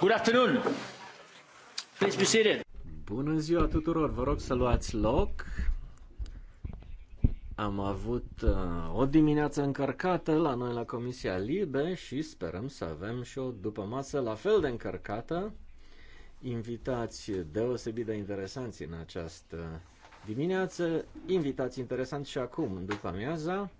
Good afternoon. Please be seated. Bună ziua tuturor, vă rog să luați loc. Am avut uh, o dimineață încărcată la noi la Comisia Libe și sperăm să avem și o după masă la fel de încărcată. Invitați deosebit de interesanți în această dimineață, invitați interesanți și acum, după amiaza.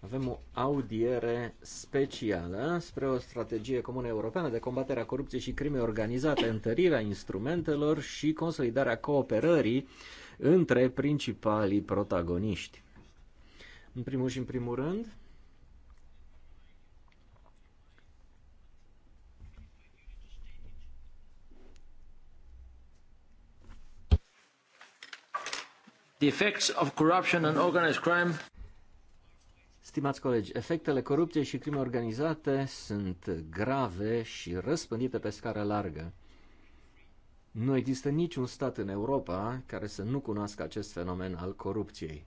Avem o audiere specială spre o strategie comună europeană de combatere a corupției și crimei organizate, întărirea instrumentelor și consolidarea cooperării între principalii protagoniști. În primul și în primul rând, The effects of corruption and organized crime Stimați colegi, efectele corupției și crimei organizate sunt grave și răspândite pe scară largă. Nu există niciun stat în Europa care să nu cunoască acest fenomen al corupției.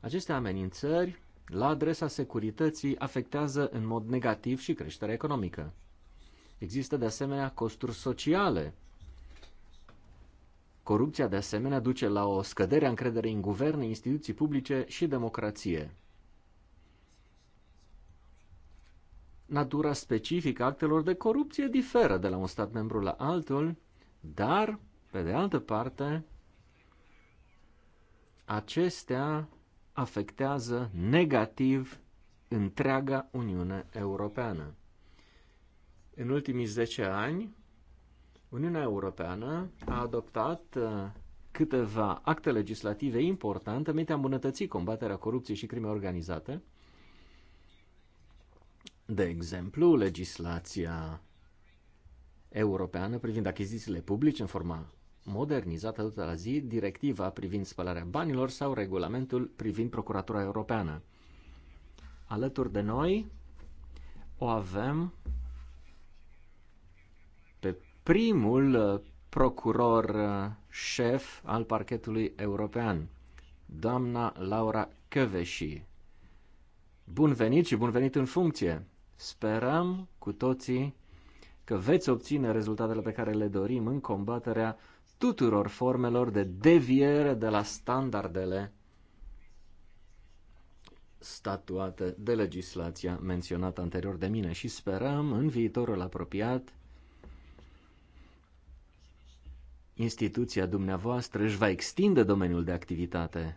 Aceste amenințări la adresa securității afectează în mod negativ și creșterea economică. Există de asemenea costuri sociale Corupția, de asemenea, duce la o scădere a încrederei în guverne, instituții publice și democrație. Natura specifică actelor de corupție diferă de la un stat membru la altul, dar, pe de altă parte, acestea afectează negativ întreaga Uniune Europeană. În ultimii 10 ani, Uniunea Europeană a adoptat uh, câteva acte legislative importante menite a îmbunătăți combaterea corupției și crimei organizate. De exemplu, legislația europeană privind achizițiile publice în forma modernizată de la zi, directiva privind spălarea banilor sau regulamentul privind Procuratura Europeană. Alături de noi o avem primul uh, procuror uh, șef al parchetului european, doamna Laura Căveși. Bun venit și bun venit în funcție! Sperăm cu toții că veți obține rezultatele pe care le dorim în combaterea tuturor formelor de deviere de la standardele statuate de legislația menționată anterior de mine și sperăm în viitorul apropiat instituția dumneavoastră își va extinde domeniul de activitate.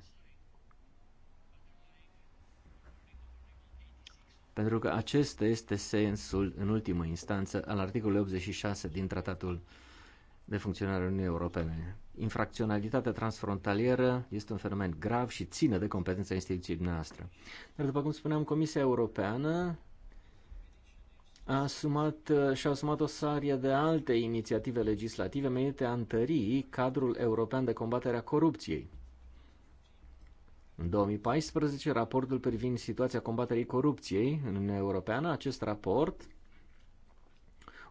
Pentru că acesta este sensul, în ultimă instanță, al articolului 86 din Tratatul de Funcționare a Uniunii Europene. Infracționalitatea transfrontalieră este un fenomen grav și ține de competența instituției noastre. Dar, după cum spuneam, Comisia Europeană a asumat, uh, și-a asumat o sarie de alte inițiative legislative menite a întări cadrul european de combatere a corupției. În 2014, raportul privind situația combaterii corupției în Uniunea Europeană, acest raport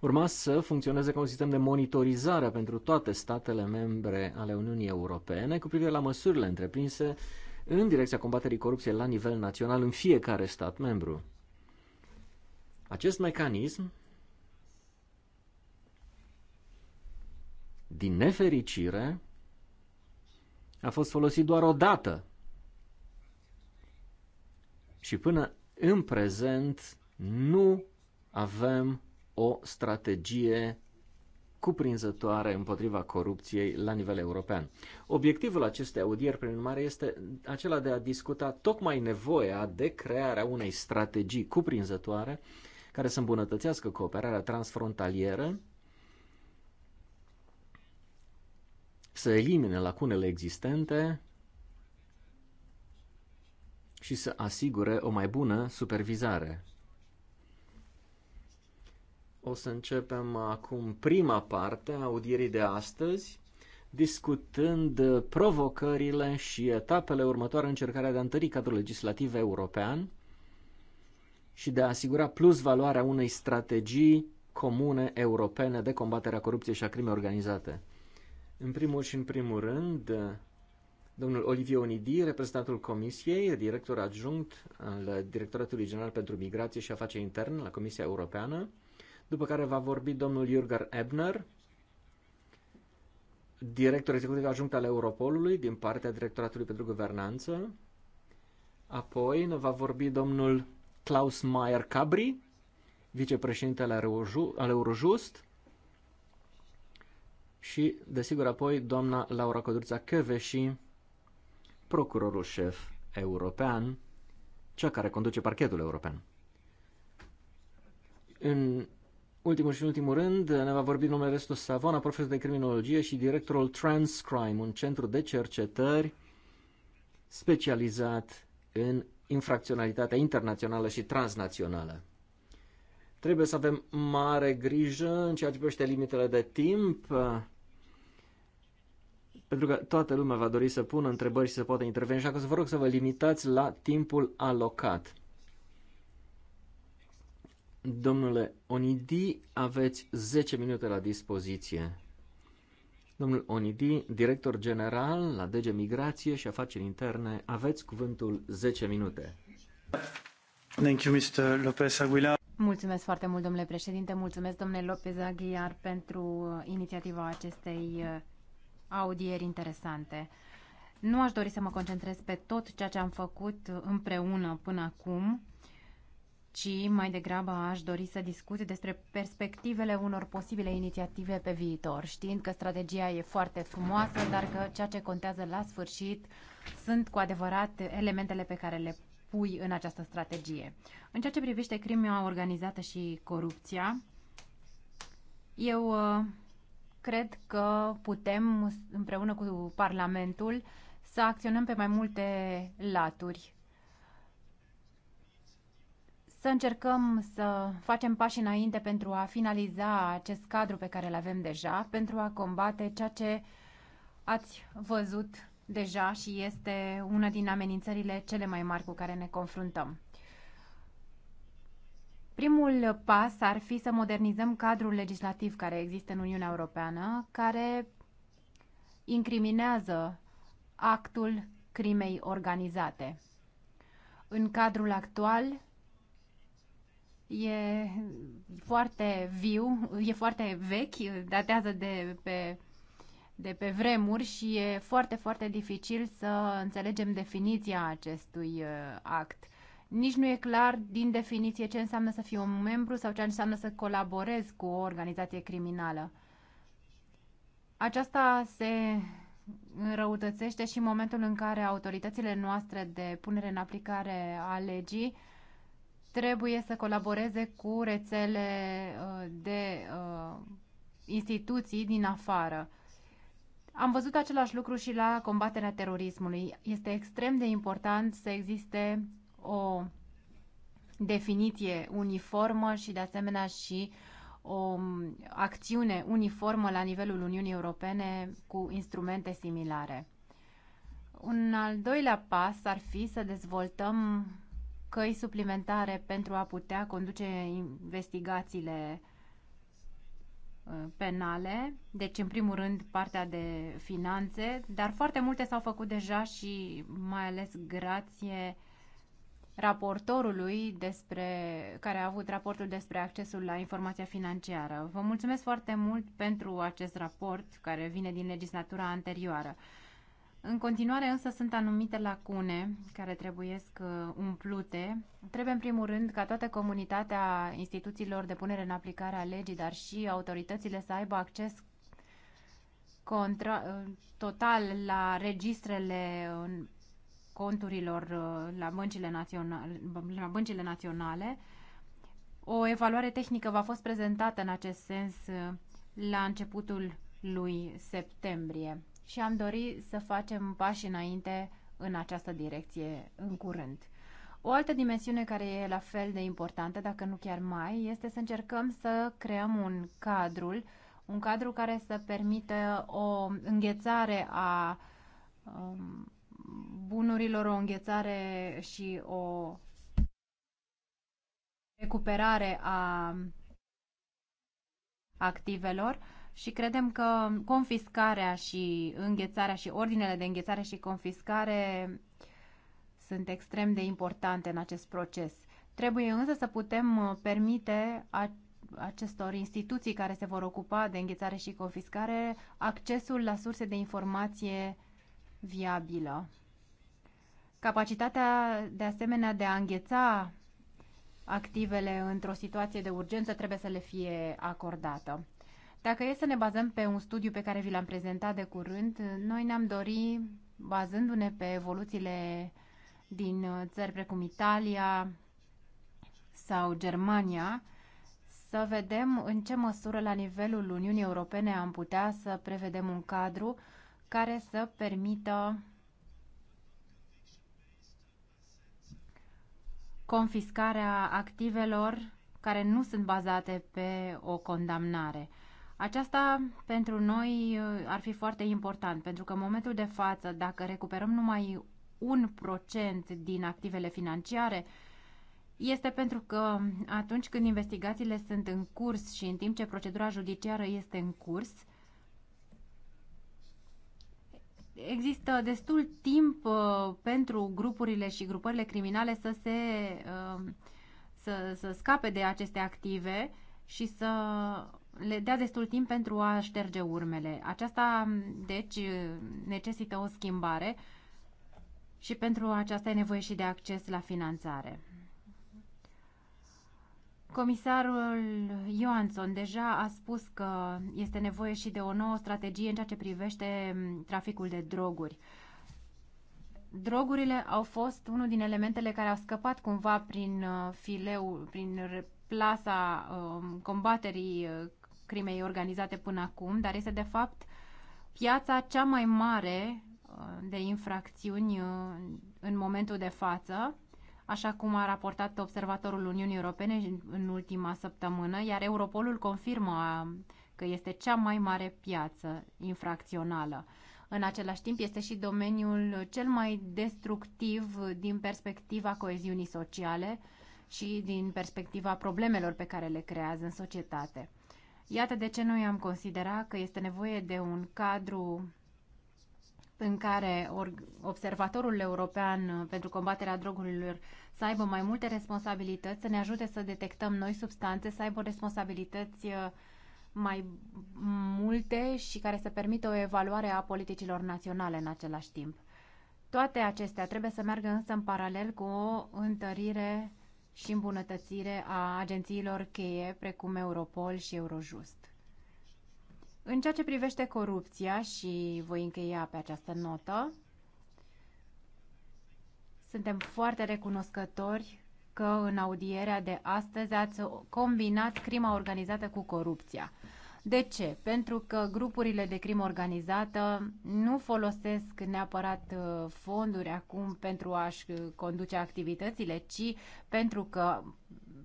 urma să funcționeze ca un sistem de monitorizare pentru toate statele membre ale Uniunii Europene cu privire la măsurile întreprinse în direcția combaterii corupției la nivel național în fiecare stat membru. Acest mecanism, din nefericire, a fost folosit doar o dată. Și până în prezent nu avem o strategie cuprinzătoare împotriva corupției la nivel european. Obiectivul acestei audieri, prin urmare, este acela de a discuta tocmai nevoia de crearea unei strategii cuprinzătoare uh, care să îmbunătățească cooperarea transfrontalieră, să elimine lacunele existente și să asigure o mai bună supervizare. O să începem acum prima parte a audierii de astăzi, discutând provocările și etapele următoare în încercarea de a întări cadrul legislativ european și de a asigura plus valoarea unei strategii comune europene de combatere a corupției și a crimei organizate. În primul și în primul rând, domnul Olivier Onidi, reprezentantul Comisiei, director adjunct al Directoratului General pentru Migrație și Afaceri Interne la Comisia Europeană, după care va vorbi domnul Jürger Ebner, director executiv adjunct al Europolului din partea Directoratului pentru Guvernanță, apoi ne va vorbi domnul Klaus Mayer Cabri, vicepreședintele al Eurojust, și, desigur, apoi doamna Laura Codruța Căveși, procurorul șef european, cea care conduce parchetul european. În ultimul și ultimul rând, ne va vorbi numele Restu Savona, profesor de criminologie și directorul Transcrime, un centru de cercetări specializat în infracționalitatea internațională și transnațională. Trebuie să avem mare grijă în ceea ce privește limitele de timp, pentru că toată lumea va dori să pună întrebări și să poată interveni, așa că să vă rog să vă limitați la timpul alocat. Domnule Onidi, aveți 10 minute la dispoziție. Domnul Onidi, director general la DG Migrație și Afaceri Interne, aveți cuvântul 10 minute. Thank you, Mr. Lopez Aguilar. Mulțumesc foarte mult, domnule președinte. Mulțumesc, domnule Lopez Aguilar, pentru uh, inițiativa acestei uh, audieri interesante. Nu aș dori să mă concentrez pe tot ceea ce am făcut împreună până acum, ci mai degrabă aș dori să discut despre perspectivele unor posibile inițiative pe viitor, știind că strategia e foarte frumoasă, dar că ceea ce contează la sfârșit sunt cu adevărat elementele pe care le pui în această strategie. În ceea ce privește crimea organizată și corupția, eu uh, cred că putem, împreună cu Parlamentul, să acționăm pe mai multe laturi să încercăm să facem pași înainte pentru a finaliza acest cadru pe care îl avem deja, pentru a combate ceea ce ați văzut deja și este una din amenințările cele mai mari cu care ne confruntăm. Primul pas ar fi să modernizăm cadrul legislativ care există în Uniunea Europeană, care incriminează actul crimei organizate. În cadrul actual, E foarte viu, e foarte vechi, datează de pe, de pe vremuri și e foarte, foarte dificil să înțelegem definiția acestui uh, act. Nici nu e clar din definiție ce înseamnă să fii un membru sau ce înseamnă să colaborezi cu o organizație criminală. Aceasta se înrăutățește și în momentul în care autoritățile noastre de punere în aplicare a legii trebuie să colaboreze cu rețele uh, de uh, instituții din afară. Am văzut același lucru și la combaterea terorismului. Este extrem de important să existe o definiție uniformă și de asemenea și o um, acțiune uniformă la nivelul Uniunii Europene cu instrumente similare. Un al doilea pas ar fi să dezvoltăm căi suplimentare pentru a putea conduce investigațiile uh, penale, deci în primul rând partea de finanțe, dar foarte multe s-au făcut deja și mai ales grație raportorului despre, care a avut raportul despre accesul la informația financiară. Vă mulțumesc foarte mult pentru acest raport care vine din legislatura anterioară. În continuare însă sunt anumite lacune care trebuiesc uh, umplute. Trebuie în primul rând ca toată comunitatea instituțiilor de punere în aplicare a legii, dar și autoritățile să aibă acces contra, uh, total la registrele uh, conturilor la băncile naționale, la băncile naționale. O evaluare tehnică va fost prezentată în acest sens la începutul lui septembrie și am dori să facem pași înainte în această direcție în curând. O altă dimensiune care e la fel de importantă, dacă nu chiar mai, este să încercăm să creăm un cadru, un cadru care să permită o înghețare a um, bunurilor, o înghețare și o recuperare a activelor și credem că confiscarea și înghețarea și ordinele de înghețare și confiscare sunt extrem de importante în acest proces. Trebuie însă să putem uh, permite a, acestor instituții care se vor ocupa de înghețare și confiscare accesul la surse de informație viabilă. Capacitatea de asemenea de a îngheța activele într-o situație de urgență trebuie să le fie acordată. Dacă e să ne bazăm pe un studiu pe care vi l-am prezentat de curând, noi ne-am dorit, bazându-ne pe evoluțiile din uh, țări precum Italia sau Germania, să vedem în ce măsură la nivelul Uniunii Europene am putea să prevedem un cadru care să permită confiscarea activelor care nu sunt bazate pe o condamnare. Aceasta pentru noi uh, ar fi foarte important, pentru că în momentul de față, dacă recuperăm numai un procent din activele financiare, este pentru că atunci când investigațiile sunt în curs și în timp ce procedura judiciară este în curs, există destul timp uh, pentru grupurile și grupările criminale să se uh, să, să scape de aceste active și să le dea destul timp pentru a șterge urmele. Aceasta, deci, necesită o schimbare și pentru aceasta e nevoie și de acces la finanțare. Comisarul Ioanson deja a spus că este nevoie și de o nouă strategie în ceea ce privește traficul de droguri. Drogurile au fost unul din elementele care au scăpat cumva prin uh, fileu, prin plasa uh, combaterii uh, crimei organizate până acum, dar este de fapt piața cea mai mare uh, de infracțiuni uh, în momentul de față, așa cum a raportat Observatorul Uniunii Europene în ultima săptămână, iar Europolul confirmă uh, că este cea mai mare piață infracțională. În același timp, este și domeniul cel mai destructiv din perspectiva coeziunii sociale și din perspectiva problemelor pe care le creează în societate. Iată de ce noi am considerat că este nevoie de un cadru în care observatorul european uh, pentru combaterea drogurilor să aibă mai multe responsabilități, să ne ajute să detectăm noi substanțe, să aibă responsabilități uh, mai multe și care să permită o evaluare a politicilor naționale în același timp. Toate acestea trebuie să meargă însă în paralel cu o întărire și îmbunătățire a agențiilor cheie precum Europol și Eurojust. În ceea ce privește corupția și voi încheia pe această notă, suntem foarte recunoscători că în audierea de astăzi ați combinat crima organizată cu corupția. De ce? Pentru că grupurile de crimă organizată nu folosesc neapărat uh, fonduri acum pentru a-și uh, conduce activitățile, ci pentru că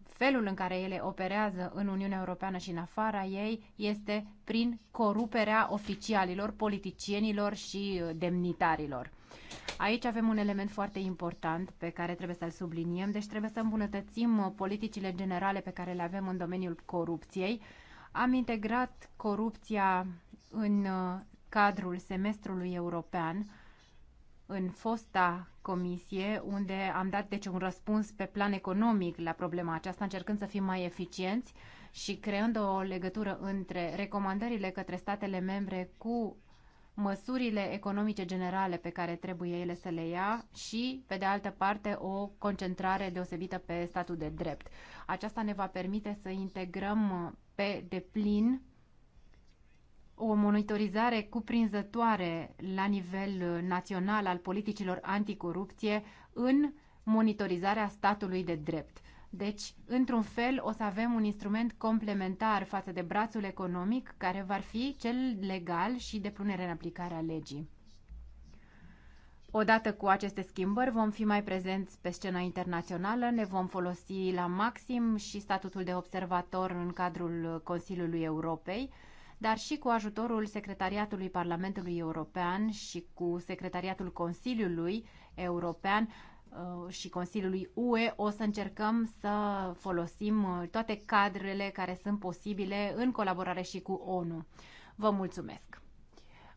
felul în care ele operează în Uniunea Europeană și în afara ei este prin coruperea oficialilor, politicienilor și uh, demnitarilor. Aici avem un element foarte important pe care trebuie să-l subliniem, deci trebuie să îmbunătățim politicile generale pe care le avem în domeniul corupției, am integrat corupția în uh, cadrul semestrului european în fosta comisie, unde am dat deci un răspuns pe plan economic la problema aceasta, încercând să fim mai eficienți și creând o legătură între recomandările către statele membre cu măsurile economice generale pe care trebuie ele să le ia și, pe de altă parte, o concentrare deosebită pe statul de drept. Aceasta ne va permite să integrăm pe deplin o monitorizare cuprinzătoare la nivel național al politicilor anticorupție în monitorizarea statului de drept. Deci, într-un fel, o să avem un instrument complementar față de brațul economic, care va fi cel legal și de punere în aplicare a legii. Odată cu aceste schimbări vom fi mai prezenți pe scena internațională, ne vom folosi la maxim și statutul de observator în cadrul Consiliului Europei, dar și cu ajutorul Secretariatului Parlamentului European și cu Secretariatul Consiliului European Uh, și Consiliului UE o să încercăm să folosim uh, toate cadrele care sunt posibile în colaborare și cu ONU. Vă mulțumesc!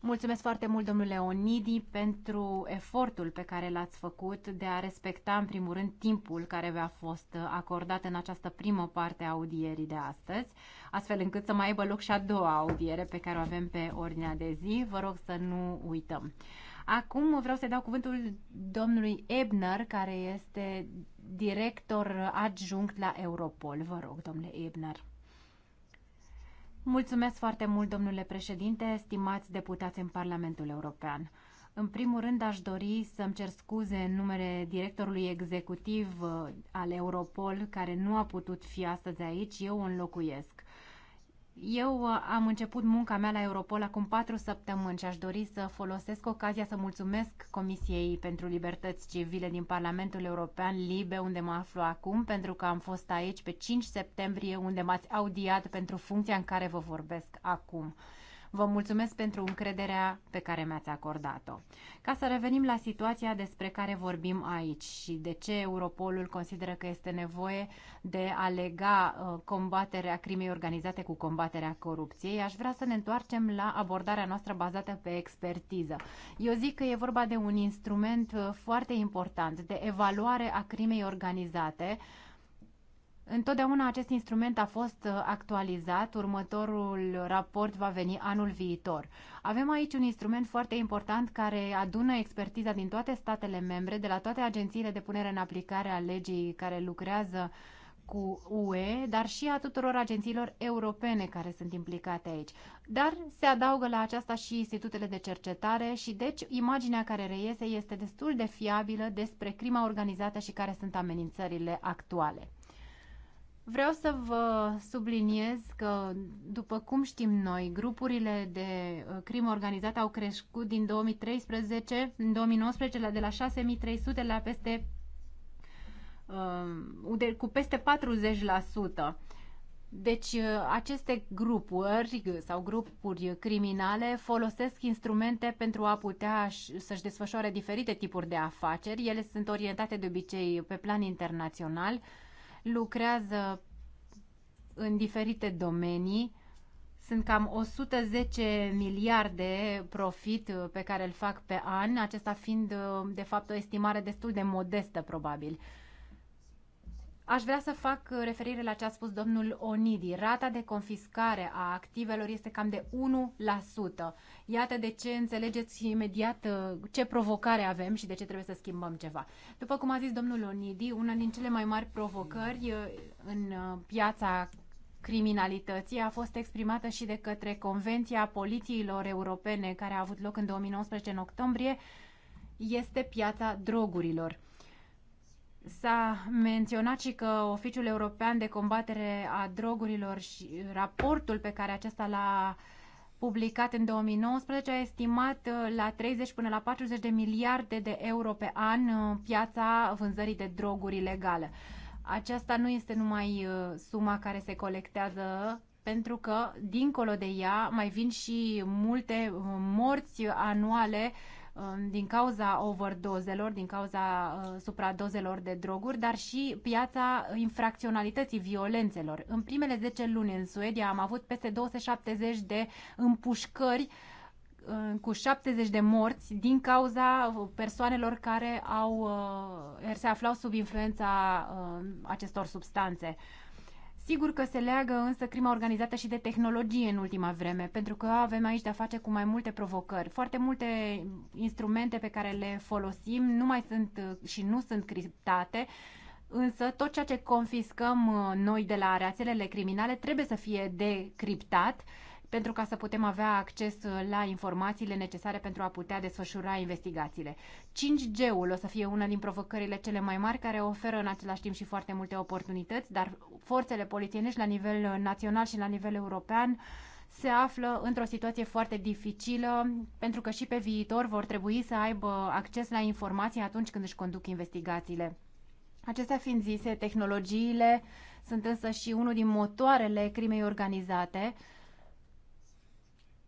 Mulțumesc foarte mult, domnule Leonidi, pentru efortul pe care l-ați făcut de a respecta, în primul rând, timpul care v-a fost uh, acordat în această primă parte a audierii de astăzi, astfel încât să mai aibă loc și a doua audiere pe care o avem pe ordinea de zi. Vă rog să nu uităm. Acum vreau să dau cuvântul domnului Ebner, care este director adjunct la Europol. Vă rog, domnule Ebner. Mulțumesc foarte mult, domnule președinte, stimați deputați în Parlamentul European. În primul rând, aș dori să-mi cer scuze în numele directorului executiv uh, al Europol, care nu a putut fi astăzi aici, eu o înlocuiesc. Eu uh, am început munca mea la Europol acum patru săptămâni și aș dori să folosesc ocazia să mulțumesc Comisiei pentru Libertăți Civile din Parlamentul European, LIBE, unde mă aflu acum, pentru că am fost aici pe 5 septembrie, unde m-ați audiat pentru funcția în care vă vorbesc acum. Vă mulțumesc pentru încrederea pe care mi-ați acordat-o. Ca să revenim la situația despre care vorbim aici și de ce Europolul consideră că este nevoie de a lega uh, combaterea crimei organizate cu combaterea corupției, aș vrea să ne întoarcem la abordarea noastră bazată pe expertiză. Eu zic că e vorba de un instrument uh, foarte important de evaluare a crimei organizate, Întotdeauna acest instrument a fost uh, actualizat, următorul raport va veni anul viitor. Avem aici un instrument foarte important care adună expertiza din toate statele membre, de la toate agențiile de punere în aplicare a legii care lucrează cu UE, dar și a tuturor agențiilor europene care sunt implicate aici. Dar se adaugă la aceasta și institutele de cercetare și deci imaginea care reiese este destul de fiabilă despre crima organizată și care sunt amenințările actuale. Vreau să vă subliniez că, după cum știm noi, grupurile de uh, crimă organizată au crescut din 2013, în 2019, de la 6300 la peste, uh, cu peste 40%. Deci uh, aceste grupuri sau grupuri criminale folosesc instrumente pentru a putea să-și desfășoare diferite tipuri de afaceri. Ele sunt orientate de obicei pe plan internațional, lucrează în diferite domenii. Sunt cam 110 miliarde profit uh, pe care îl fac pe an, acesta fiind uh, de fapt o estimare destul de modestă probabil. Aș vrea să fac uh, referire la ce a spus domnul Onidi. Rata de confiscare a activelor este cam de 1%. Iată de ce înțelegeți imediat uh, ce provocare avem și de ce trebuie să schimbăm ceva. După cum a zis domnul Onidi, una din cele mai mari provocări uh, în piața criminalității a fost exprimată și de către Convenția Polițiilor Europene care a avut loc în 2019 în octombrie, este piața drogurilor. S-a menționat și că Oficiul European de Combatere a Drogurilor și raportul pe care acesta l-a publicat în 2019 a estimat uh, la 30 până la 40 de miliarde de euro pe an uh, piața vânzării de droguri ilegale. Aceasta nu este numai uh, suma care se colectează pentru că, dincolo de ea, mai vin și multe morți anuale uh, Um, din cauza overdozelor, din cauza uh, supradozelor de droguri, dar și piața infracționalității, violențelor. În primele 10 luni în Suedia am avut peste 270 de împușcări uh, cu 70 de morți din cauza persoanelor care au, uh, se aflau sub influența acestor substanțe. Sigur că se leagă însă crima organizată și de tehnologie în ultima vreme, pentru că avem aici de-a face cu mai multe provocări. Foarte multe instrumente pe care le folosim nu mai sunt uh, și nu sunt criptate, însă tot ceea ce confiscăm uh, noi de la rețelele criminale trebuie să fie decriptat pentru ca să putem avea acces uh, la informațiile necesare pentru a putea desfășura investigațiile. 5G-ul o să fie una din provocările cele mai mari care oferă în același timp și foarte multe oportunități, dar forțele polițienești la nivel uh, național și la nivel european se află într-o situație foarte dificilă, pentru că și pe viitor vor trebui să aibă acces la informații atunci când își conduc investigațiile. Acestea fiind zise, tehnologiile sunt însă și unul din motoarele crimei organizate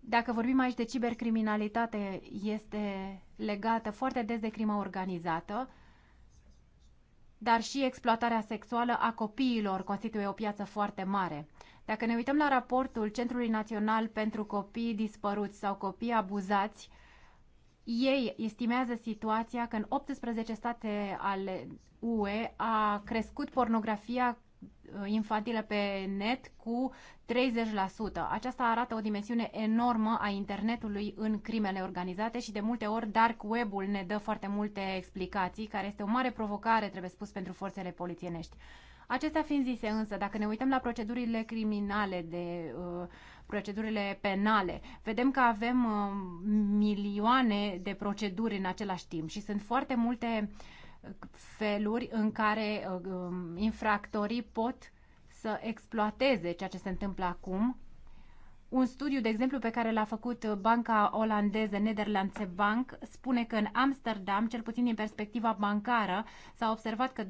dacă vorbim aici de cibercriminalitate, este legată foarte des de crimă organizată, dar și exploatarea sexuală a copiilor constituie o piață foarte mare. Dacă ne uităm la raportul Centrului Național pentru Copii Dispăruți sau Copii Abuzați, ei estimează situația că în 18 state ale UE a crescut pornografia Uh, infantile pe net cu 30%. Aceasta arată o dimensiune enormă a internetului în crimele organizate și de multe ori dark web-ul ne dă foarte multe explicații, care este o mare provocare, trebuie spus, pentru forțele polițienești. Acestea fiind zise însă, dacă ne uităm la procedurile criminale, de uh, procedurile penale, vedem că avem uh, milioane de proceduri în același timp și sunt foarte multe uh, feluri în care uh, um, infractorii pot să exploateze ceea ce se întâmplă acum. Un studiu, de exemplu, pe care l-a făcut banca olandeză Nederlandse Bank spune că în Amsterdam, cel puțin din perspectiva bancară, s-a observat că 25%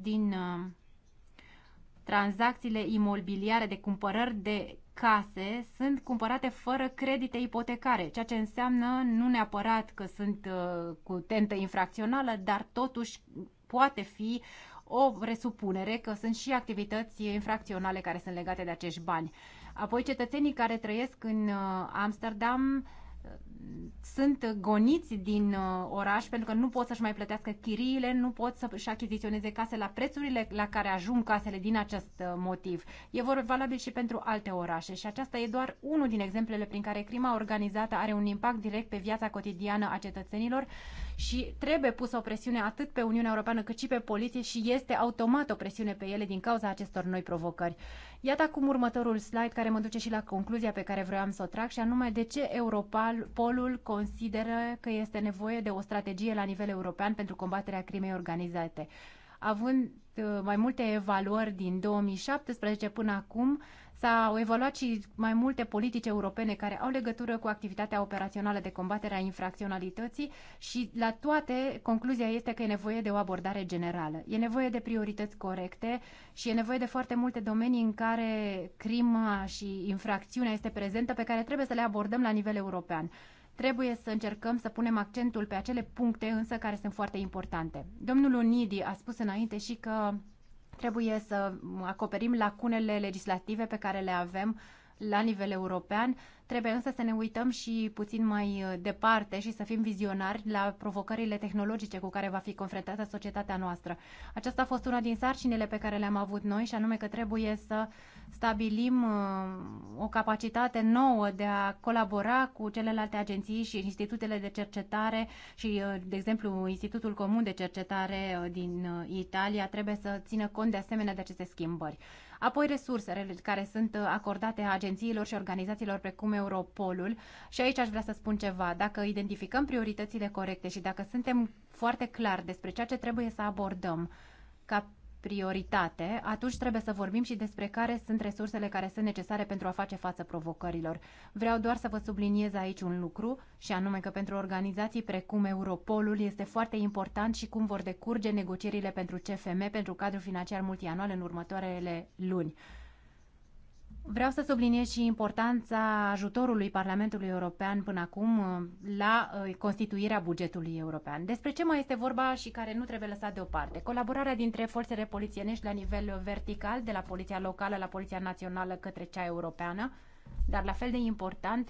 din uh, tranzacțiile imobiliare de cumpărări de case sunt cumpărate fără credite ipotecare, ceea ce înseamnă nu neapărat că sunt uh, cu tentă infracțională, dar totuși poate fi o presupunere că sunt și activități infracționale care sunt legate de acești bani. Apoi cetățenii care trăiesc în uh, Amsterdam sunt goniți din uh, oraș pentru că nu pot să-și mai plătească chiriile, nu pot să-și achiziționeze case la prețurile la care ajung casele din acest uh, motiv. E vorba valabil și pentru alte orașe și aceasta e doar unul din exemplele prin care crima organizată are un impact direct pe viața cotidiană a cetățenilor și trebuie pusă o presiune atât pe Uniunea Europeană cât și pe poliție și este automat o presiune pe ele din cauza acestor noi provocări. Iată acum următorul slide care mă duce și la concluzia pe care vreau să o trag și anume de ce Europol Europolul consideră că este nevoie de o strategie la nivel european pentru combaterea crimei organizate. Având uh, mai multe evaluări din 2017 până acum, S-au evaluat și mai multe politici europene care au legătură cu activitatea operațională de combatere a infracționalității și la toate concluzia este că e nevoie de o abordare generală. E nevoie de priorități corecte și e nevoie de foarte multe domenii în care crima și infracțiunea este prezentă pe care trebuie să le abordăm la nivel european. Trebuie să încercăm să punem accentul pe acele puncte însă care sunt foarte importante. Domnul Unidi a spus înainte și că trebuie să acoperim lacunele legislative pe care le avem la nivel european. Trebuie însă să ne uităm și puțin mai uh, departe și să fim vizionari la provocările tehnologice cu care va fi confruntată societatea noastră. Aceasta a fost una din sarcinile pe care le-am avut noi și anume că trebuie să stabilim uh, o capacitate nouă de a colabora cu celelalte agenții și institutele de cercetare și, uh, de exemplu, Institutul Comun de Cercetare din Italia trebuie să țină cont de asemenea de aceste schimbări. Apoi resursele care sunt uh, acordate agențiilor și organizațiilor precum Europolul. Și aici aș vrea să spun ceva. Dacă identificăm prioritățile corecte și dacă suntem foarte clar despre ceea ce trebuie să abordăm ca prioritate, atunci trebuie să vorbim și despre care sunt resursele care sunt necesare pentru a face față provocărilor. Vreau doar să vă subliniez aici un lucru, și anume că pentru organizații precum Europolul este foarte important și cum vor decurge negocierile pentru CFM, pentru cadrul financiar multianual în următoarele luni. Vreau să subliniez și importanța ajutorului Parlamentului European până acum uh, la uh, constituirea bugetului european. Despre ce mai este vorba și care nu trebuie lăsat deoparte? Colaborarea dintre forțele polițienești la nivel vertical, de la poliția locală la poliția națională către cea europeană, dar la fel de important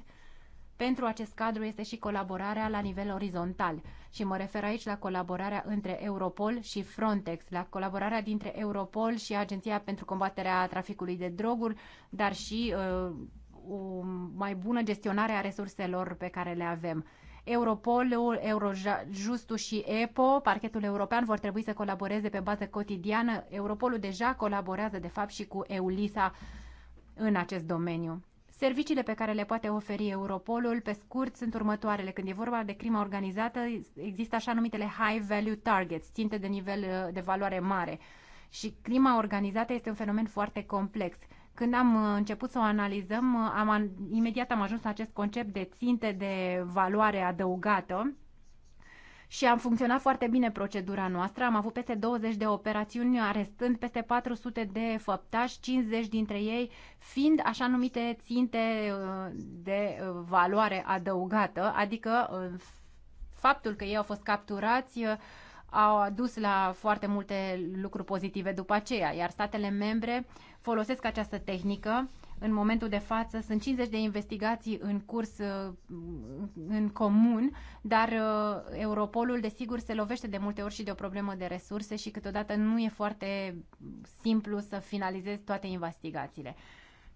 pentru acest cadru este și colaborarea la nivel orizontal și mă refer aici la colaborarea între Europol și Frontex, la colaborarea dintre Europol și Agenția pentru combaterea traficului de droguri, dar și uh, o mai bună gestionare a resurselor pe care le avem. Europol, Eurojustu și EPO, parchetul european, vor trebui să colaboreze pe bază cotidiană. Europolul deja colaborează, de fapt, și cu EULISA în acest domeniu. Serviciile pe care le poate oferi Europolul, pe scurt, sunt următoarele. Când e vorba de crimă organizată, există așa numitele high value targets, ținte de nivel de valoare mare. Și crima organizată este un fenomen foarte complex. Când am uh, început să o analizăm, uh, am, imediat am ajuns la acest concept de ținte de valoare adăugată, și am funcționat foarte bine procedura noastră. Am avut peste 20 de operațiuni arestând peste 400 de făptași, 50 dintre ei fiind așa numite ținte uh, de uh, valoare adăugată, adică faptul că ei au fost capturați uh, au adus la foarte multe lucruri pozitive după aceea, iar statele membre folosesc această tehnică în momentul de față. Sunt 50 de investigații în curs uh, în comun, dar uh, Europolul, desigur, se lovește de multe ori și de o problemă de resurse și câteodată nu e foarte simplu să finalizezi toate investigațiile.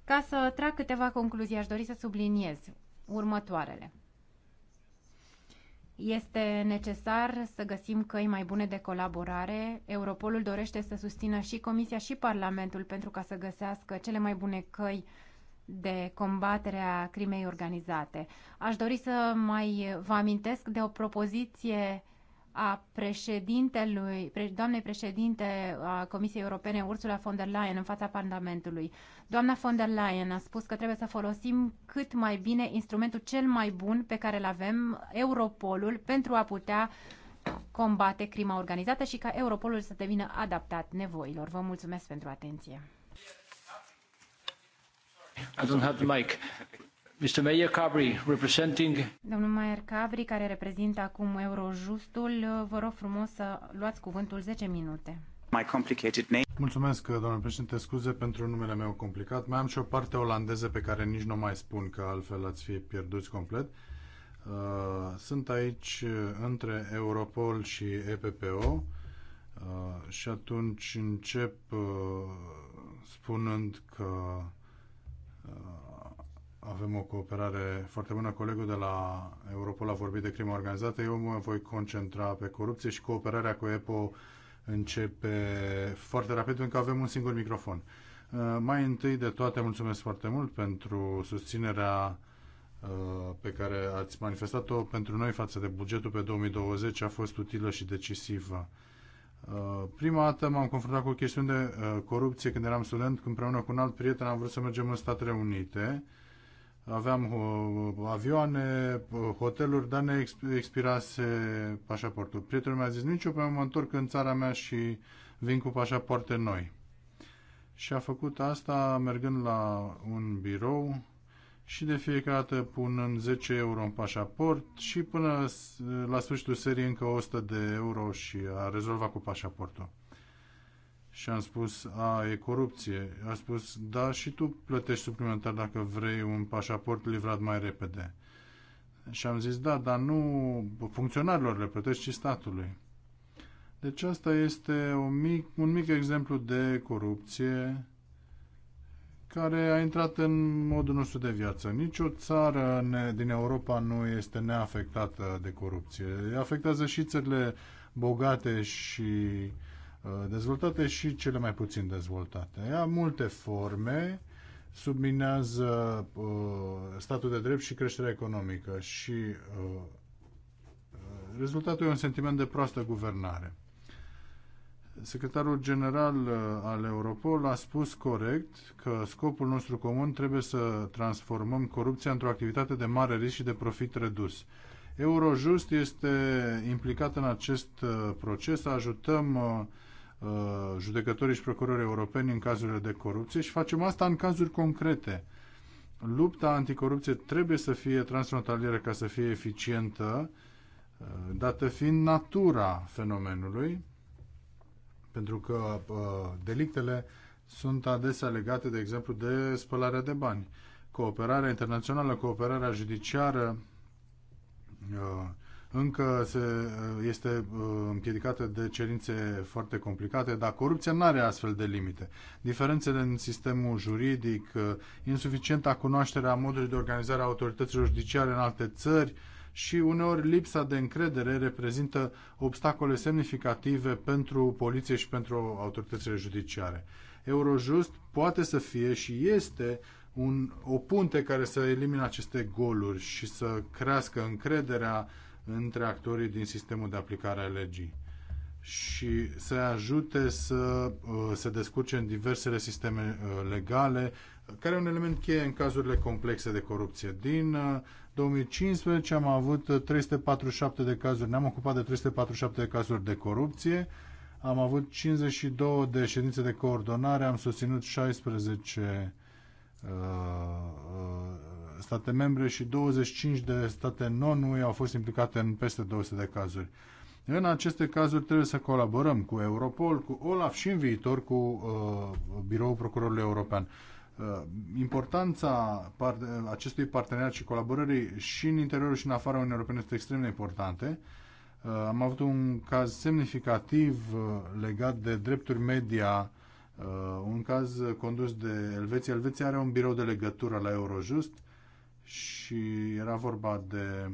Ca să trag câteva concluzii, aș dori să subliniez următoarele. Este necesar să găsim căi mai bune de colaborare. Europolul dorește să susțină și Comisia și Parlamentul pentru ca să găsească cele mai bune căi de combatere a crimei organizate. Aș dori să mai vă amintesc de o propoziție a președintelui, doamnei președinte a Comisiei Europene, Ursula von der Leyen, în fața Parlamentului. Doamna von der Leyen a spus că trebuie să folosim cât mai bine instrumentul cel mai bun pe care îl avem, Europolul, pentru a putea combate crima organizată și ca Europolul să devină adaptat nevoilor. Vă mulțumesc pentru atenție. I don't have the mic. Domnul Mayer Cabri, care reprezintă acum Eurojustul, vă rog frumos să luați cuvântul 10 minute. Mulțumesc, domnule președinte, scuze pentru numele meu complicat. Mai am și o parte olandeză pe care nici nu mai spun, că altfel ați fi pierduți complet. Uh, sunt aici uh, între Europol și EPPO uh, și atunci încep spunând că avem o cooperare foarte bună. Colegul de la Europol a vorbit de crimă organizată. Eu mă voi concentra pe corupție și cooperarea cu EPO începe foarte rapid pentru că avem un singur microfon. Uh, mai întâi de toate, mulțumesc foarte mult pentru susținerea uh, pe care ați manifestat-o pentru noi față de bugetul pe 2020 a fost utilă și decisivă. Uh, prima dată m-am confruntat cu o chestiune de corupție când eram student, când împreună cu un alt prieten am vrut să mergem în Statele Unite aveam uh, uh, avioane, uh, hoteluri, dar ne expirase pașaportul. Prietenul mi-a zis, nicio problemă, mă întorc în țara mea și vin cu pașapoarte noi. Și a făcut asta mergând la un birou și de fiecare dată punând 10 euro în pașaport și până la sfârșitul serii încă 100 de euro și a rezolvat cu pașaportul și am spus, a, e corupție. A spus, da, și tu plătești suplimentar dacă vrei un pașaport livrat mai repede. Și am zis, da, dar nu funcționarilor le plătești, ci statului. Deci asta este un mic, un mic exemplu de corupție care a intrat în modul nostru de viață. Nici o țară ne, din Europa nu este neafectată de corupție. Afectează și țările bogate și uh, Uh, dezvoltate și cele mai puțin dezvoltate. Ea multe forme, subminează uh, statul de drept și creșterea economică și uh, uh rezultatul e un sentiment de proastă guvernare. Secretarul general uh, al Europol a spus corect că scopul nostru comun trebuie să transformăm corupția într-o activitate de mare risc și de profit redus. Eurojust este implicat în acest proces, ajutăm uh, Uh, judecătorii și procurorii europeni în cazurile de corupție și facem asta în cazuri concrete. Lupta anticorupție trebuie să fie transfrontalieră ca să fie eficientă, uh, dată fiind natura fenomenului, pentru că uh, delictele sunt adesea legate, de exemplu, de spălarea de bani. Cooperarea internațională, cooperarea judiciară, încă se, uh, este uh, împiedicată de cerințe foarte complicate, dar corupția nu are astfel de limite. Diferențele în sistemul juridic, uh, insuficienta cunoaștere a modului de organizare a autorităților judiciare în alte țări și uneori lipsa de încredere reprezintă obstacole semnificative pentru poliție și pentru autoritățile judiciare. Eurojust poate să fie și este un, o punte care să elimine aceste goluri și să crească încrederea uh, între actorii din sistemul de aplicare a legii și să ajute să uh, se descurce în diversele sisteme uh, legale, care e un element cheie în cazurile complexe de corupție. Din 2015 uh, am avut 347 de cazuri, ne-am ocupat de 347 de cazuri de corupție, am avut 52 de ședințe de coordonare, am susținut 16 uh, uh, state membre și 25 de state non-UE au fost implicate în peste 200 de cazuri. În aceste cazuri trebuie să colaborăm cu Europol, cu OLAF și în viitor cu uh, Biroul Procurorului European. Uh, importanța part- acestui parteneriat și colaborării și în interiorul și în afara Uniunii Europene este extrem de importante. Uh, am avut un caz semnificativ uh, legat de drepturi media, uh, un caz condus de Elveția. Elveția are un birou de legătură la Eurojust și era vorba de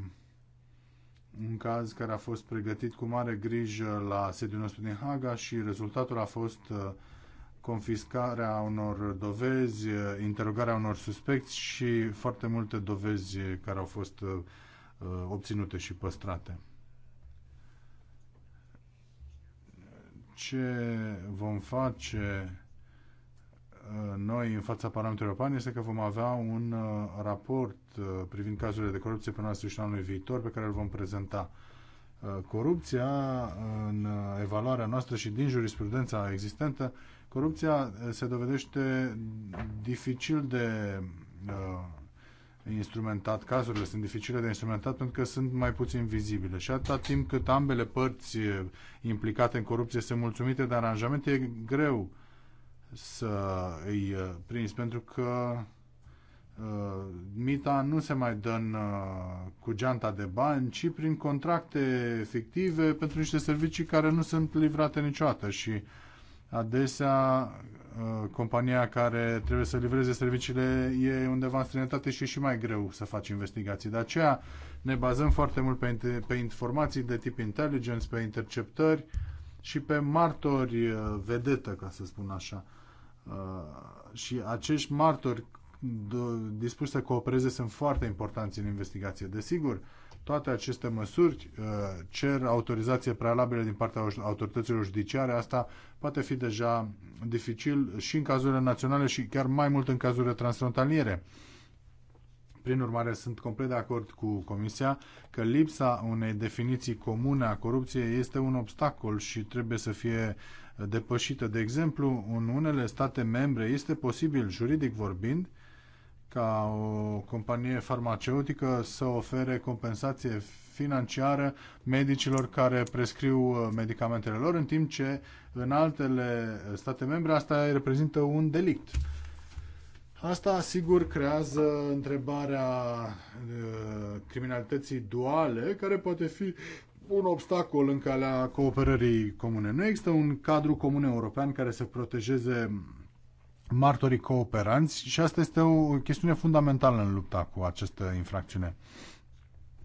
un caz care a fost pregătit cu mare grijă la sediul nostru din Haga și rezultatul a fost uh, confiscarea unor dovezi, uh, interogarea unor suspecți și foarte multe dovezi care au fost uh, obținute și păstrate. Ce vom face Uh, noi în fața Parlamentului European este că vom avea un uh, raport uh, privind cazurile de corupție până la sfârșitul anului viitor pe care îl vom prezenta. Corupția în evaluarea noastră și din jurisprudența existentă, corupția se dovedește dificil de instrumentat, cazurile sunt dificile de instrumentat pentru că sunt mai puțin vizibile. Și atâta timp cât ambele părți implicate în corupție sunt mulțumite de aranjamente, e greu să îi uh, prinzi, pentru că uh, mita nu se mai dă în, uh, cu geanta de bani, ci prin contracte fictive pentru niște servicii care nu sunt livrate niciodată și adesea uh, compania care trebuie să livreze serviciile e undeva în străinătate și e și mai greu să faci investigații. De aceea ne bazăm foarte mult pe, pe informații de tip intelligence, pe interceptări și pe martori uh, vedetă, ca să spun așa. Uh, și acești martori dispuși să coopereze sunt foarte importanți în investigație. Desigur, toate aceste măsuri uh, cer autorizație prealabilă din partea autorităților judiciare. Asta poate fi deja dificil și în cazurile naționale și chiar mai mult în cazurile transfrontaliere. Prin urmare, sunt complet de acord cu Comisia că lipsa unei definiții comune a corupției este un obstacol și trebuie să fie depășită. De exemplu, în unele state membre este posibil, juridic vorbind, ca o companie farmaceutică să ofere compensație financiară medicilor care prescriu medicamentele lor, în timp ce în altele state membre asta reprezintă un delict. Asta, sigur, creează întrebarea uh, criminalității duale, care poate fi un obstacol în calea cooperării comune. Nu există un cadru comun european care să protejeze martorii cooperanți și asta este o chestiune fundamentală în lupta cu această infracțiune.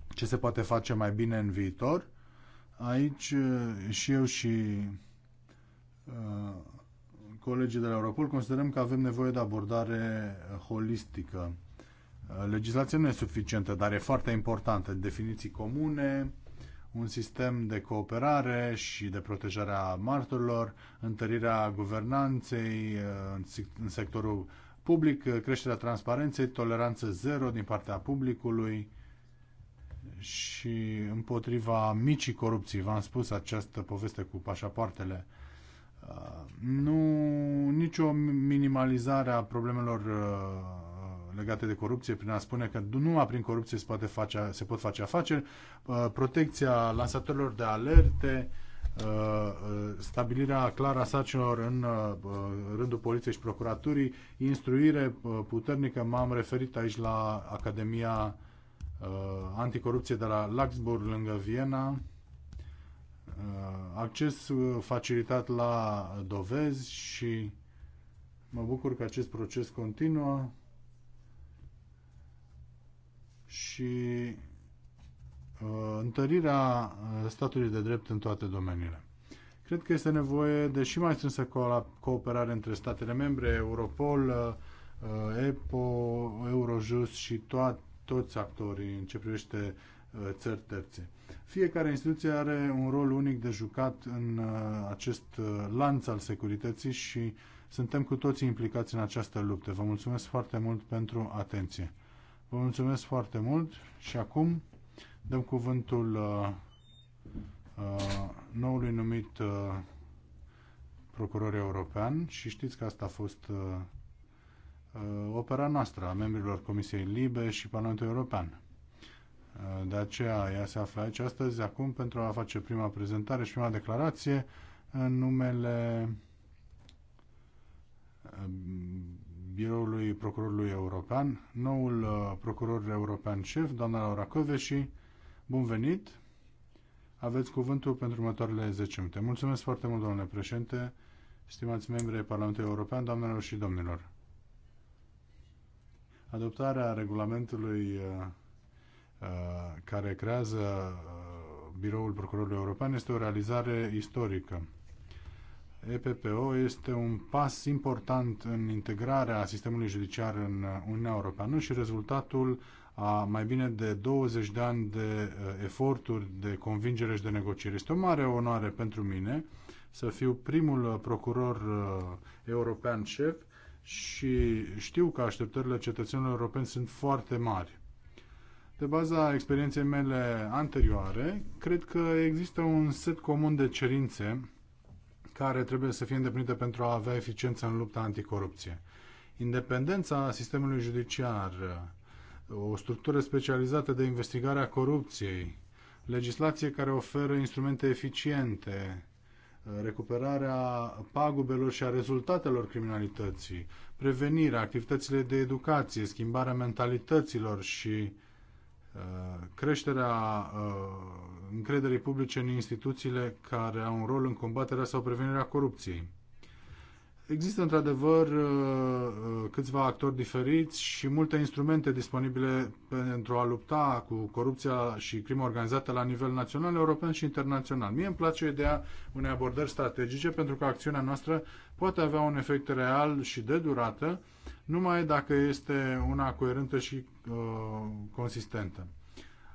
Ce se poate face mai bine în viitor? Aici uh, și eu și uh, colegii de la Europol, considerăm că avem nevoie de abordare holistică. Legislația nu e suficientă, dar e foarte importantă. Definiții comune, un sistem de cooperare și de protejare a martorilor, întărirea guvernanței uh, în sectorul public, uh, creșterea transparenței, toleranță zero din partea publicului și împotriva micii corupții. V-am spus această poveste cu pașapoartele nu nicio minimalizare a problemelor uh, legate de corupție prin a spune că numai prin corupție se, poate face, se pot face afaceri, uh, protecția lansatorilor de alerte, uh, stabilirea clară a sarcinilor în rândul poliției și procuraturii, instruire puternică, m-am referit aici la Academia Anticorupție de la Luxemburg, lângă Viena, Uh, acces uh, facilitat la dovezi și mă bucur că acest proces continuă și uh, întărirea statului de drept în toate domeniile. Cred că este nevoie de și mai strânsă cooperare între statele membre, Europol, EPO, Eurojust și to- toți actorii în ce privește țări terțe. Fiecare instituție are un rol unic de jucat în uh, acest uh, lanț al securității și suntem cu toții implicați în această luptă. Vă mulțumesc foarte mult pentru atenție. Vă mulțumesc foarte mult și acum dăm cuvântul uh, uh, noului numit uh, procuror european și știți că asta a fost uh, uh opera noastră a membrilor Comisiei Libe și Parlamentului European. De aceea ea se află aici astăzi, acum, pentru a face prima prezentare și prima declarație în numele uh, biroului procurorului european, noul uh, procuror european șef, doamna Laura Coveși. Bun venit! Aveți cuvântul pentru următoarele 10 minute. Mulțumesc foarte mult, domnule președinte, stimați membri ai Parlamentului European, doamnelor și domnilor. Adoptarea regulamentului uh, Uh, care creează uh, Biroul Procurorului European este o realizare istorică. EPPO este un pas important în integrarea sistemului judiciar în uh, Uniunea Europeană și rezultatul a mai bine de 20 de ani de eforturi de convingere și de negociere. Este o mare onoare pentru mine să fiu primul procuror european șef și știu că așteptările cetățenilor europeni sunt foarte mari. Pe baza experienței mele anterioare, cred că există un set comun de cerințe care trebuie să fie îndeplinite pentru a avea eficiență în lupta anticorupție. Independența sistemului judiciar, o structură specializată de investigare a corupției, legislație care oferă instrumente eficiente, recuperarea pagubelor și a rezultatelor criminalității, prevenirea, activitățile de educație, schimbarea mentalităților și Uh, creșterea uh, încrederii publice în instituțiile care au un rol în combaterea sau prevenirea corupției. Există într-adevăr uh, câțiva actori diferiți și multe instrumente disponibile pentru a lupta cu corupția și crima organizată la nivel național, european și internațional. Mie îmi place ideea unei abordări strategice pentru că acțiunea noastră poate avea un efect real și de durată numai dacă este una coerentă și uh, consistentă.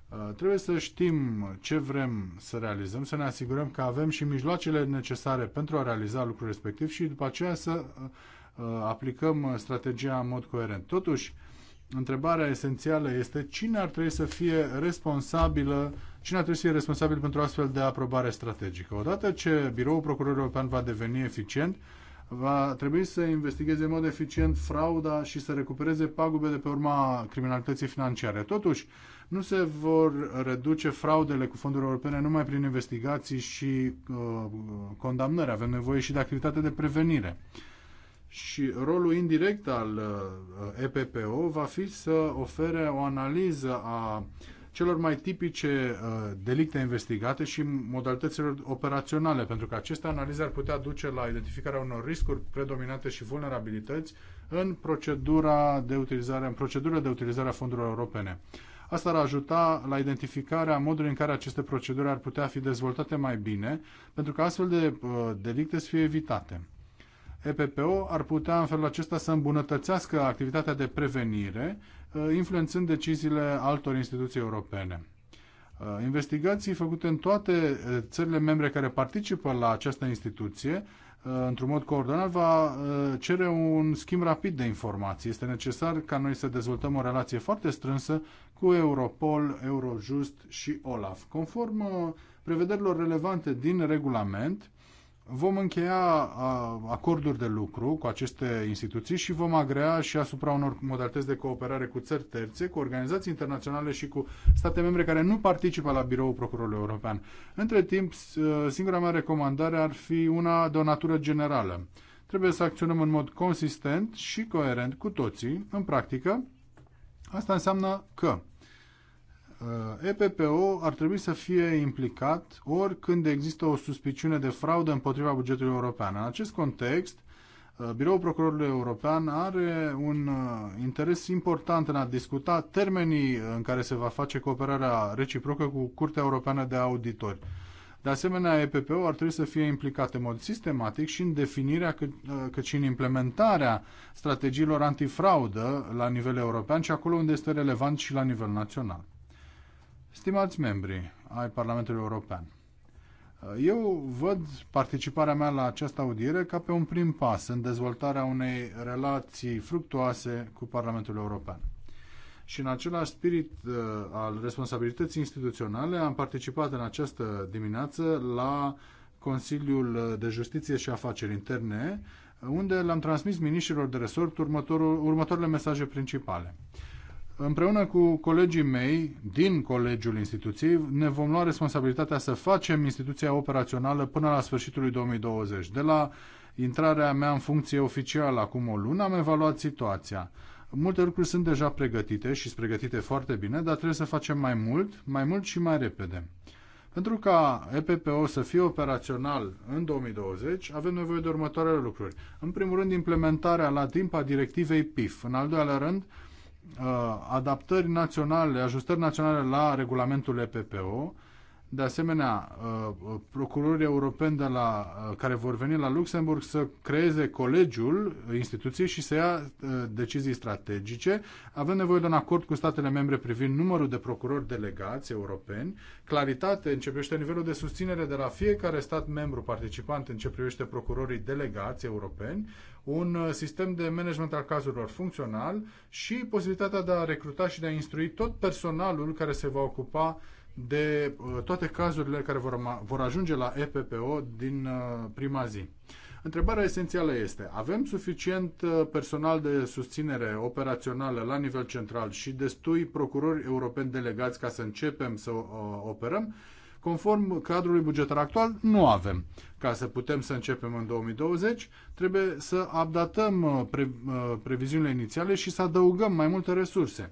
Uh, trebuie să știm ce vrem să realizăm, să ne asigurăm că avem și mijloacele necesare pentru a realiza lucrul respectiv și după aceea să uh, uh, aplicăm strategia în mod coerent. Totuși, întrebarea esențială este cine ar trebui să fie responsabilă, cine ar trebui să fie responsabil pentru astfel de aprobare strategică. Odată ce Biroul Procurorului European va deveni eficient, va trebui să investigheze în mod eficient frauda și să recupereze pagube de pe urma criminalității financiare. Totuși, nu se vor reduce fraudele cu fonduri europene numai prin investigații și uh, condamnări. Avem nevoie și de activitate de prevenire. Și rolul indirect al uh, EPPO va fi să ofere o analiză a uh, celor mai tipice uh, delicte investigate și modalităților operaționale, pentru că aceste analize ar putea duce la identificarea unor riscuri predominante și vulnerabilități în procedura de utilizare, în procedura de utilizare a fondurilor europene. Asta ar ajuta la identificarea modului în care aceste proceduri ar putea fi dezvoltate mai bine, pentru că astfel de uh, delicte să fie evitate. EPPO ar putea în felul acesta să îmbunătățească activitatea de prevenire Uh, influențând deciziile altor instituții europene. Uh, investigații făcute în toate uh, țările membre care participă la această instituție, într-un mod coordonat, va cere un schimb rapid de informații. Este necesar ca noi să dezvoltăm o relație foarte strânsă cu Europol, Eurojust și OLAF. Conform prevederilor relevante din regulament, Vom încheia acorduri de lucru cu aceste instituții și vom agrea și asupra unor modalități de cooperare cu țări terțe, cu organizații internaționale și cu state membre care nu participă la biroul Procurorului European. Între timp, singura mea recomandare ar fi una de o natură generală. Trebuie să acționăm în mod consistent și coerent cu toții, în practică. Asta înseamnă că Uh, EPPO ar trebui să fie implicat ori când există o suspiciune de fraudă împotriva bugetului european. În acest context, uh, Biroul Procurorului European are un uh, interes important în a discuta termenii în care se va face cooperarea reciprocă cu Curtea Europeană de Auditori. De asemenea, EPPO ar trebui să fie implicat în mod sistematic și în definirea cât, cât și în implementarea strategiilor antifraudă la nivel european și acolo unde este relevant și la nivel național. Stimați membri ai Parlamentului European, eu văd participarea mea la această audiere ca pe un prim pas în dezvoltarea unei relații fructuoase cu Parlamentul European. Și în același spirit uh, al responsabilității instituționale am participat în această dimineață la Consiliul de Justiție și Afaceri Interne, unde le-am transmis miniștrilor de resort următorul, următoarele mesaje principale împreună cu colegii mei din colegiul instituției, ne vom lua responsabilitatea să facem instituția operațională până la sfârșitul lui 2020. De la intrarea mea în funcție oficială acum o lună, am evaluat situația. Multe lucruri sunt deja pregătite și sunt pregătite foarte bine, dar trebuie să facem mai mult, mai mult și mai repede. Pentru ca EPPO să fie operațional în 2020, avem nevoie de următoarele lucruri. În primul rând, implementarea la timp a directivei PIF. În al doilea rând, Uh, adaptări naționale, ajustări naționale la regulamentul EPPO de asemenea uh, uh, procurorii europeni de la, uh, care vor veni la Luxemburg să creeze colegiul instituției și să ia decizii strategice. Avem nevoie de un acord cu statele membre privind numărul de procurori delegați europeni, claritate în ce privește nivelul de susținere de la fiecare stat membru participant în ce privește procurorii delegați europeni, un sistem de management al cazurilor funcțional și posibilitatea de a recruta și de a instrui tot personalul care se va ocupa de uh, toate cazurile care vor, vor ajunge la EPPO din uh, prima zi. Întrebarea esențială este, avem suficient uh, personal de susținere operațională la nivel central și destui procurori europeni delegați ca să începem să operăm? Conform cadrului bugetar actual, nu avem. Ca să putem să începem în 2020, trebuie să updatăm pre, previziunile inițiale și să adăugăm mai multe resurse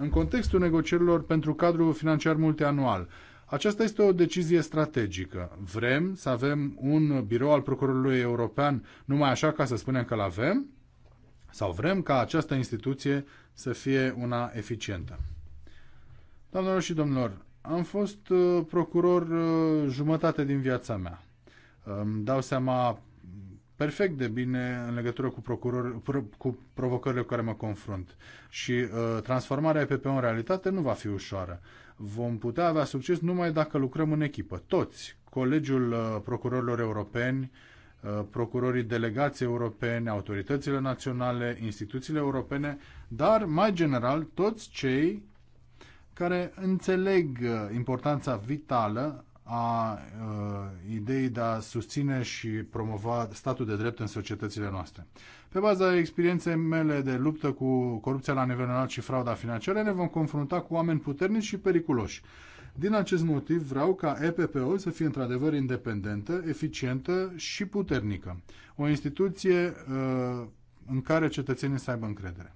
în contextul negocierilor pentru cadrul financiar multianual. Aceasta este o decizie strategică. Vrem să avem un birou al procurorului european numai așa ca să spunem că l-avem? Sau vrem ca această instituție să fie una eficientă? Doamnelor și domnilor, am fost uh, procuror uh, jumătate din viața mea. Îmi dau seama perfect de bine în legătură cu, procuror, cu provocările cu care mă confrunt. Și uh, transformarea EPP în realitate nu va fi ușoară. Vom putea avea succes numai dacă lucrăm în echipă. Toți, Colegiul uh, Procurorilor Europeni, uh, procurorii delegații europene, autoritățile naționale, instituțiile europene, dar mai general toți cei care înțeleg uh, importanța vitală a uh, ideii de a susține și promova statul de drept în societățile noastre. Pe baza experienței mele de luptă cu corupția la nivel înalt și frauda financiară, ne vom confrunta cu oameni puternici și periculoși. Din acest motiv vreau ca eppo să fie într-adevăr independentă, eficientă și puternică. O instituție uh, în care cetățenii să aibă încredere.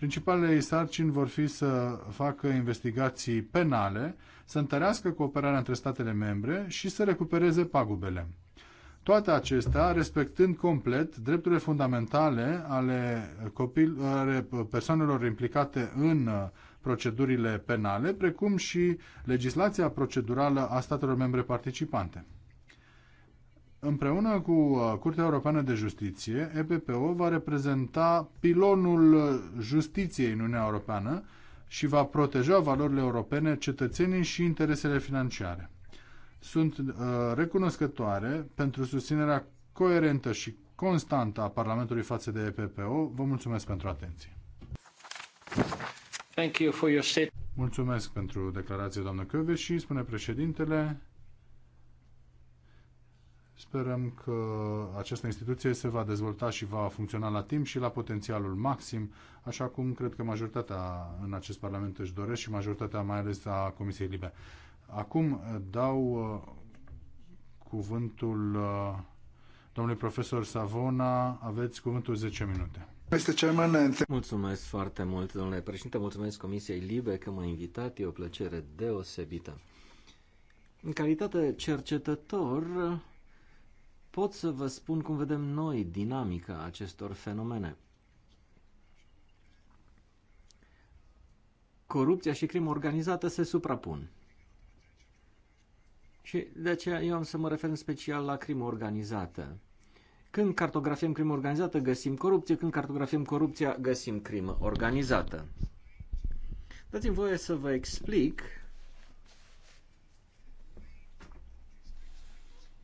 Principalele ei sarcini vor fi să facă investigații penale, să întărească cooperarea între statele membre și să recupereze pagubele. Toate acestea respectând complet drepturile fundamentale ale, copil, ale persoanelor implicate în procedurile penale, precum și legislația procedurală a statelor membre participante. Împreună cu uh, Curtea Europeană de Justiție, EPPO va reprezenta pilonul uh, justiției în Uniunea Europeană și va proteja valorile europene, cetățenii și interesele financiare. Sunt uh, recunoscătoare pentru susținerea coerentă și constantă a Parlamentului față de EPPO. Vă mulțumesc pentru atenție. Thank you for your Mulțumesc pentru declarație, doamnă Căve, și spune președintele, Sperăm că această instituție se va dezvolta și va funcționa la timp și la potențialul maxim, așa cum cred că majoritatea în acest Parlament își doresc și majoritatea mai ales a Comisiei Libe. Acum uh, dau uh, cuvântul uh, domnului profesor Savona. Aveți cuvântul 10 minute. Mulțumesc foarte mult, domnule președinte, mulțumesc Comisiei Libe că m-a invitat, e o plăcere deosebită. În calitate de cercetător, pot să vă spun cum vedem noi dinamica acestor fenomene. Corupția și crimă organizată se suprapun. Și de aceea eu am să mă refer în special la crimă organizată. Când cartografiem crimă organizată, găsim corupție. Când cartografiem corupția, găsim crimă organizată. Dați-mi voie să vă explic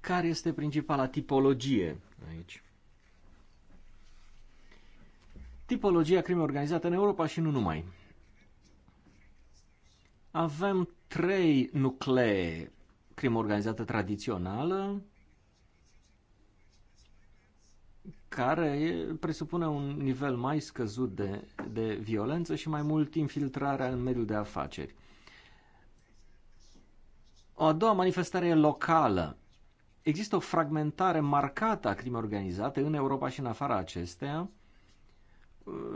care este principala tipologie aici? Tipologia crimei organizate în Europa și nu numai. Avem trei nuclee crimă organizată tradițională, care presupune un nivel mai scăzut de, de violență și mai mult infiltrarea în mediul de afaceri. O a doua manifestare e locală. Există o fragmentare marcată a crimei organizate în Europa și în afara acesteia.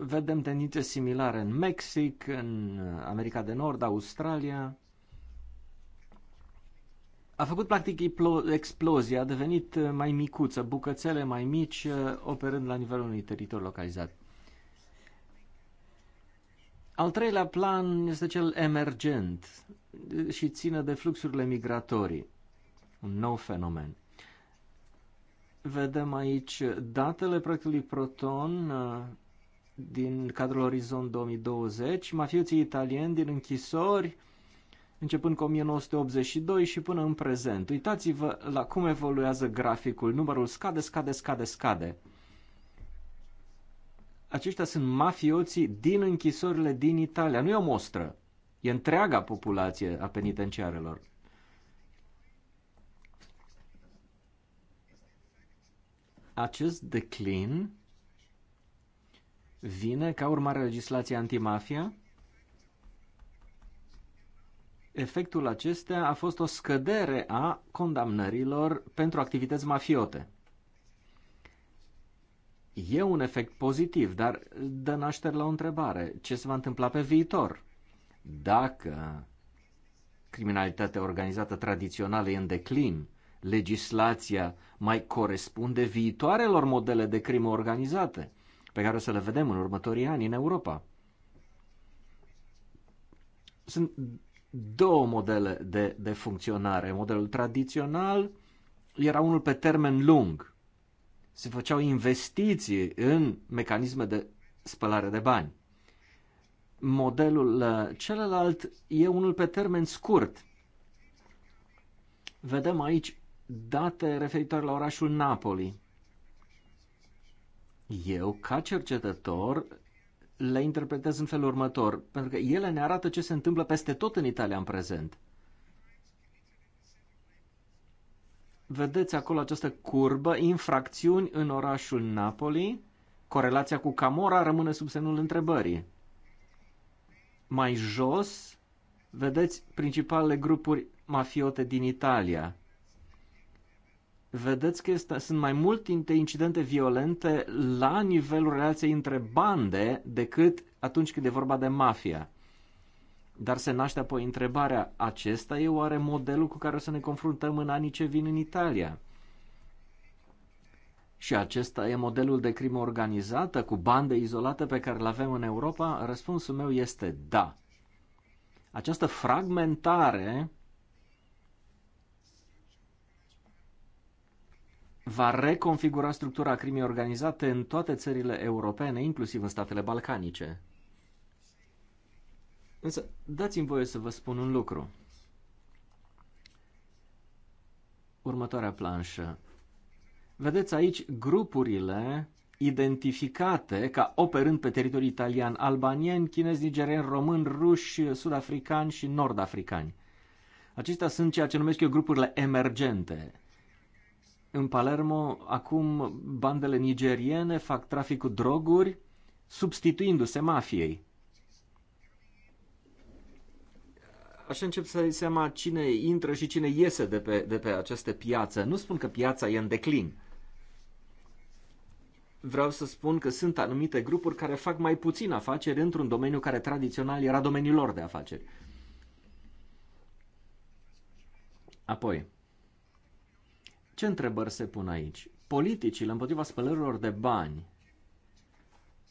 Vedem tendințe similare în Mexic, în America de Nord, Australia. A făcut practic explozie, a devenit mai micuță, bucățele mai mici, uh, operând la nivelul unui teritoriu localizat. Al treilea plan este cel emergent și ține de fluxurile migratorii, un nou fenomen. Vedem aici datele proiectului Proton uh, din cadrul Orizont 2020, mafioții italieni din închisori, începând cu 1982 și până în prezent. Uitați-vă la cum evoluează graficul. Numărul scade, scade, scade, scade. Aceștia sunt mafioții din închisorile din Italia. Nu e o mostră. E întreaga populație a penitenciarelor. Acest declin vine ca urmare a legislației antimafia. Efectul acestea a fost o scădere a condamnărilor pentru activități mafiote. E un efect pozitiv, dar dă naștere la o întrebare. Ce se va întâmpla pe viitor? Dacă criminalitatea organizată tradițională e în declin legislația mai corespunde viitoarelor modele de crimă organizate pe care o să le vedem în următorii ani în Europa. Sunt două modele de, de funcționare. Modelul tradițional era unul pe termen lung. Se făceau investiții în mecanisme de spălare de bani. Modelul uh, celălalt e unul pe termen scurt. Vedem aici date referitoare la orașul Napoli. Eu, ca cercetător, le interpretez în felul următor, pentru că ele ne arată ce se întâmplă peste tot în Italia în prezent. Vedeți acolo această curbă, infracțiuni în orașul Napoli, corelația cu Camora rămâne sub semnul întrebării. Mai jos, vedeți principalele grupuri mafiote din Italia vedeți că este, sunt mai multe incidente violente la nivelul relației între bande decât atunci când e vorba de mafia. Dar se naște apoi întrebarea, acesta e oare modelul cu care o să ne confruntăm în anii ce vin în Italia? Și acesta e modelul de crimă organizată cu bande izolate pe care îl avem în Europa? Răspunsul meu este da. Această fragmentare va reconfigura structura crimei organizate în toate țările europene, inclusiv în statele balcanice. Însă, dați-mi voie să vă spun un lucru. Următoarea planșă. Vedeți aici grupurile identificate ca operând pe teritoriul italian, albanieni, chinezi, nigerieni, români, ruși, sudafricani și nordafricani. Acestea sunt ceea ce numesc eu grupurile emergente. În Palermo, acum bandele nigeriene fac trafic cu droguri, substituindu-se mafiei. Așa încep să dai seama cine intră și cine iese de pe, de pe această piață. Nu spun că piața e în declin. Vreau să spun că sunt anumite grupuri care fac mai puțin afaceri într-un domeniu care tradițional era domeniul lor de afaceri. Apoi, ce întrebări se pun aici? Politicile împotriva spălărilor de bani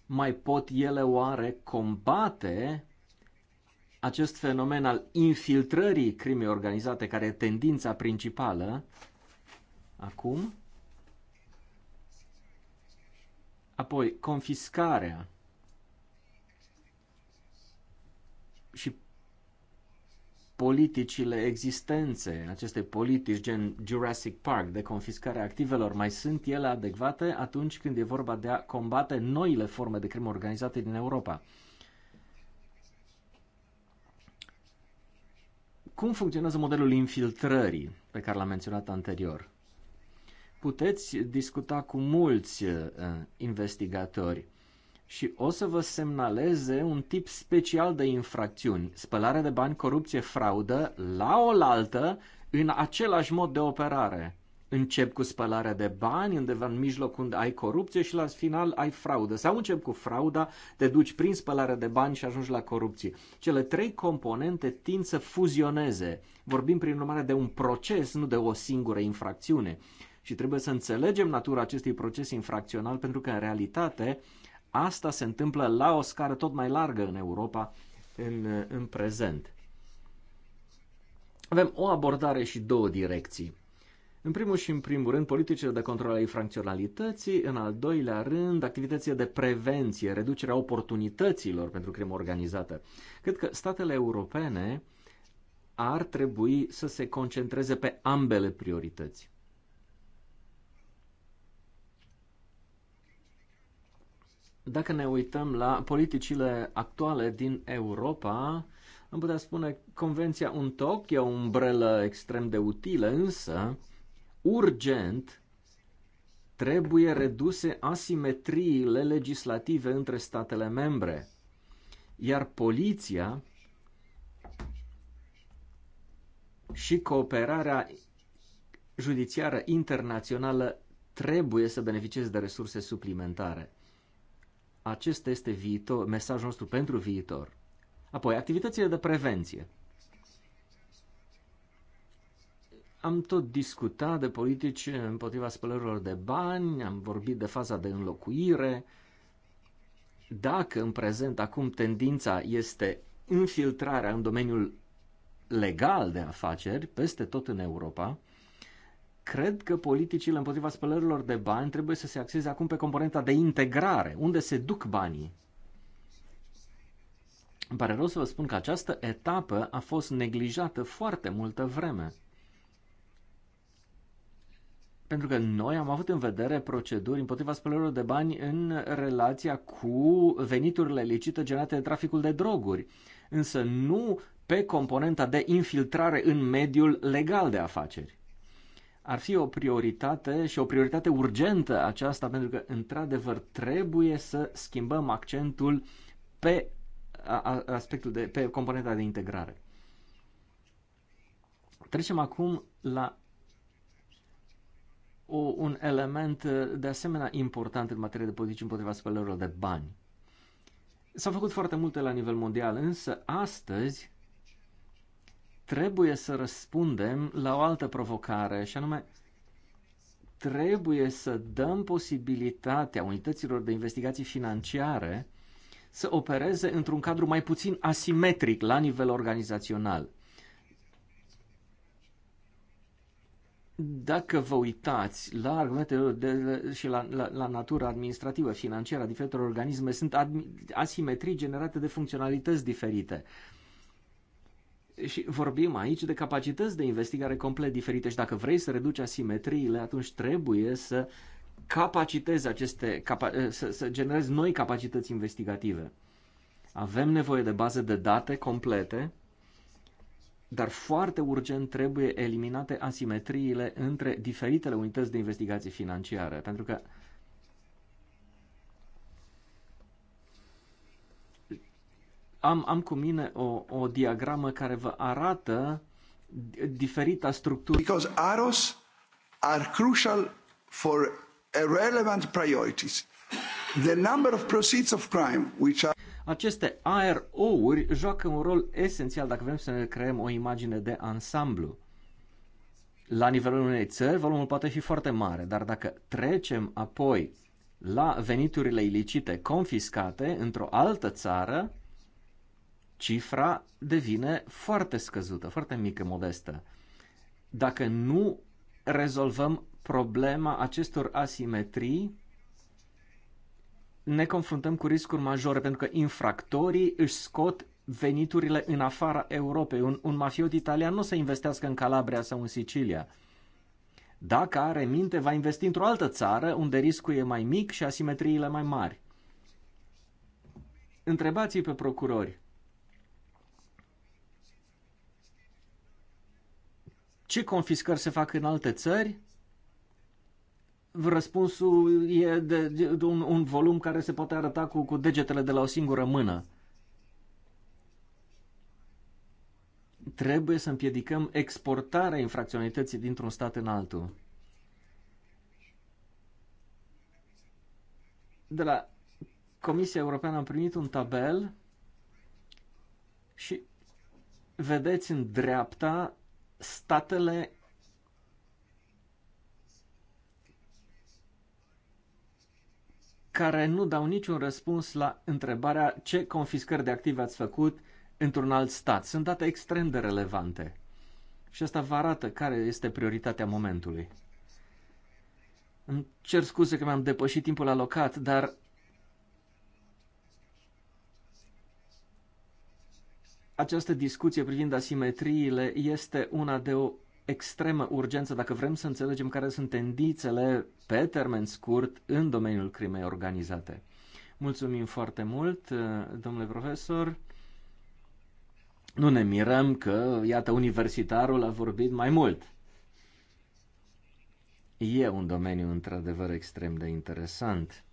mai pot ele oare combate acest fenomen al infiltrării crimei organizate, care e tendința principală acum? Apoi, confiscarea și politicile existențe, aceste politici gen Jurassic Park de confiscare a activelor, mai sunt ele adecvate atunci când e vorba de a combate noile forme de crimă organizată din Europa? Cum funcționează modelul infiltrării pe care l-am menționat anterior? Puteți discuta cu mulți uh, investigatori și o să vă semnaleze un tip special de infracțiuni, spălare de bani, corupție, fraudă, la oaltă, în același mod de operare. Încep cu spălarea de bani, undeva în mijloc unde ai corupție și la final ai fraudă. Sau încep cu frauda, te duci prin spălarea de bani și ajungi la corupție. Cele trei componente tind să fuzioneze. Vorbim prin urmare de un proces, nu de o singură infracțiune. Și trebuie să înțelegem natura acestui proces infracțional pentru că în realitate uh, Asta se întâmplă la o scară tot mai largă în Europa în, în prezent. Avem o abordare și două direcții. În primul și în primul rând, politicile de control a infracționalității, în al doilea rând, activitățile de prevenție, reducerea oportunităților pentru crimă organizată. Cred că statele europene ar trebui să se concentreze pe ambele priorități. Dacă ne uităm la politicile actuale din Europa, am putea spune Convenția UNTOC e o umbrelă extrem de utilă, însă urgent trebuie reduse asimetriile legislative între statele membre, iar poliția și cooperarea judiciară internațională trebuie să beneficieze de resurse suplimentare. Acesta este viitor, mesajul nostru pentru viitor. Apoi, activitățile de prevenție. Am tot discutat de politici împotriva spălărilor de bani, am vorbit de faza de înlocuire. Dacă în prezent acum tendința este infiltrarea în domeniul legal de afaceri peste tot în Europa, cred că politicile împotriva spălărilor de bani trebuie să se axeze acum pe componenta de integrare, unde se duc banii. Îmi pare rău să vă spun că această etapă a fost neglijată foarte multă vreme. Pentru că noi am avut în vedere proceduri împotriva spălărilor de bani în relația cu veniturile licite generate de traficul de droguri, însă nu pe componenta de infiltrare în mediul legal de afaceri ar fi o prioritate și o prioritate urgentă aceasta, pentru că, într-adevăr, trebuie să schimbăm accentul pe aspectul de, pe componenta de integrare. Trecem acum la o, un element uh, de asemenea important în materie de politici împotriva spălărilor de bani. S-au făcut foarte multe la nivel mondial, însă astăzi trebuie să răspundem la o altă provocare, și anume trebuie să dăm posibilitatea unităților de investigații financiare să opereze într-un cadru mai puțin asimetric la nivel organizațional. Dacă vă uitați la argumentele de, și la, la, la natura administrativă, financiară a diferitelor organisme, sunt asimetrii generate de funcționalități diferite. Uh, și vorbim aici de capacități de investigare complet diferite și dacă vrei să reduci asimetriile, atunci trebuie să capacitezi aceste, capa, eh, să, să generezi noi capacități investigative. Avem nevoie de baze de date complete, dar foarte urgent trebuie eliminate asimetriile între diferitele unități de investigație financiară, pentru că Am, am cu mine o, o diagramă care vă arată diferita structură. Because arrows are crucial for relevant priorities. The number of proceeds of crime which are aceste ARO-uri joacă un rol esențial dacă vrem să ne creăm o imagine de ansamblu. La nivelul unei țări, volumul poate fi foarte mare, dar dacă trecem apoi la veniturile ilicite confiscate într-o altă țară, cifra devine foarte scăzută, foarte mică, modestă. Dacă nu rezolvăm problema acestor asimetrii, ne confruntăm cu riscuri majore, pentru că infractorii își scot veniturile în afara Europei. Un, un mafiot italian nu se investească în Calabria sau în Sicilia. Dacă are minte, va investi într-o altă țară unde riscul e mai mic și asimetriile mai mari. Întrebați-i pe procurori Ce confiscări se fac în alte țări? Răspunsul e de, de un, un volum care se poate arăta cu, cu degetele de la o singură mână. Trebuie să împiedicăm exportarea infracționalității dintr-un stat în altul. De la Comisia Europeană am primit un tabel și vedeți în dreapta statele care nu dau niciun răspuns la întrebarea ce confiscări de active ați făcut într-un alt stat. Sunt date extrem de relevante. Și asta vă arată care este prioritatea momentului. Îmi cer scuze că mi-am depășit timpul alocat, dar această discuție privind asimetriile este una de o extremă urgență dacă vrem să înțelegem care sunt tendințele pe termen scurt în domeniul crimei organizate. Mulțumim foarte mult, domnule profesor. Nu ne mirăm că, iată, universitarul a vorbit mai mult. E un domeniu într-adevăr extrem de interesant.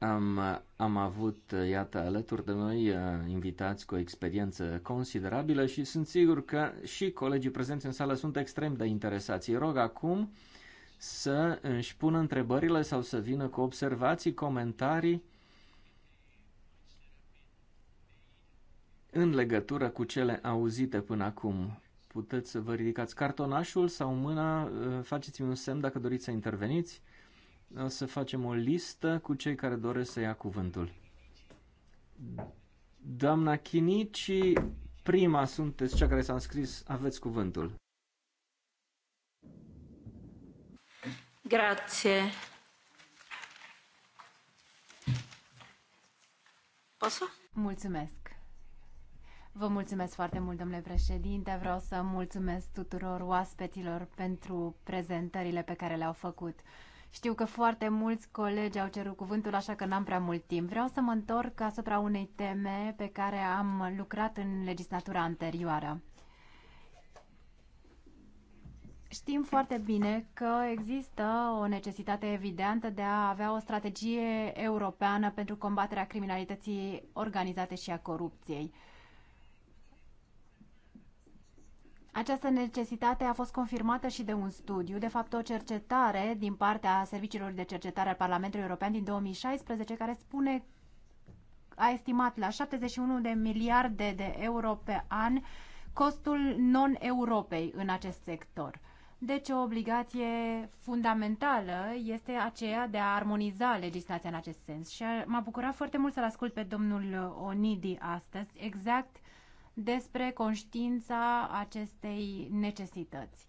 Am, am avut, iată, alături de noi uh, invitați cu o experiență considerabilă și sunt sigur că și colegii prezenți în sală sunt extrem de interesați. Îi rog acum să își pună întrebările sau să vină cu observații, comentarii în legătură cu cele auzite până acum. Puteți să vă ridicați cartonașul sau mâna, uh, faceți-mi un semn dacă doriți să interveniți o să facem o listă cu cei care doresc să ia cuvântul. Doamna Chinici, prima sunteți cea care s-a înscris, aveți cuvântul. Grazie. Posso? Mulțumesc. Vă mulțumesc foarte mult, domnule președinte. Vreau să mulțumesc tuturor oaspeților pentru prezentările pe care le-au făcut. Știu că foarte mulți colegi au cerut cuvântul, așa că n-am prea mult timp. Vreau să mă întorc asupra unei teme pe care am lucrat în legislatura anterioară. Știm foarte bine că există o necesitate evidentă de a avea o strategie europeană pentru combaterea criminalității organizate și a corupției. Această necesitate a fost confirmată și de un studiu, de fapt o cercetare din partea serviciilor de cercetare al Parlamentului European din 2016, care spune a estimat la 71 de miliarde de euro pe an costul non-Europei în acest sector. Deci o obligație fundamentală este aceea de a armoniza legislația în acest sens. Și m-a bucurat foarte mult să-l ascult pe domnul Onidi astăzi, exact despre conștiința acestei necesități.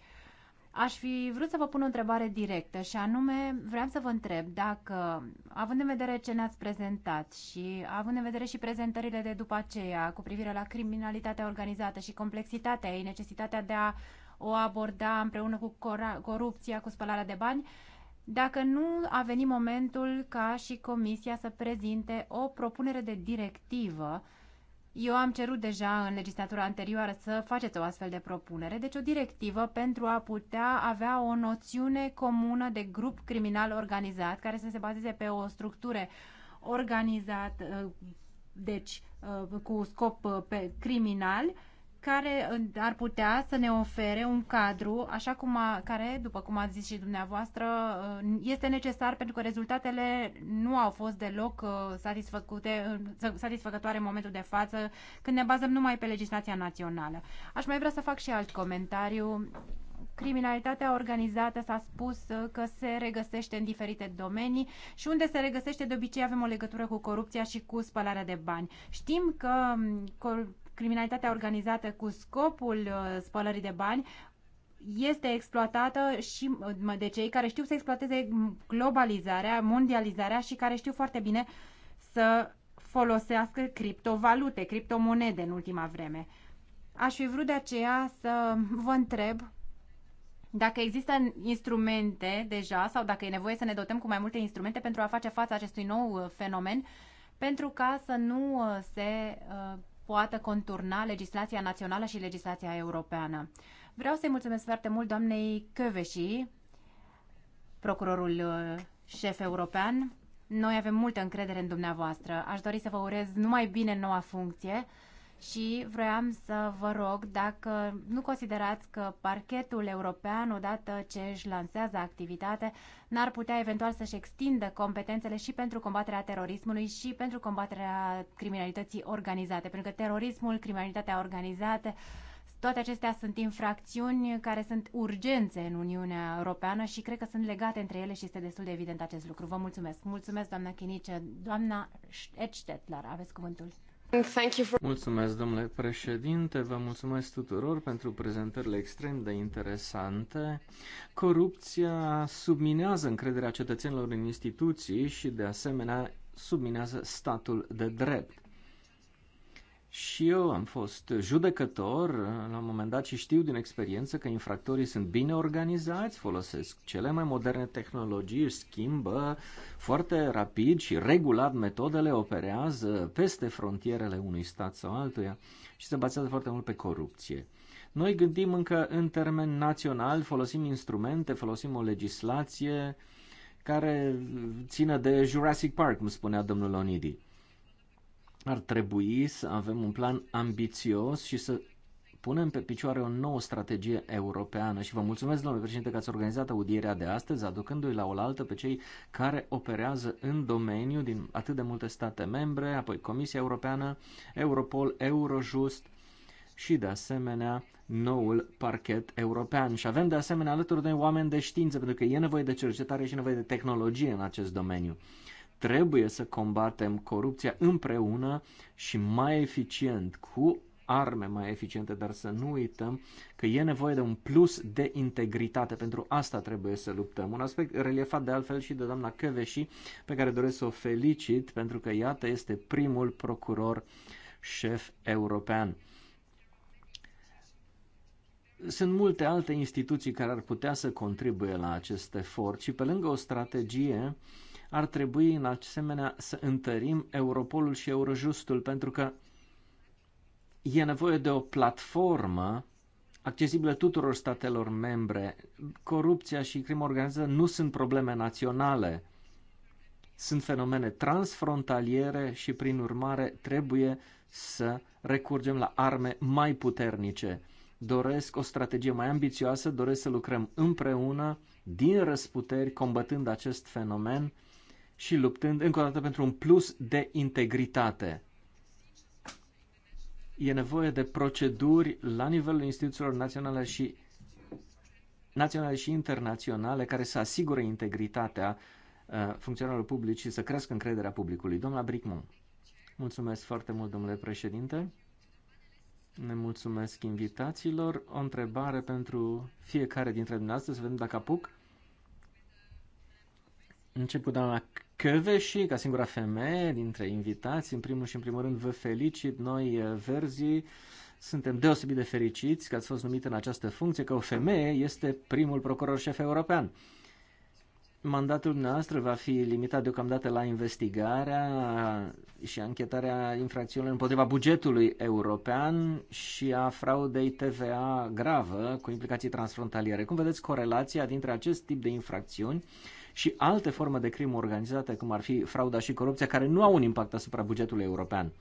Aș fi vrut să vă pun o întrebare directă și anume vreau să vă întreb dacă, având în vedere ce ne-ați prezentat și având în vedere și prezentările de după aceea cu privire la criminalitatea organizată și complexitatea ei, necesitatea de a o aborda împreună cu corupția, cu spălarea de bani, dacă nu a venit momentul ca și Comisia să prezinte o propunere de directivă eu am cerut deja în legislatura anterioară să faceți o astfel de propunere, deci o directivă pentru a putea avea o noțiune comună de grup criminal organizat care să se bazeze pe o structură organizată, deci uh, cu scop uh, criminal care ar putea să ne ofere un cadru, așa cum a, care, după cum ați zis și dumneavoastră, uh, este necesar pentru că rezultatele nu au fost deloc uh, satisfăcute, uh, satisfăcătoare în momentul de față, când ne bazăm numai pe legislația națională. Aș mai vrea să fac și alt comentariu. Criminalitatea organizată s-a spus că se regăsește în diferite domenii și unde se regăsește de obicei avem o legătură cu corupția și cu spălarea de bani. Știm că um, criminalitatea organizată cu scopul uh, spălării de bani este exploatată și uh, de cei care știu să exploateze globalizarea, mondializarea și care știu foarte bine să folosească criptovalute, criptomonede în ultima vreme. Aș fi vrut de aceea să vă întreb dacă există instrumente deja sau dacă e nevoie să ne dotăm cu mai multe instrumente pentru a face față acestui nou uh, fenomen, pentru ca să nu se poată conturna legislația națională și legislația europeană. Vreau să-i mulțumesc foarte mult doamnei Căveși, procurorul uh, șef european. Noi avem multă încredere în dumneavoastră. Aș dori să vă urez numai bine în noua funcție și vreau să vă rog dacă nu considerați că parchetul european, odată ce își lansează activitate, n-ar putea eventual să-și extindă competențele și pentru combaterea terorismului și pentru combaterea criminalității organizate, pentru că terorismul, criminalitatea organizată, toate acestea sunt infracțiuni care sunt urgențe în Uniunea Europeană și cred că sunt legate între ele și este destul de evident acest lucru. Vă mulțumesc. Mulțumesc, doamna Chinice. Doamna Edstettler, aveți cuvântul. Mulțumesc, domnule președinte, vă mulțumesc tuturor pentru prezentările extrem de interesante. Corupția subminează încrederea cetățenilor în instituții și, de asemenea, subminează statul de drept. Și eu am fost judecător uh, la un moment dat și știu din experiență că infractorii sunt bine organizați, folosesc cele mai moderne tehnologii, își schimbă foarte rapid și regulat metodele, operează peste frontierele unui stat sau altuia și se bazează foarte mult pe corupție. Noi gândim încă în termen național, folosim instrumente, folosim o legislație care ține de Jurassic Park, cum spunea domnul Onidi ar trebui să avem un plan ambițios și să punem pe picioare o nouă strategie europeană și vă mulțumesc, domnule președinte, că ați organizat audierea de astăzi, aducându-i la oaltă pe cei care operează în domeniu din atât de multe state membre, apoi Comisia Europeană, Europol, Eurojust și, de asemenea, noul parchet european. Și avem, de asemenea, alături de oameni de știință, pentru că e nevoie de cercetare și nevoie de tehnologie în acest domeniu. Trebuie să combatem corupția împreună și mai eficient, cu arme mai eficiente, dar să nu uităm că e nevoie de un plus de integritate. Pentru asta trebuie să luptăm. Un aspect reliefat de altfel și de doamna Căveși, pe care doresc să o felicit, pentru că iată este primul procuror șef european. Sunt multe alte instituții care ar putea să contribuie la acest efort și pe lângă o strategie uh, ar trebui în asemenea să întărim Europolul și Eurojustul, pentru că e nevoie de o platformă accesibilă tuturor statelor membre. Corupția și crimă organizată nu sunt probleme naționale, sunt fenomene transfrontaliere și, prin urmare, trebuie să recurgem la arme mai puternice. Doresc o strategie mai ambițioasă, doresc să lucrăm împreună, din răsputeri, combătând acest fenomen și luptând încă o dată pentru un plus de integritate. E nevoie de proceduri la nivelul instituțiilor naționale și naționale și internaționale care să asigure integritatea uh, funcționarilor publici și să crească încrederea publicului. Domnul Bricmont, mulțumesc foarte mult, domnule președinte. Ne mulțumesc invitațiilor. O întrebare pentru fiecare dintre dumneavoastră, să vedem dacă apuc. Încep cu doamna Căveși, ca singura femeie dintre invitați. În primul și în primul rând vă felicit noi eh, verzii. Suntem deosebit de fericiți că ați fost numit în această funcție, că o femeie este primul procuror șef european. Mandatul noastră va fi limitat deocamdată la investigarea și anchetarea infracțiunilor împotriva bugetului european și a fraudei TVA gravă cu implicații transfrontaliere. Cum vedeți corelația dintre acest tip de infracțiuni și alte forme de crimă organizată, cum ar fi frauda și corupția, care nu au un impact asupra bugetului european.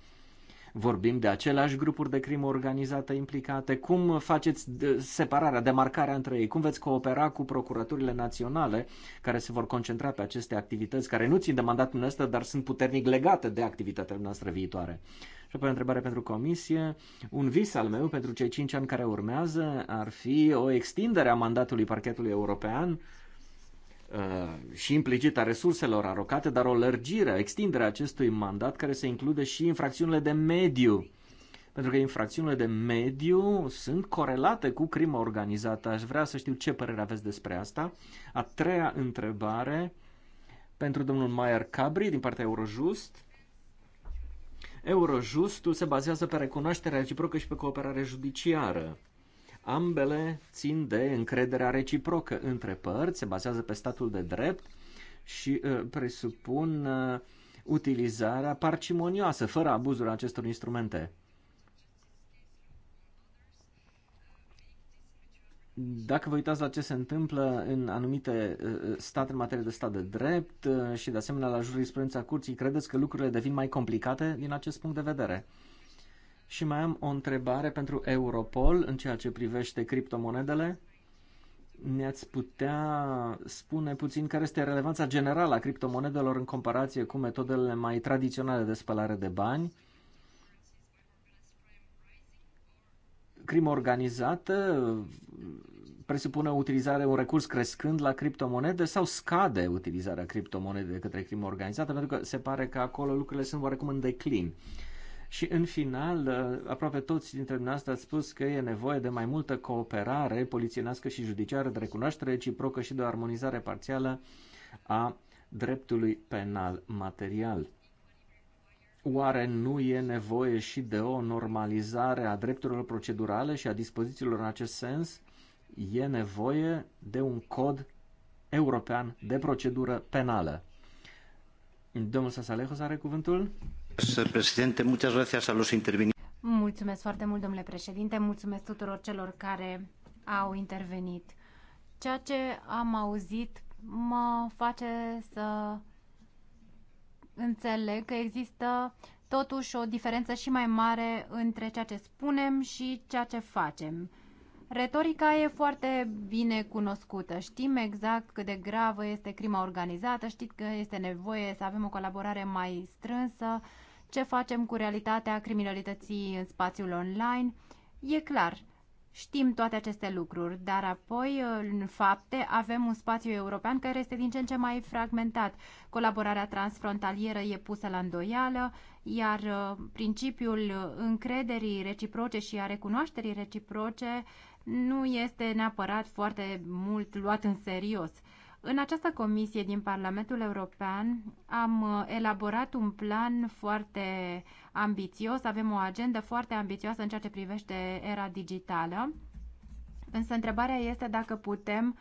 Vorbim de aceleași grupuri de crimă organizată implicate. Cum faceți separarea, demarcarea între ei? Cum veți coopera cu procuraturile naționale care se vor concentra pe aceste activități, care nu țin de mandatul nostru, dar sunt puternic legate de activitatea noastră viitoare? Și apoi o întrebare pentru comisie. Un vis al meu pentru cei cinci ani care urmează ar fi o extindere a mandatului parchetului european Uh, și implicit a resurselor arocate, dar o lărgire, extinderea acestui mandat care se include și infracțiunile de mediu. Pentru că infracțiunile de mediu sunt corelate cu crima organizată. Aș vrea să știu ce părere aveți despre asta. A treia întrebare pentru domnul Maier Cabri din partea Eurojust. Eurojustul se bazează pe recunoașterea reciprocă și pe cooperare judiciară. Ambele țin de încrederea reciprocă între părți, se bazează pe statul de drept și uh, presupun uh, utilizarea parcimonioasă, fără abuzul acestor instrumente. Dacă vă uitați la ce se întâmplă în anumite uh, state în materie de stat de drept și de asemenea la jurisprudența curții, credeți că lucrurile devin mai complicate din acest punct de vedere? Și mai am o întrebare pentru Europol în ceea ce privește criptomonedele. Ne-ați putea spune puțin care este relevanța generală a criptomonedelor în comparație cu metodele mai tradiționale de spălare de bani? Crimă organizată presupune utilizarea un recurs crescând la criptomonede sau scade utilizarea criptomonede de către crimă organizată, pentru că se pare că acolo lucrurile sunt oarecum în declin. Uh, și în final, uh, aproape toți dintre dumneavoastră ați spus că e nevoie de mai multă cooperare polițienească și judiciară, de recunoaștere reciprocă și de o armonizare parțială a dreptului penal material. Oare nu e nevoie și de o normalizare a drepturilor procedurale și a dispozițiilor în acest sens? E nevoie de un cod european de procedură penală. Domnul Sasalehos are cuvântul președinte, muchas gracias a los Mulțumesc foarte mult, domnule președinte, mulțumesc tuturor celor care au intervenit. Ceea ce am auzit mă face să înțeleg că există totuși o diferență și mai mare între ceea ce spunem și ceea ce facem. Retorica e foarte bine cunoscută. Știm exact cât de gravă este crima organizată, știți că este nevoie să avem o colaborare mai strânsă ce facem cu realitatea criminalității în spațiul online. E clar, știm toate aceste lucruri, dar apoi, în fapte, avem un spațiu european care este din ce în ce mai fragmentat. Colaborarea transfrontalieră e pusă la îndoială, iar uh, principiul încrederii reciproce și a recunoașterii reciproce nu este neapărat foarte mult luat în serios. În această comisie din Parlamentul European am uh, elaborat un plan foarte ambițios, avem o agendă foarte ambițioasă în ceea ce privește era digitală, însă întrebarea este dacă putem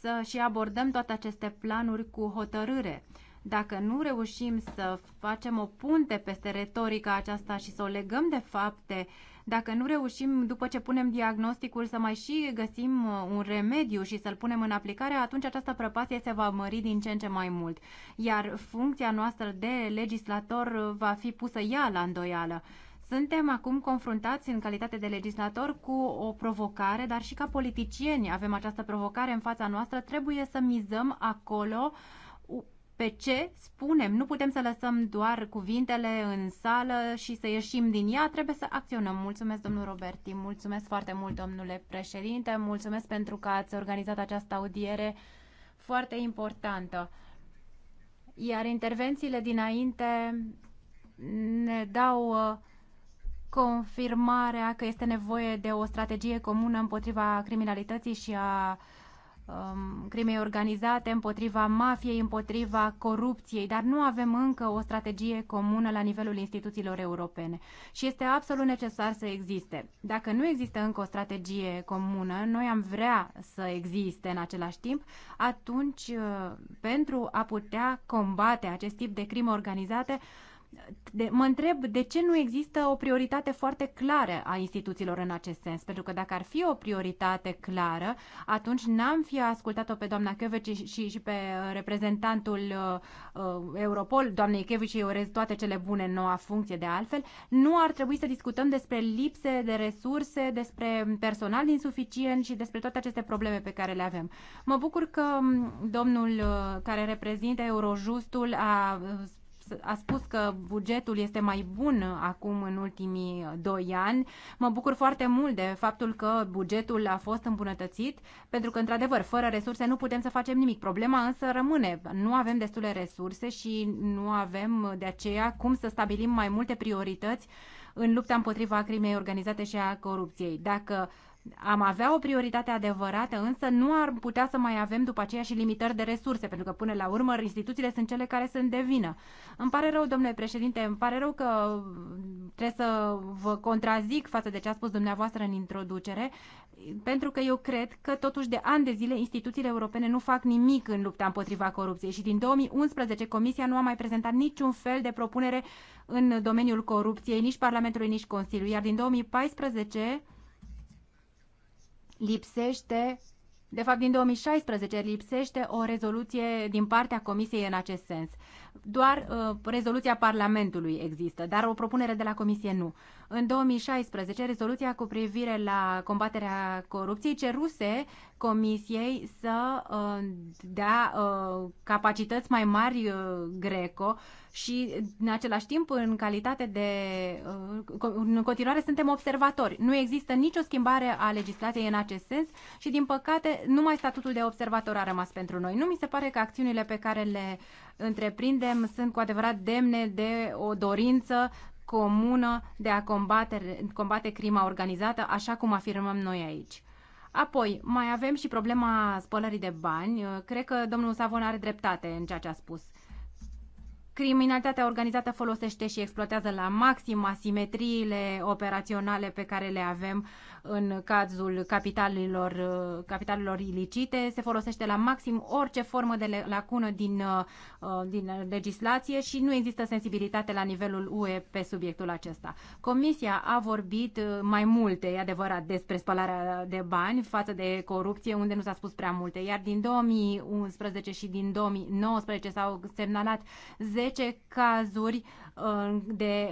să și abordăm toate aceste planuri cu hotărâre. Dacă nu reușim să facem o punte peste retorica aceasta și să o legăm de fapte uh, dacă nu reușim, după ce punem diagnosticul, să mai și găsim uh, un remediu și să-l punem în aplicare, atunci această prăpastie se va mări din ce în ce mai mult. Iar funcția noastră de legislator uh, va fi pusă ea la îndoială. Suntem acum confruntați în calitate de legislator cu o provocare, dar și ca politicieni avem această provocare în fața noastră. Trebuie să mizăm acolo uh, pe ce spunem. Nu putem să lăsăm doar cuvintele în sală și să ieșim din ea, trebuie să acționăm. Mulțumesc, domnul Roberti, mulțumesc foarte mult, domnule președinte, mulțumesc pentru că ați organizat această audiere foarte importantă. Iar intervențiile dinainte ne dau uh, confirmarea că este nevoie de o strategie comună împotriva criminalității și a um, crimei organizate, împotriva mafiei, împotriva corupției, dar nu avem încă o strategie comună la nivelul instituțiilor europene. Și este absolut necesar să existe. Dacă nu există încă o strategie comună, noi am vrea să existe în același timp, atunci, uh, pentru a putea combate acest tip de crime organizate, de, mă întreb de ce nu există o prioritate foarte clară a instituțiilor în acest sens, pentru că dacă ar fi o prioritate clară, atunci n-am fi ascultat-o pe doamna Chiovici și, și, și pe uh, reprezentantul uh, uh, Europol, doamnei Chiovici, eu urez toate cele bune în noua funcție de altfel, nu ar trebui să discutăm despre lipse de resurse, despre personal insuficient și despre toate aceste probleme pe care le avem. Mă bucur că mm, domnul uh, care reprezintă Eurojustul a a spus că bugetul este mai bun acum în ultimii doi ani. Mă bucur foarte mult de faptul că bugetul a fost îmbunătățit, pentru că, într-adevăr, fără resurse nu putem să facem nimic. Problema însă rămâne. Nu avem destule resurse și nu avem de aceea cum să stabilim mai multe priorități în lupta împotriva crimei organizate și a corupției. Dacă uh, am avea o prioritate adevărată, însă nu ar putea să mai avem după aceea și limitări de resurse, pentru că până la urmă instituțiile sunt cele care sunt de vină. Îmi pare rău, domnule președinte, îmi pare rău că trebuie să vă contrazic față de ce a spus dumneavoastră în introducere, pentru că eu cred că totuși de ani de zile instituțiile europene nu fac nimic în lupta împotriva corupției și din 2011 Comisia nu a mai prezentat niciun fel de propunere în domeniul corupției, nici Parlamentului, nici Consiliului, iar din 2014 lipsește, de fapt din 2016 lipsește o rezoluție din partea Comisiei în acest sens. Doar uh, rezoluția Parlamentului există, dar o propunere de la Comisie nu. În 2016, rezoluția cu privire la combaterea corupției ceruse Comisiei să uh, dea uh, capacități mai mari uh, Greco și în același timp în calitate de în continuare suntem observatori. Nu există nicio schimbare a legislației în acest sens și din păcate numai statutul de observator a rămas pentru noi. Nu mi se pare că acțiunile pe care le întreprindem sunt cu adevărat demne de o dorință comună de a combate, combate crima organizată, așa cum afirmăm noi aici. Apoi, mai avem și problema spălării de bani. Uh, cred că domnul Savon are dreptate în ceea ce a spus. Criminalitatea organizată folosește și exploatează la maxim asimetriile operaționale pe care le avem în cazul capitalilor, capitalilor ilicite. Se folosește la maxim orice formă de lacună din, uh, din legislație și nu există sensibilitate la nivelul UE pe subiectul acesta. Comisia a vorbit uh, mai multe, e adevărat, despre spălarea de bani față de corupție, unde nu s-a spus prea multe, iar din 2011 și din 2019 s-au semnalat 10 cazuri uh, de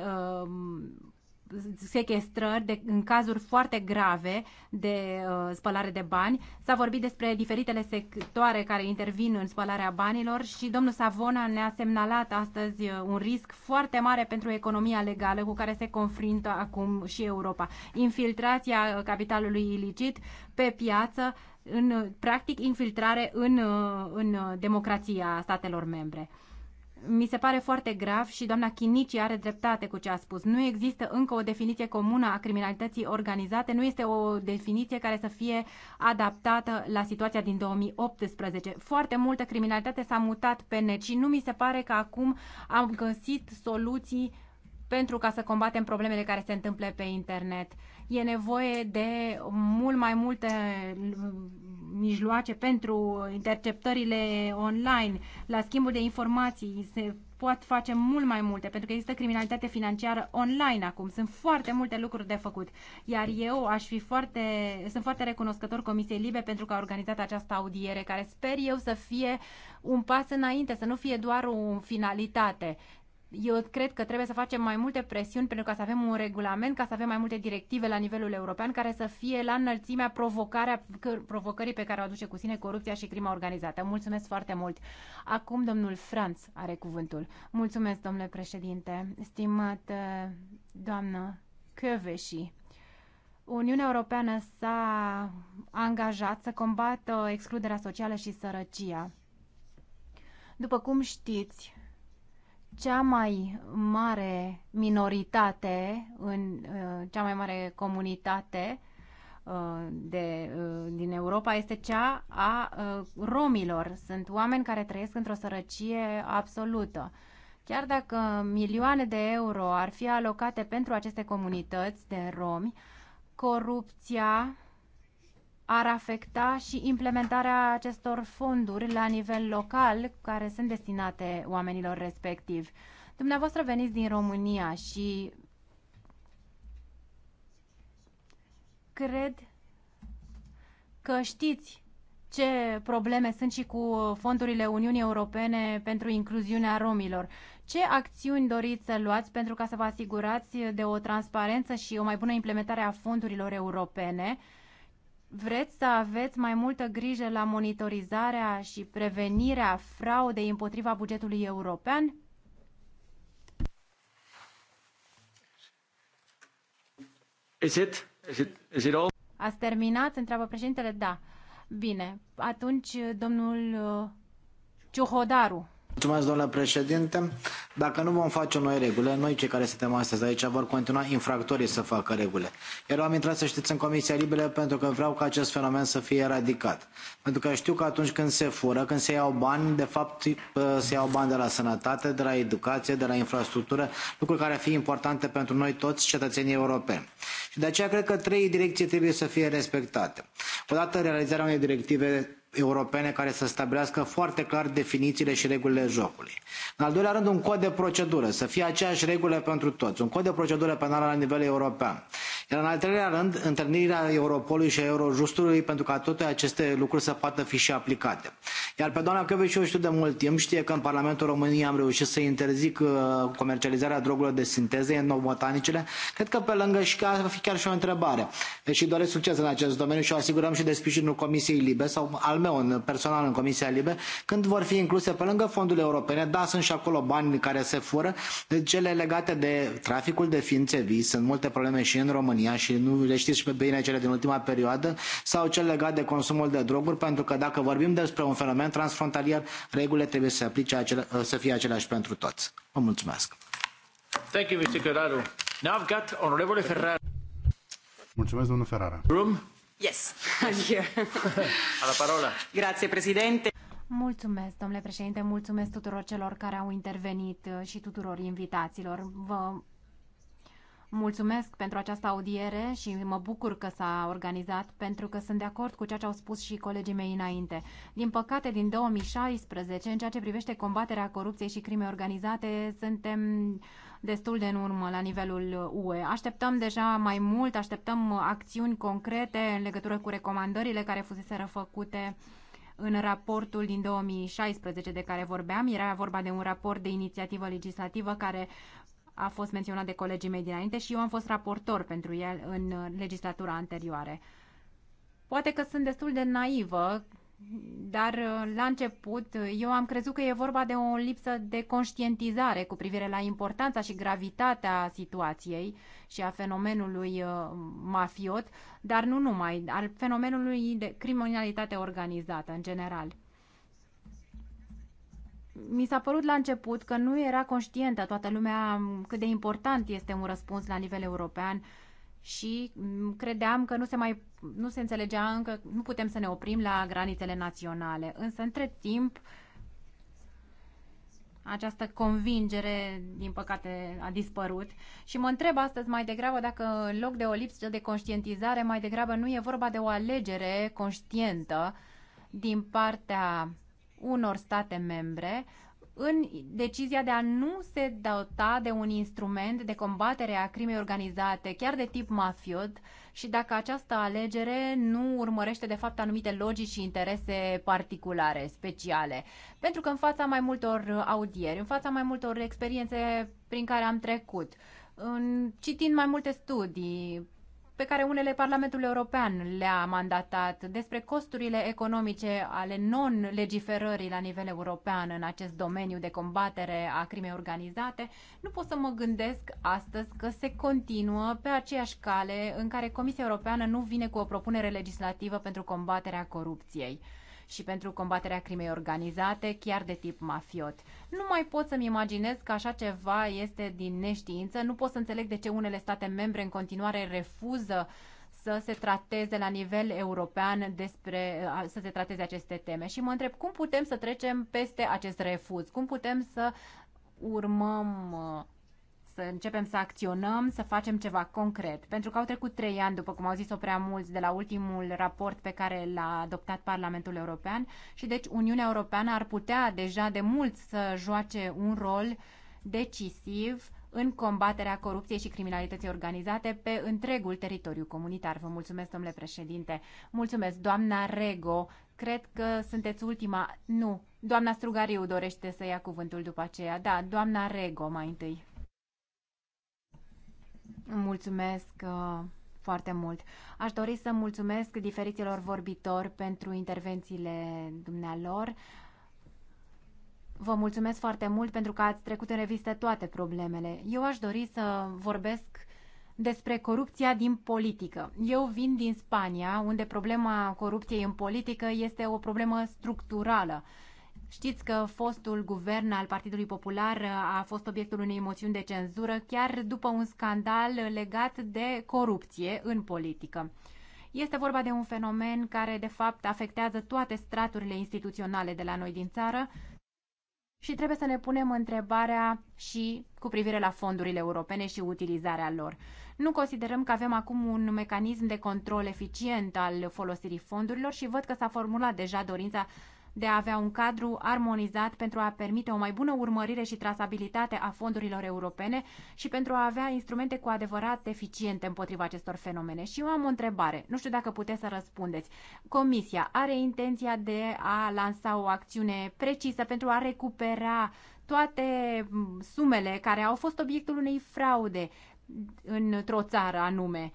sequestrări de, în cazuri foarte grave de uh, spălare de bani. S-a vorbit despre diferitele sectoare care intervin în spălarea banilor și domnul Savona ne-a semnalat astăzi uh, un risc foarte mare pentru economia legală cu care se confruntă acum și Europa. Infiltrația uh, capitalului ilicit pe piață, în practic infiltrare în, uh, în democrația statelor membre mi se pare foarte grav și doamna Chinici are dreptate cu ce a spus. Nu există încă o definiție comună a criminalității organizate, nu este o definiție care să fie adaptată la situația din 2018. Foarte multă criminalitate s-a mutat pe net și nu mi se pare că acum am găsit soluții pentru ca să combatem problemele care se întâmplă pe internet e nevoie de mult mai multe mijloace pentru interceptările online, la schimbul de informații, se pot face mult mai multe, pentru că există criminalitate financiară online acum. Sunt foarte multe lucruri de făcut. Iar eu aș fi foarte, sunt foarte recunoscător Comisiei Libe pentru că a organizat această audiere, care sper eu să fie un pas înainte, să nu fie doar o finalitate. Eu cred că trebuie să facem mai multe presiuni pentru ca să avem un regulament, ca să avem mai multe directive la nivelul european care să fie la înălțimea provocarea, provocării pe care o aduce cu sine corupția și crima organizată. Mulțumesc foarte mult. Acum domnul Franț are cuvântul. Mulțumesc, domnule președinte. Stimată doamnă Căveși, Uniunea Europeană s-a angajat să combată excluderea socială și sărăcia. După cum știți, cea mai mare minoritate, în uh, cea mai mare comunitate uh, de, uh, din Europa este cea a romilor. Sunt oameni care trăiesc într-o sărăcie absolută. Chiar dacă milioane de euro ar fi alocate pentru aceste comunități de romi, corupția ar afecta și implementarea acestor fonduri la nivel local care sunt destinate oamenilor respectivi. Dumneavoastră veniți din România și cred că știți ce probleme sunt și cu fondurile Uniunii Europene pentru incluziunea romilor. Ce acțiuni doriți să luați pentru ca să vă asigurați de o transparență și o mai bună implementare a fondurilor europene? Vreți să aveți mai multă grijă la monitorizarea și prevenirea fraudei împotriva bugetului european? Is it? Is it, is it all? Ați terminat? Întreabă președintele. Da. Bine. Atunci, domnul uh, Ciuhodaru domnule președinte dacă nu vom face noi regulile noi cei care suntem astăzi aici vor continua infractorii să facă regulile. eu am intrat să știți în comisia libe pentru că vreau ca acest fenomen să fie eradicat pentru că știu că atunci când se fură când se iau bani de fapt ă, se iau bani de la sănătate de la educație de la infrastructură lucruri care ar fi importante pentru noi toți cetățenii europeni. și de aceea cred că trei direcții trebuie să fie respectate odată realizarea unei directive europene care să stabilească foarte clar definițiile și regulile jocului. În al doilea rând, un cod de procedură, să fie aceeași regulă pentru toți, un cod de procedură penală la nivel european. Iar în al treilea rând, întâlnirea Europolului și a Eurojustului pentru ca toate aceste lucruri să poată fi și aplicate. Iar pe doamna Căveș, eu știu de mult timp, știe că în Parlamentul României am reușit să interzic uh, comercializarea drogurilor de sinteze, enobotanicele. Cred că pe lângă și ar fi chiar și o întrebare. Deci doresc succes în acest domeniu și o asigurăm și de sprijinul Comisiei Libe sau al meu în personal în Comisia Libe, când vor fi incluse pe lângă fondurile europene, da, sunt și acolo bani care se fură, deci, cele legate de traficul de ființe vii, sunt multe probleme și în România și nu le știți și pe bine cele din ultima perioadă, sau cel legat de consumul de droguri, pentru că dacă vorbim despre un fenomen transfrontalier, regulile trebuie să, aplice acele, să fie aceleași pentru toți. Vă mulțumesc! Thank you, Mr. Now I've got Ferrara. Mulțumesc, domnul Ferrara. Room. Yes, adică- La parola. Grazie, Mulțumesc, domnule președinte, mulțumesc tuturor celor care au intervenit uh, și tuturor invitaților. Vă mulțumesc pentru această audiere și mă bucur că s-a organizat pentru că sunt de acord cu ceea ce au spus și colegii mei înainte. Din păcate, din 2016, în ceea ce privește combaterea corupției și crimei organizate, suntem destul de în urmă la nivelul UE. Așteptăm deja mai mult, așteptăm acțiuni concrete în legătură cu recomandările care fusese făcute în raportul din 2016 de care vorbeam. Era vorba de un raport de inițiativă legislativă care a fost menționat de colegii mei dinainte și eu am fost raportor pentru el în legislatura anterioare. Poate că sunt destul de naivă dar uh, la început uh, eu am crezut că e vorba de o lipsă de conștientizare cu privire la importanța și gravitatea situației și a fenomenului uh, mafiot, dar nu numai, al fenomenului de criminalitate organizată în general mi s-a părut la început că nu era conștientă toată lumea cât de important este un răspuns la nivel european și credeam că nu se mai nu se înțelegea încă, nu putem să ne oprim la granițele naționale. Însă, între timp, această convingere, din păcate, a dispărut și mă întreb astăzi mai degrabă dacă în loc de o lipsă de conștientizare, mai degrabă nu e vorba de o alegere conștientă din partea unor state membre în decizia de a nu se dota de un instrument de combatere a crimei organizate, chiar de tip mafiot, și dacă această alegere nu urmărește de fapt anumite logici și interese particulare, speciale. Pentru că în fața mai multor audieri, în fața mai multor experiențe prin care am trecut, în, citind mai multe studii, pe care unele Parlamentul European le-a mandatat, despre costurile economice ale non-legiferării la nivel european în acest domeniu de combatere a crimei organizate, nu pot să mă gândesc astăzi că se continuă pe aceeași cale în care Comisia Europeană nu vine cu o propunere legislativă pentru combaterea corupției și pentru combaterea crimei organizate, chiar de tip mafiot. Nu mai pot să-mi imaginez că așa ceva este din neștiință, nu pot să înțeleg de ce unele state membre în continuare refuză să se trateze la nivel european despre să se trateze aceste teme. Și mă întreb cum putem să trecem peste acest refuz, cum putem să urmăm uh, să începem să acționăm, să facem ceva concret. Pentru că au trecut trei ani, după cum au zis-o prea mulți, de la ultimul raport pe care l-a adoptat Parlamentul European și deci Uniunea Europeană ar putea deja de mult să joace un rol decisiv în combaterea corupției și criminalității organizate pe întregul teritoriu comunitar. Vă mulțumesc, domnule președinte. Mulțumesc, doamna Rego. Cred că sunteți ultima. Nu, doamna Strugariu dorește să ia cuvântul după aceea. Da, doamna Rego mai întâi. Mulțumesc uh, foarte mult. Aș dori să mulțumesc diferiților vorbitori pentru intervențiile dumnealor. Vă mulțumesc foarte mult pentru că ați trecut în revistă toate problemele. Eu aș dori să vorbesc despre corupția din politică. Eu vin din Spania, unde problema corupției în politică este o problemă structurală. Știți că fostul guvern al Partidului Popular uh, a fost obiectul unei moțiuni de cenzură chiar după un scandal legat de corupție în politică. Este vorba de un fenomen care, de fapt, afectează toate straturile instituționale de la noi din țară și trebuie să ne punem întrebarea și cu privire la fondurile europene și utilizarea lor. Nu considerăm că avem acum un mecanism de control eficient al folosirii fondurilor și văd că s-a formulat deja dorința de a avea un cadru armonizat pentru a permite o mai bună urmărire și trasabilitate a fondurilor europene și pentru a avea instrumente cu adevărat eficiente împotriva acestor fenomene. Și eu am o întrebare, nu știu dacă puteți să răspundeți. Comisia are intenția de a lansa o acțiune precisă pentru a recupera toate sumele care au fost obiectul unei fraude într-o țară anume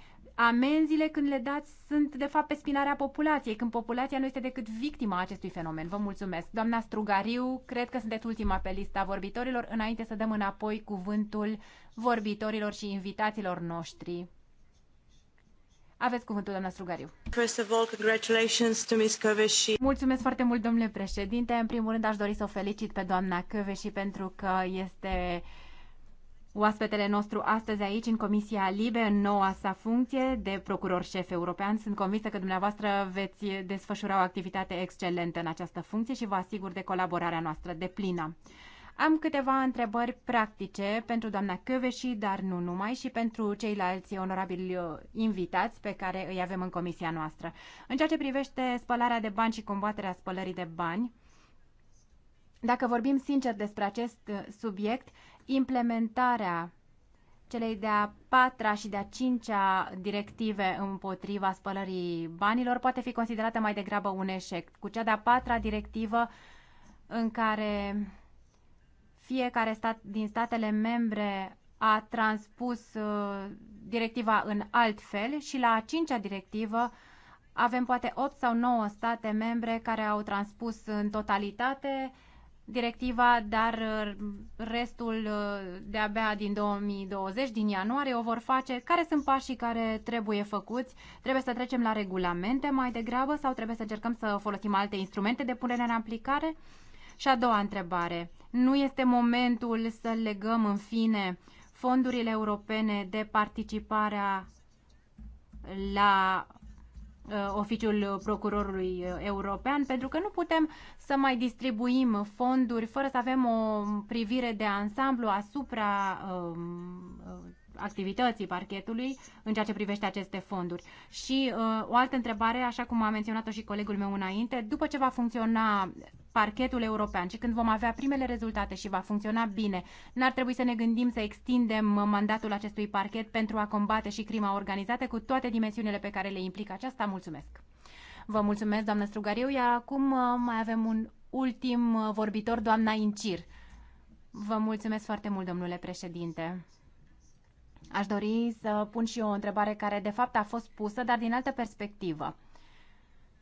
Amenziile când le dați sunt de fapt pe spinarea populației, când populația nu este decât victima acestui fenomen. Vă mulțumesc. Doamna Strugariu, cred că sunteți ultima pe lista vorbitorilor, înainte să dăm înapoi cuvântul vorbitorilor și invitaților noștri. Aveți cuvântul, doamna Strugariu. First of all, congratulations to Ms. Căveși. Mulțumesc foarte mult, domnule președinte. În primul rând, aș dori să o felicit pe doamna Căveși pentru că este oaspetele nostru astăzi aici în Comisia Libe, în noua sa funcție de procuror șef european. Sunt convinsă că dumneavoastră veți desfășura o activitate excelentă în această funcție și vă asigur de colaborarea noastră de plină. Am câteva întrebări practice pentru doamna Căveși, dar nu numai, și pentru ceilalți onorabili uh, invitați pe care îi avem în comisia noastră. În ceea ce privește spălarea de bani și combaterea spălării de bani, dacă vorbim sincer despre acest uh, subiect, implementarea celei de-a patra și de-a cincea directive împotriva spălării banilor poate fi considerată mai degrabă un eșec. Cu cea de-a patra directivă în care fiecare stat din statele membre a transpus uh, directiva în alt fel și la a cincea directivă avem poate 8 sau 9 state membre care au transpus în totalitate uh, directiva, dar uh, restul uh, de-abia din 2020, din ianuarie, o vor face. Care sunt pașii care trebuie făcuți? Trebuie să trecem la regulamente mai degrabă sau trebuie să încercăm să folosim alte instrumente de punere în aplicare? Și a doua întrebare. Nu este momentul să legăm în fine fondurile europene de participarea la Uh, oficiul procurorului uh, european, pentru că nu putem să mai distribuim fonduri fără să avem o privire de ansamblu asupra um, uh, activității parchetului în ceea ce privește aceste fonduri. Și uh, o altă întrebare, așa cum a menționat-o și colegul meu înainte, după ce va funcționa parchetul european și când vom avea primele rezultate și va funcționa bine, n-ar trebui să ne gândim să extindem mandatul acestui parchet pentru a combate și crima organizată cu toate dimensiunile pe care le implică aceasta? Mulțumesc! Vă mulțumesc, doamnă Strugariu, iar acum uh, mai avem un ultim uh, vorbitor, doamna Incir. Vă mulțumesc foarte mult, domnule președinte. Aș dori să pun și eu o întrebare care de fapt a fost pusă, dar din altă perspectivă.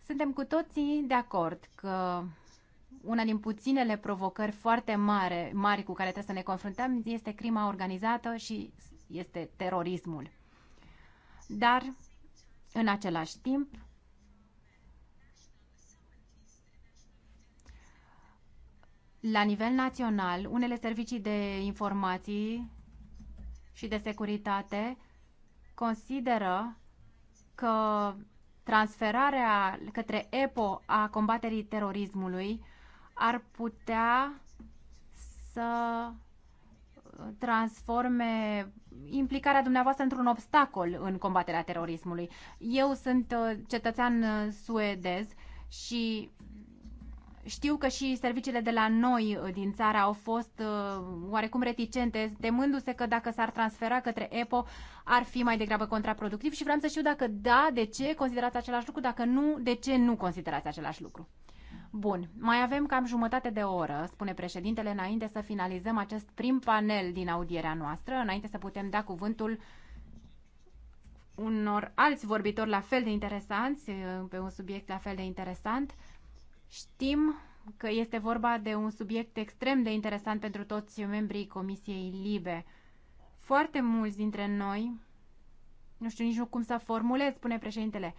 Suntem cu toții de acord că una din puținele provocări foarte mare, mari cu care trebuie să ne confruntăm este crima organizată și este terorismul. Dar, în același timp, la nivel național, unele servicii de informații și de Securitate consideră că transferarea către EPO a combaterii terorismului ar putea să transforme implicarea dumneavoastră într-un obstacol în combaterea terorismului. Eu sunt uh, cetățean uh, suedez și știu că și serviciile de la noi uh, din țara au fost uh, oarecum reticente, temându-se că dacă s-ar transfera către EPO ar fi mai degrabă contraproductiv și vreau să știu dacă da, de ce considerați același lucru, dacă nu, de ce nu considerați același lucru. Bun, mai avem cam jumătate de oră, spune președintele, înainte să finalizăm acest prim panel din audierea noastră, înainte să putem da cuvântul unor alți vorbitori la fel de interesanți, uh, pe un subiect la fel de interesant. Știm că este vorba de un subiect extrem de interesant pentru toți membrii Comisiei Libe. Foarte mulți dintre noi, nu știu nici nu cum să formulez, spune președintele,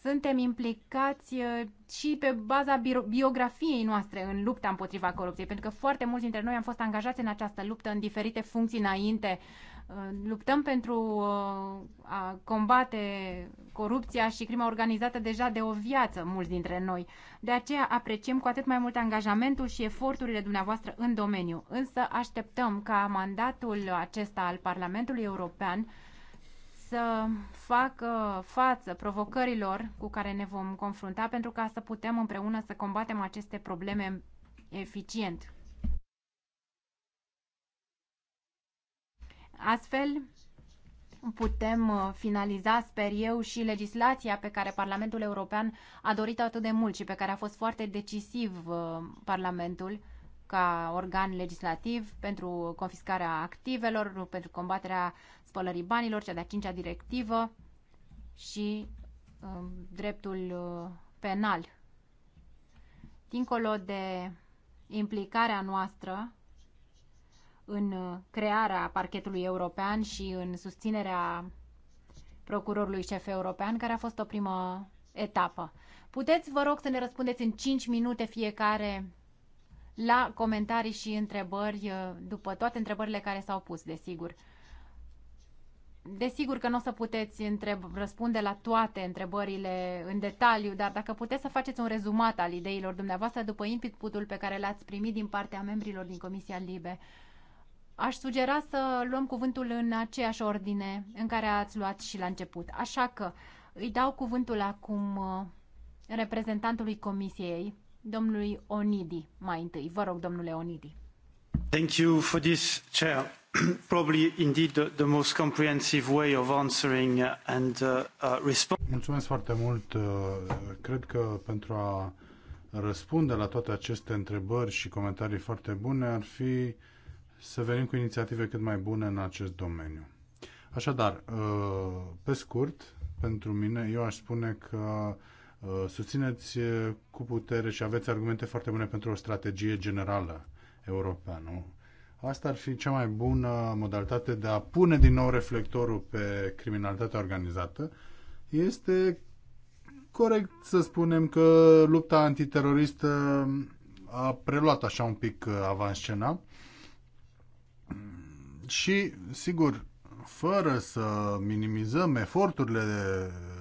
suntem implicați uh, și pe baza biografiei noastre în lupta împotriva corupției, pentru că foarte mulți dintre noi am fost angajați în această luptă în diferite funcții înainte Uh, luptăm pentru uh, a combate corupția și crima organizată deja de o viață, mulți dintre noi. De aceea apreciem cu atât mai mult angajamentul și eforturile dumneavoastră în domeniu. Însă așteptăm ca mandatul acesta al Parlamentului European să facă față provocărilor cu care ne vom confrunta pentru ca să putem împreună să combatem aceste probleme eficient. Astfel, putem uh, finaliza, sper eu, și legislația pe care Parlamentul European a dorit atât de mult și pe care a fost foarte decisiv uh, Parlamentul ca organ legislativ pentru confiscarea activelor, pentru combaterea spălării banilor, cea de-a cincea directivă și um, dreptul uh, penal. Dincolo de implicarea noastră în uh, crearea parchetului european și în susținerea procurorului șef european, care a fost o primă etapă. Puteți, vă rog, să ne răspundeți în 5 minute fiecare la comentarii și întrebări, uh, după toate întrebările care s-au pus, desigur. Desigur că nu o să puteți întreb, răspunde la toate întrebările în detaliu, dar dacă puteți să faceți un rezumat al ideilor dumneavoastră după inputul pe care l-ați primit din partea membrilor din Comisia Libe, Aș sugera să luăm cuvântul în aceeași ordine în care ați luat și la început. Așa că îi dau cuvântul acum uh, reprezentantului Comisiei, domnului Onidi, mai întâi. Vă rog, domnule Onidi. Thank you for this, Chair. Probably indeed the, the most comprehensive way of answering uh, and uh, uh, respond. Mulțumesc foarte mult. Uh, cred că pentru a răspunde la toate aceste întrebări și comentarii foarte bune ar fi să venim cu inițiative cât mai bune în acest domeniu. Așadar, uh, pe scurt, pentru mine, eu aș spune că uh, susțineți uh, cu putere și aveți argumente foarte bune pentru o strategie generală europeană. Asta ar fi cea mai bună modalitate de a pune din nou reflectorul pe criminalitatea organizată. Este corect să spunem că lupta antiteroristă a preluat așa un pic avanscena, și, sigur, fără să minimizăm eforturile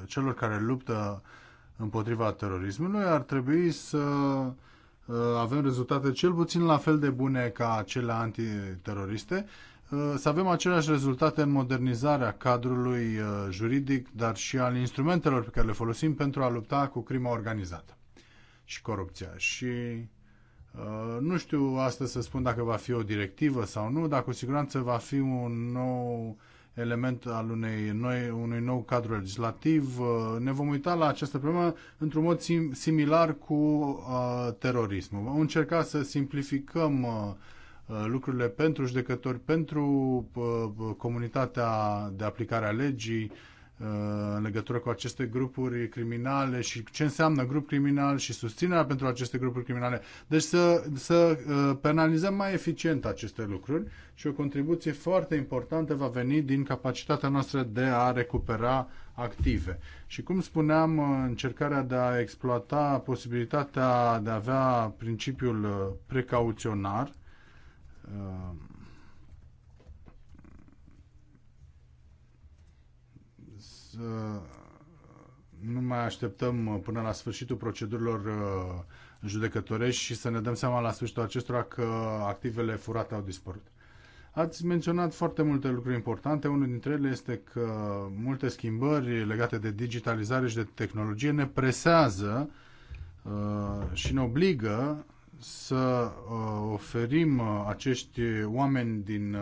celor care luptă împotriva terorismului, ar trebui să uh, avem rezultate cel puțin la fel de bune ca cele antiteroriste, uh, să avem aceleași rezultate în modernizarea cadrului uh, juridic, dar și al instrumentelor pe care le folosim pentru a lupta cu crima organizată și corupția. Și Uh, nu știu astăzi să spun dacă va fi o directivă sau nu, dar cu siguranță va fi un nou element al unei noi, unui nou cadru legislativ. Uh, ne vom uita la această problemă într-un mod sim, similar cu uh, terorismul. Vom încerca să simplificăm uh, uh lucrurile pentru judecători, pentru uh, comunitatea de aplicare a legii, uh, în legătură cu aceste grupuri criminale și ce înseamnă grup criminal și susținerea pentru aceste grupuri criminale. Deci să, să uh, penalizăm mai eficient aceste lucruri și o contribuție foarte importantă va veni din capacitatea noastră de a recupera active. Și cum spuneam, uh, încercarea de a exploata posibilitatea de a avea principiul uh, precauționar, Uh, nu mai așteptăm uh, până la sfârșitul procedurilor uh, judecătorești și să ne dăm seama la sfârșitul acestora că activele furate au dispărut. Ați menționat foarte multe lucruri importante. Unul dintre ele este că multe schimbări legate de digitalizare și de tehnologie ne presează și ne obligă să oferim acești oameni din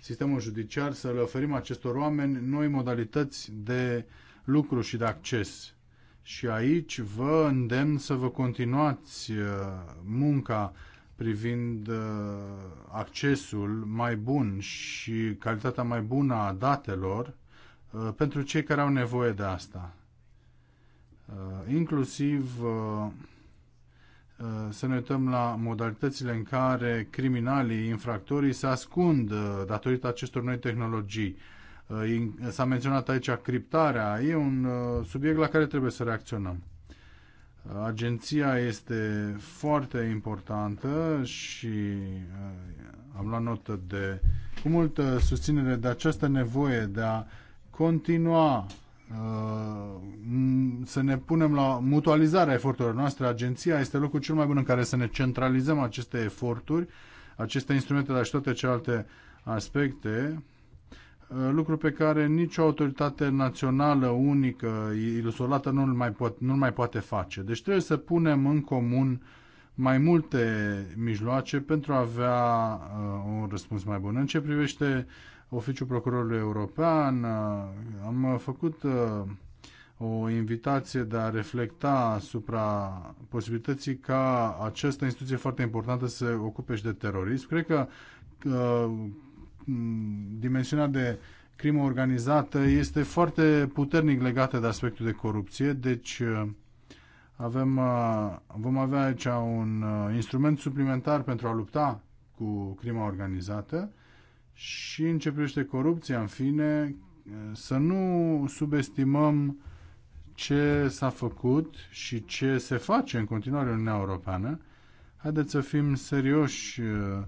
sistemul judiciar, să le oferim acestor oameni noi modalități de lucru și de acces. Și aici vă îndemn să vă continuați uh, munca privind uh, accesul mai bun și calitatea mai bună a datelor uh, pentru cei care au nevoie de asta. Inclusiv Eh, să ne uităm la modalitățile în care criminalii, infractorii se ascund eh, datorită acestor noi tehnologii. Eh, s-a menționat aici criptarea, e un subiect la care trebuie să reacționăm. Agenția este foarte importantă și am luat notă de cu multă susținere de această nevoie de a continua Uh, să ne punem la mutualizarea eforturilor noastre. Agenția este locul cel mai bun în care să ne centralizăm aceste eforturi, aceste instrumente, dar și toate celelalte aspecte, uh, lucru pe care nicio autoritate națională unică, ilusolată, nu-l mai, pot, nu mai poate face. Deci trebuie să punem în comun mai multe mijloace pentru a avea uh, un răspuns mai bun. În ce privește Oficiul Procurorului European. Uh, am făcut uh, o invitație de a reflecta asupra posibilității ca această instituție foarte importantă să se ocupe și de terorism. Cred că uh, dimensiunea de crimă organizată este foarte puternic legată de aspectul de corupție, deci avem, vom avea aici un instrument suplimentar pentru a lupta cu crima organizată și în ce privește corupția, în fine, să nu subestimăm ce s-a făcut și ce se face în continuare în Uniunea Europeană. Haideți să fim serioși uh,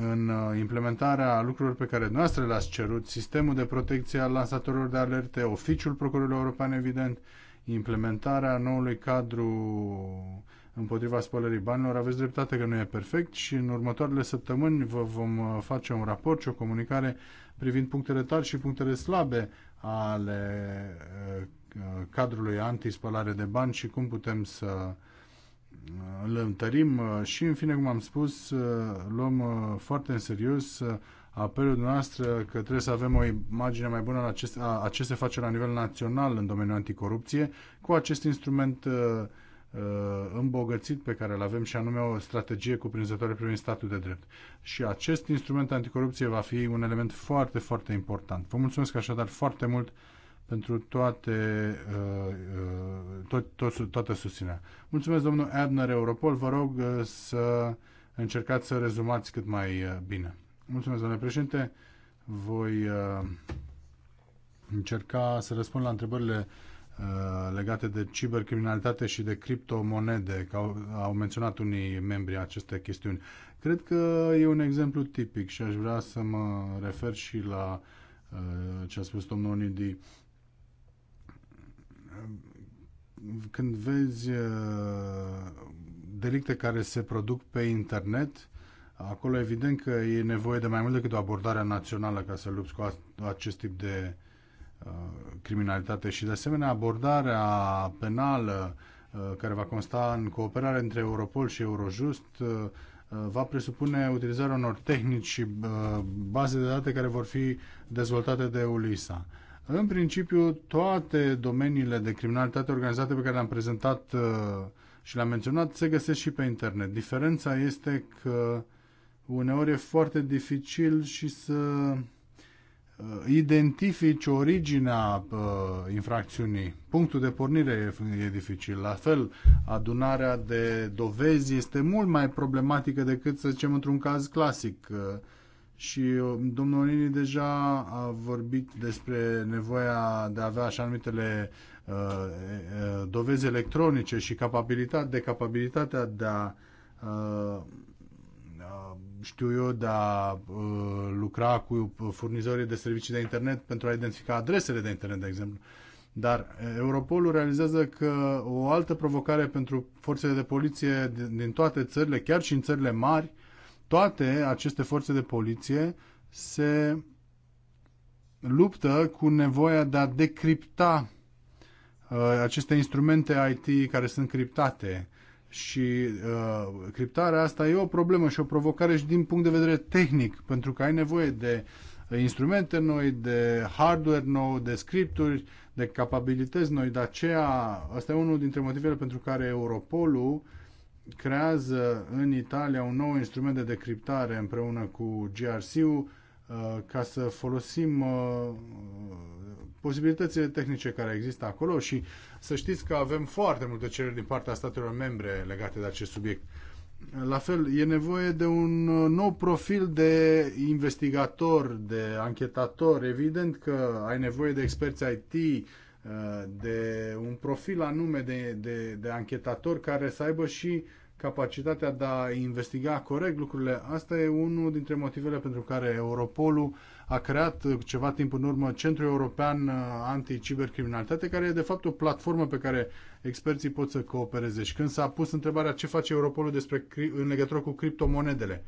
în uh, implementarea lucrurilor pe care noastre le-ați cerut, sistemul de protecție al lansatorilor de alerte, oficiul Procurorilor European, evident, implementarea noului cadru împotriva spălării banilor. Aveți dreptate că nu e perfect și în următoarele săptămâni vă vom uh, face un raport și o comunicare privind punctele tari și punctele slabe ale uh, uh, cadrului antispălare de bani și cum putem să îl întărim și, în fine, cum am spus, luăm foarte în serios apelul noastră că trebuie să avem o imagine mai bună la ce, a ce se face la nivel național în domeniul anticorupție cu acest instrument uh, Uh, îmbogățit pe care îl avem și anume o strategie cuprinzătoare privind statul de drept. Și acest instrument anticorupție va fi un element foarte, foarte important. Vă mulțumesc așadar foarte mult pentru toate, uh, uh, tot, tot, toată susținerea. Mulțumesc, domnul Abner Europol. Vă rog să încercați să rezumați cât mai bine. Mulțumesc, domnule președinte. Voi încerca să răspund la întrebările Uh, legate de cibercriminalitate și de criptomonede, că au, au menționat unii membri aceste chestiuni. Cred că e un exemplu tipic și aș vrea să mă refer și la uh, ce a spus domnul Nidi. Când vezi uh, delicte care se produc pe internet, acolo evident că e nevoie de mai mult decât o abordare națională ca să lupți cu acest tip de Uh, criminalitate și de asemenea abordarea penală uh, care va consta în cooperare între Europol și Eurojust uh, va presupune utilizarea unor tehnici și baze de date care vor fi dezvoltate de ULISA. În principiu, toate domeniile de criminalitate organizată pe care le-am prezentat și le-am menționat se găsesc și pe internet. Diferența este că uneori e foarte dificil și să Uh, identifici originea uh, infracțiunii. Punctul de pornire e, e dificil. La fel, adunarea de dovezi este mult mai problematică decât, să zicem, într-un caz clasic. Uh, și uh, domnul Nini deja a vorbit despre nevoia de a avea așa numitele uh, uh, dovezi electronice și capabilitate, de capabilitatea de a uh, știu eu, de a uh, lucra cu uh, furnizorii de servicii de internet pentru a identifica adresele de internet, de exemplu. Dar uh, Europolul realizează că o altă provocare pentru forțele de poliție din toate țările, chiar și în țările mari, toate aceste forțe de poliție se luptă cu nevoia de a decripta uh, aceste instrumente IT care sunt criptate și uh, criptarea asta e o problemă și o provocare și din punct de vedere tehnic, pentru că ai nevoie de uh, instrumente noi, de hardware nou, de scripturi, de capabilități noi. De aceea, asta e unul dintre motivele pentru care Europolul creează în Italia un nou instrument de decriptare împreună cu GRC-ul uh, ca să folosim uh, posibilitățile tehnice care există acolo și să știți că avem foarte multe cereri din partea statelor membre legate de acest subiect. La fel, e nevoie de un uh, nou profil de investigator, de anchetator. Evident că ai nevoie de experți IT, uh, de un profil anume de, de, de anchetator care să aibă și capacitatea de a investiga corect lucrurile. Asta e unul dintre motivele pentru care Europolul a creat uh, ceva timp în urmă Centrul European uh, Anti-Cibercriminalitate, care e de fapt o platformă pe care experții pot să coopereze. Și când s-a pus întrebarea ce face Europolul despre, în legătură cu criptomonedele,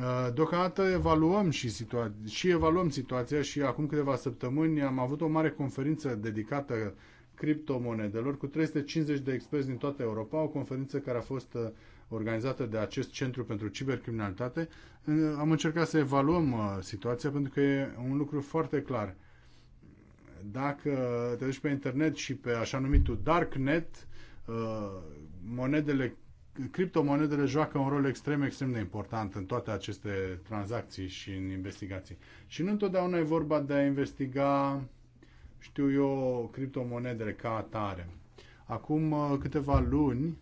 uh, Deocamdată evaluăm și, situa- și evaluăm situația și acum câteva săptămâni am avut o mare conferință dedicată criptomonedelor cu 350 de experți din toată Europa, o conferință care a fost organizată de acest Centru pentru Cibercriminalitate, am încercat să evaluăm uh, situația pentru că e un lucru foarte clar. Dacă te duci pe internet și pe așa numitul Darknet, uh, monedele, criptomonedele joacă un rol extrem, extrem de important în toate aceste tranzacții și în investigații. Și nu întotdeauna e vorba de a investiga, știu eu, criptomonedele ca atare. Acum uh, câteva luni,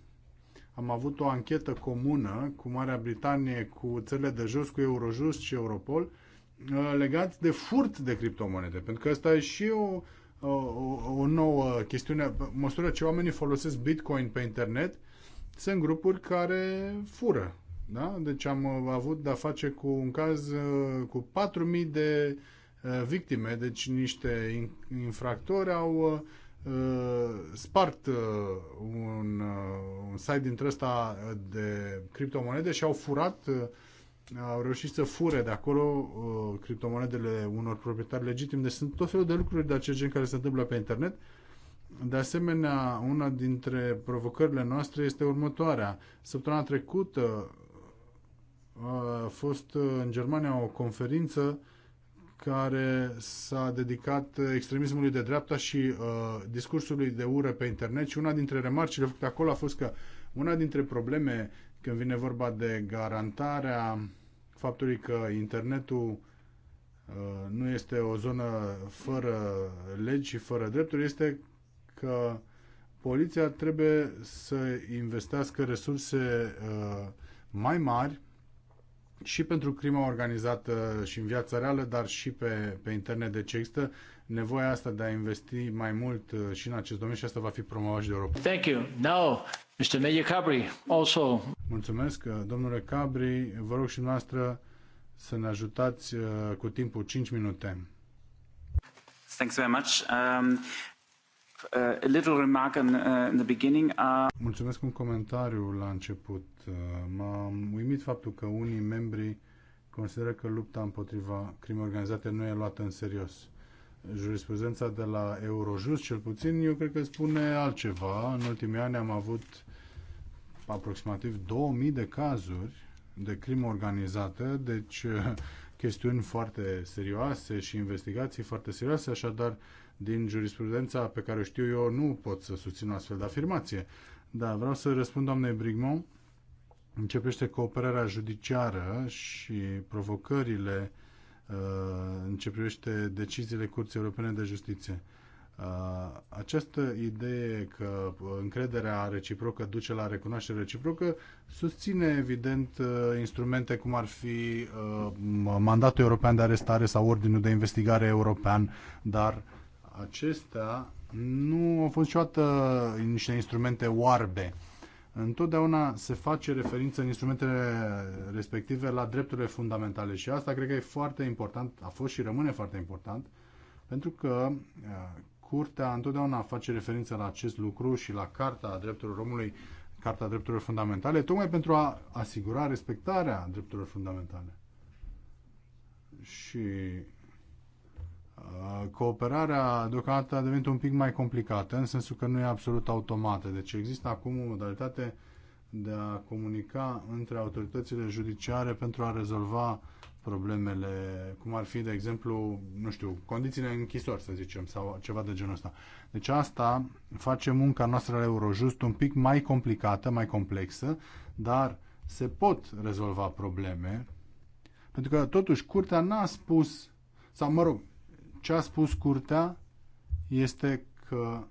am avut o anchetă comună cu Marea Britanie, cu țările de jos, cu Eurojust și Europol, uh, legat de furt de criptomonede, pentru că asta e și o, o, o nouă chestiune. măsură ce oamenii folosesc Bitcoin pe internet, sunt grupuri care fură. Da? Deci am uh, avut de-a face cu un caz uh, cu 4.000 de victime, deci niște infractori au Uh, spart uh, un, uh, un site dintre ăsta de criptomonede și au furat, au reușit să fure de acolo criptomonedele unor proprietari legitimi. Deci sunt tot felul de lucruri de acest gen care se întâmplă pe internet. De asemenea, una dintre provocările noastre este următoarea. Săptămâna trecută a fost în Germania o conferință care s-a dedicat extremismului de dreapta și uh, discursului de ură pe internet și una dintre remarcile făcute acolo a fost că una dintre probleme când vine vorba de garantarea faptului că internetul uh, nu este o zonă fără legi și fără drepturi este că poliția trebuie să investească resurse uh, mai mari și pentru crima organizată și în viața reală, dar și pe, pe internet. ce deci există nevoia asta de a investi mai mult uh, și în acest domeniu și asta va fi promovat și de Europa. Thank you. Now, Mr. Media Cabri, also. Mulțumesc, uh, domnule Cabri. Vă rog și noastră să ne ajutați uh, cu timpul 5 minute. Thanks very much. Um, a little remark in, uh, in the beginning. Uh... Mulțumesc un comentariu la început Uh, M-a uimit faptul că unii membri consideră că lupta împotriva crimei organizate nu e luată în serios. Jurisprudența de la Eurojust, cel puțin, eu cred că spune altceva. În ultimii ani am avut aproximativ 2000 de cazuri de crimă organizată, deci uh, chestiuni foarte serioase și investigații foarte serioase, așadar din jurisprudența pe care o știu eu nu pot să susțin o astfel de afirmație. Da, vreau să răspund doamnei Brigmont Începește cooperarea judiciară și provocările uh, începește deciziile Curții Europene de Justiție. Uh, această idee că uh, încrederea reciprocă duce la recunoaștere reciprocă susține evident instrumente cum ar fi mandatul european de arestare sau ordinul de investigare european, dar acestea nu au fost niciodată niște instrumente oarbe întotdeauna se face referință în instrumentele respective la drepturile fundamentale și asta cred că e foarte important, a fost și rămâne foarte important, pentru că uh, Curtea întotdeauna face referință la acest lucru și la Carta Drepturilor Omului, Carta Drepturilor Fundamentale, tocmai pentru a asigura respectarea drepturilor fundamentale. Și Uh, cooperarea deocamdată a devenit un pic mai complicată, în sensul că nu e absolut automată. Deci există acum o modalitate de a comunica între autoritățile judiciare pentru a rezolva problemele, cum ar fi, de exemplu, nu știu, condițiile închisori, să zicem, sau ceva de genul ăsta. Deci asta face munca noastră la Eurojust un pic mai complicată, mai complexă, dar se pot rezolva probleme, pentru că, totuși, curtea n-a spus, sau, mă rog, ce a spus curtea este că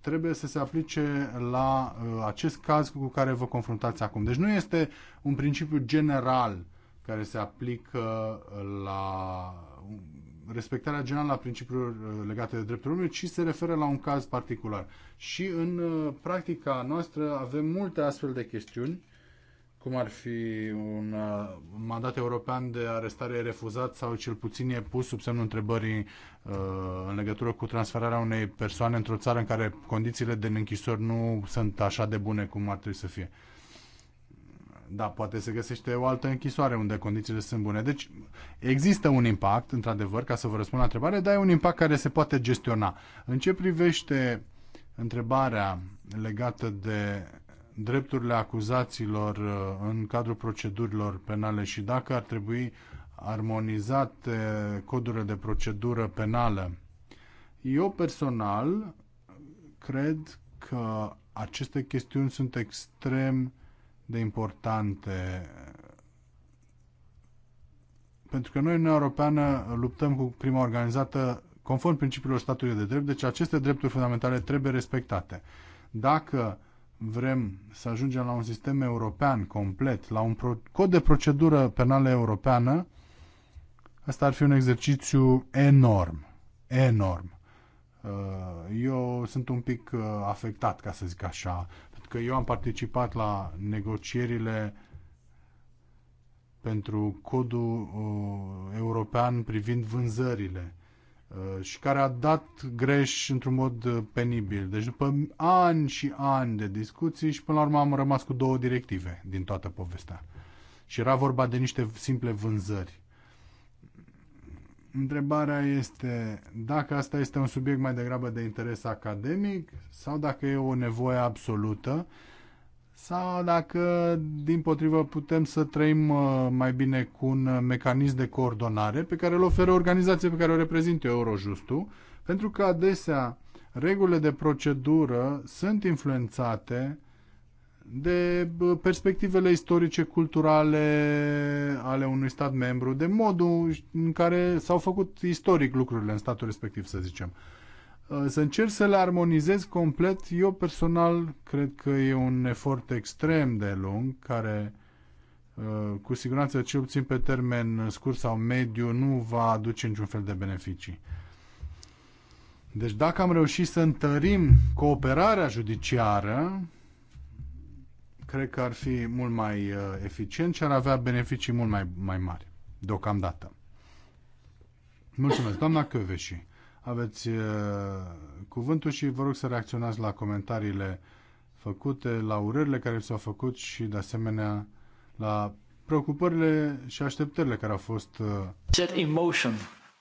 trebuie să se aplice la uh, acest caz cu care vă confruntați acum. Deci nu este un principiu general care se aplică la um, respectarea generală a principiilor uh, legate de drepturile omului, ci se referă la un caz particular. Și în uh, practica noastră avem multe astfel de chestiuni cum ar fi un, uh, mandat european de arestare refuzat sau cel puțin e pus sub semnul întrebării uh, în legătură cu transferarea unei persoane într-o țară în care condițiile de închisori nu sunt așa de bune cum ar trebui să fie. Da, poate se găsește o altă închisoare unde condițiile sunt bune. Deci există un impact, într-adevăr, ca să vă răspund la întrebare, dar e un impact care se poate gestiona. În ce privește întrebarea legată de drepturile acuzaților uh, în cadrul procedurilor penale și dacă ar trebui armonizate codurile de procedură penală. Eu personal cred că aceste chestiuni sunt extrem de importante pentru că noi în Europeană luptăm cu crima organizată conform principiilor statului de drept, deci aceste drepturi fundamentale trebuie respectate. Dacă vrem să ajungem la un sistem european complet, la un cod de procedură penală europeană, asta ar fi un exercițiu enorm. Enorm. Uh, eu sunt un pic uh, afectat, ca să zic așa, pentru că eu am participat la negocierile pentru codul uh, european privind vânzările Uh, și care a dat greș într-un mod uh, penibil. Deci după ani și ani de discuții și până la urmă am rămas cu două directive din toată povestea. Și era vorba de niște simple vânzări. Întrebarea este dacă asta este un subiect mai degrabă de interes academic sau dacă e o nevoie absolută sau dacă, din potrivă, putem să trăim uh, mai bine cu un uh, mecanism de coordonare pe care îl oferă organizația pe care o reprezint eu, Eurojustul, pentru că adesea regulile de procedură sunt influențate de perspectivele istorice, culturale ale unui stat membru, de modul în care s-au făcut istoric lucrurile în statul respectiv, să zicem. Uh, să încerc să le armonizez complet, eu personal cred că e un efort extrem de lung, care uh, cu siguranță, cel puțin pe termen scurt sau mediu, nu va aduce niciun fel de beneficii. Deci dacă am reușit să întărim cooperarea judiciară, cred că ar fi mult mai uh, eficient și ar avea beneficii mult mai, mai mari, deocamdată. Mulțumesc, doamna Căveșii. Aveți uh, cuvântul și vă rog să reacționați la comentariile făcute, la urările care s-au făcut și, de asemenea, la preocupările și așteptările care au fost uh, set in motion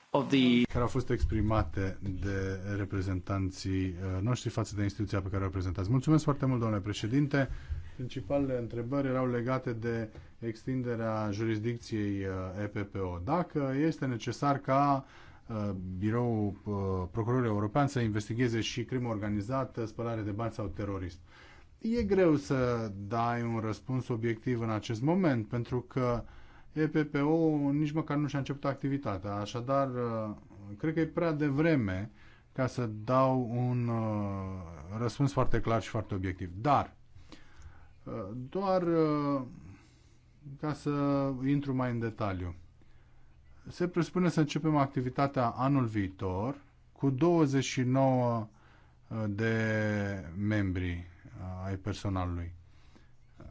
of the... care au fost exprimate de reprezentanții uh, noștri față de instituția pe care o reprezentați. Mulțumesc foarte mult, domnule președinte. Principalele întrebări erau legate de extinderea jurisdicției EPPO. Dacă este necesar ca uh, Uh, biroul uh, Procurorului European să investigheze și crimă organizată, spălare de bani sau terorism. E greu să dai un răspuns obiectiv în acest moment, pentru că EPPO nici măcar nu și-a început activitatea, așadar uh, cred că e prea devreme ca să dau un răspuns foarte clar și foarte obiectiv. Dar, doar ca să intru mai în detaliu se presupune să începem activitatea anul viitor cu 29 uh, de membri uh, ai personalului. Uh,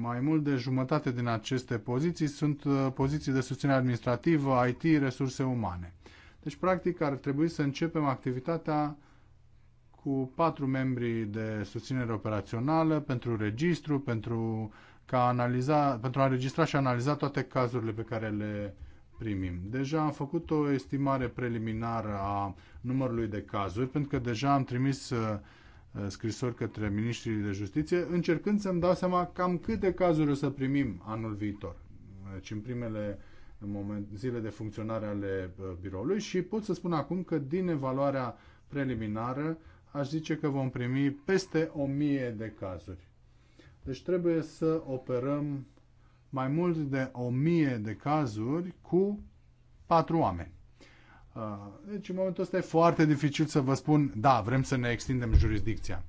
mai mult de jumătate din aceste poziții sunt poziții de susținere administrativă, IT, resurse umane. Deci, practic, ar trebui să începem activitatea cu patru membri de susținere operațională pentru registru, pentru uh, ca analiza, pentru a înregistra și analiza toate cazurile pe care le primim. Deja am făcut o estimare preliminară a numărului de cazuri, pentru că deja am trimis uh, uh, scrisori către ministrii de justiție, încercând să-mi dau seama cam câte cazuri o să primim anul viitor. Deci în primele moment, zile de funcționare ale uh, biroului și pot să spun acum că din evaluarea preliminară aș zice că vom primi peste 1000 de cazuri. Deci trebuie să operăm mai mult de o mie de cazuri cu patru oameni. Uh, deci în momentul ăsta e foarte dificil să vă spun, da, vrem să ne extindem jurisdicția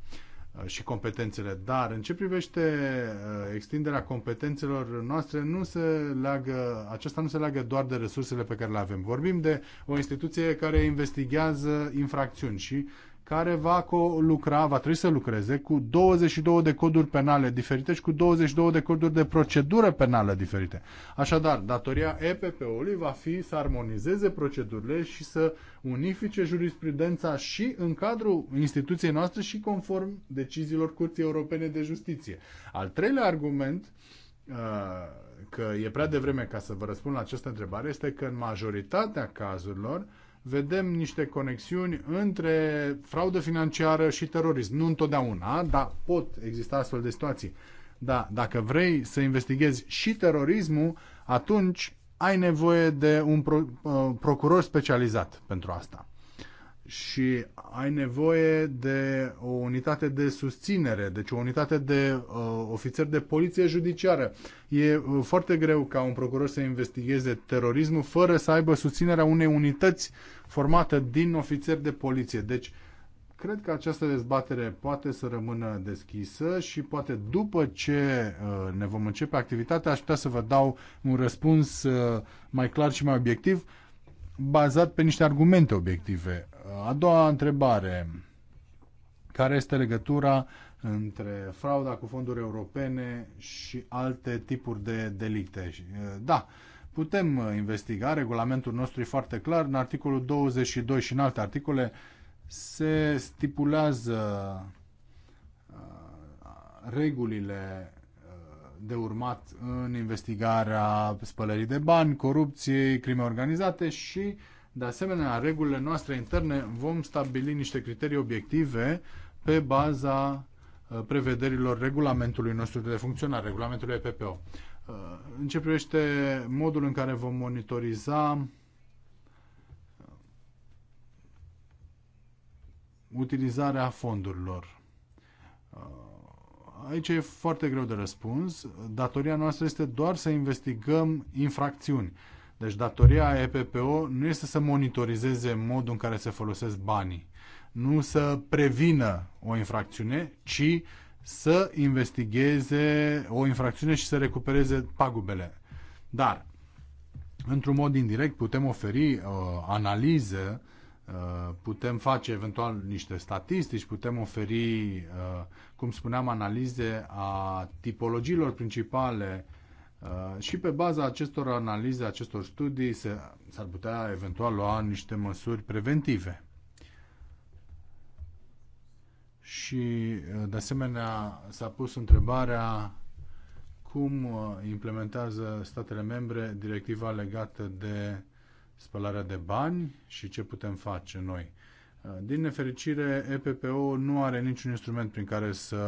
uh, și competențele, dar în ce privește uh, extinderea competențelor noastre, nu se leagă, aceasta nu se leagă doar de resursele pe care le avem. Vorbim de o instituție care investigează infracțiuni și care va lucra, va trebui să lucreze cu 22 de coduri penale diferite și cu 22 de coduri de procedură penală diferite. Așadar, datoria EPP-ului va fi să armonizeze procedurile și să unifice jurisprudența și în cadrul instituției noastre și conform deciziilor Curții Europene de Justiție. Al treilea argument uh, că e prea devreme ca să vă răspund la această întrebare este că în majoritatea cazurilor vedem niște conexiuni între fraudă financiară și terorism. Nu întotdeauna, dar pot exista astfel de situații. Da, dacă vrei să investighezi și terorismul, atunci ai nevoie de un pro, uh, procuror specializat pentru asta și ai nevoie de o unitate de susținere, deci o unitate de uh, ofițeri de poliție judiciară. E uh, foarte greu ca un procuror să investigheze terorismul fără să aibă susținerea unei unități formată din ofițeri de poliție. Deci, cred că această dezbatere poate să rămână deschisă și poate după ce uh, ne vom începe activitatea, aș putea să vă dau un răspuns uh, mai clar și mai obiectiv bazat pe niște argumente obiective. A doua întrebare, care este legătura între frauda cu fonduri europene și alte tipuri de delicte? Eh, da, putem eh, investiga, regulamentul nostru e foarte clar, în articolul 22 și în alte articole se stipulează eh, regulile de urmat în investigarea spălării de bani, corupției, crime organizate și, de asemenea, regulile noastre interne vom stabili niște criterii obiective pe baza uh, prevederilor regulamentului nostru de funcționare, regulamentului EPPO. Uh, în ce privește modul în care vom monitoriza utilizarea fondurilor. Uh, Aici e foarte greu de răspuns. Datoria noastră este doar să investigăm infracțiuni. Deci datoria EPPO nu este să monitorizeze modul în care se folosesc banii, nu să prevină o infracțiune, ci să investigheze o infracțiune și să recupereze pagubele. Dar, într-un mod indirect, putem oferi uh, analize Uh, putem face eventual niște statistici, putem oferi, uh, cum spuneam, analize a tipologiilor principale uh, și pe baza acestor analize, acestor studii, s-ar putea eventual lua niște măsuri preventive. Și, de asemenea, s-a pus întrebarea cum implementează statele membre directiva legată de spălarea de bani și ce putem face noi. Uh, din nefericire, EPPO nu are niciun instrument prin care să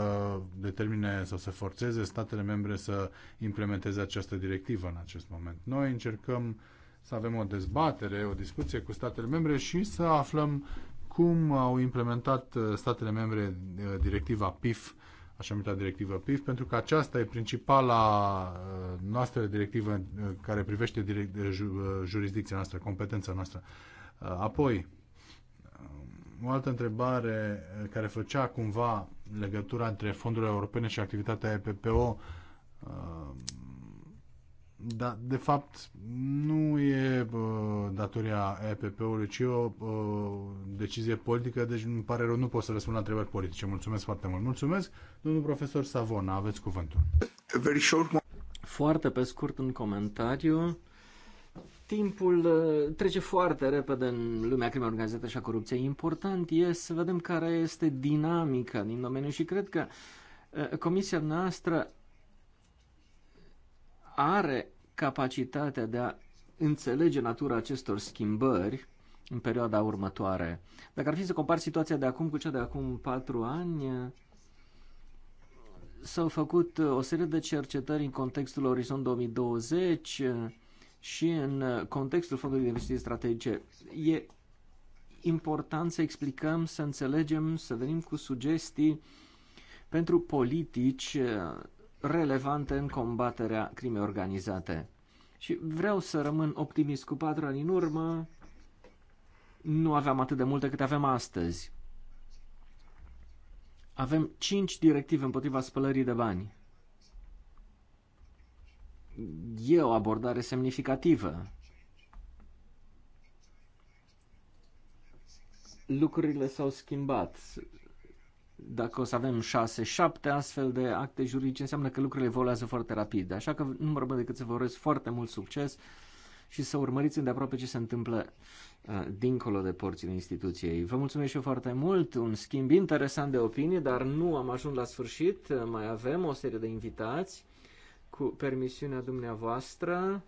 determine sau să forțeze statele membre să implementeze această directivă în acest moment. Noi încercăm să avem o dezbatere, o discuție cu statele membre și să aflăm cum au implementat uh, statele membre uh, directiva PIF așa numită directivă PIF, pentru că aceasta e principala uh, noastră directivă uh, care privește direct, uh, jurisdicția noastră, competența noastră. Apoi, um, o altă întrebare care făcea cumva legătura între fondurile europene și activitatea EPPO da, de fapt, nu e uh, datoria EPP-ului, ci o uh, decizie politică, deci îmi pare rău, nu pot să răspund la întrebări politice. Mulțumesc foarte mult. Mulțumesc, domnul profesor Savona, aveți cuvântul. Very short. Foarte pe scurt un comentariu. Timpul uh, trece foarte repede în lumea crimei organizată și a corupției. Important e să vedem care este dinamica din domeniu și cred că uh, Comisia noastră are capacitatea de a înțelege natura acestor schimbări în perioada următoare. Dacă ar fi să compar situația de acum cu cea de acum patru ani, s-au făcut o serie de cercetări în contextul Orizont 2020 și în contextul Fondului de Investiții Strategice. E important să explicăm, să înțelegem, să venim cu sugestii pentru politici relevante în combaterea crimei organizate. Și vreau să rămân optimist. Cu patru ani în urmă nu aveam atât de multe cât avem astăzi. Avem cinci directive împotriva spălării de bani. E o abordare semnificativă. Lucrurile s-au schimbat. Dacă o să avem 6-7 astfel de acte juridice, înseamnă că lucrurile evoluează foarte rapid. Așa că nu mă rămâne decât să vă urez foarte mult succes și să urmăriți îndeaproape ce se întâmplă uh, dincolo de porțile instituției. Vă mulțumesc și eu foarte mult, un schimb interesant de opinie, dar nu am ajuns la sfârșit, mai avem o serie de invitați. Cu permisiunea dumneavoastră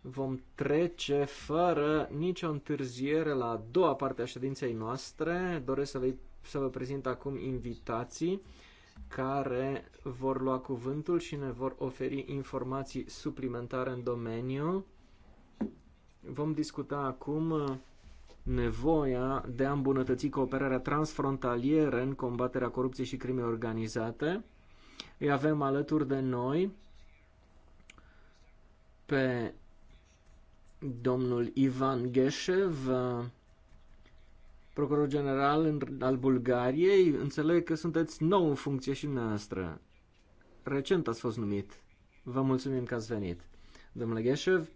vom trece fără nicio întârziere la a doua parte a ședinței noastre. Doresc să vă să vă prezint acum invitații care vor lua cuvântul și ne vor oferi informații suplimentare în domeniu. Vom discuta acum uh, nevoia de a îmbunătăți cooperarea transfrontalieră în combaterea corupției și crimei organizate. Îi avem alături de noi pe domnul Ivan Gheșev, uh, procuror general al Bulgariei. Înțeleg că sunteți nou în funcție și noastră. Recent ați fost numit. Vă mulțumim că ați venit. Domnule Gheșev,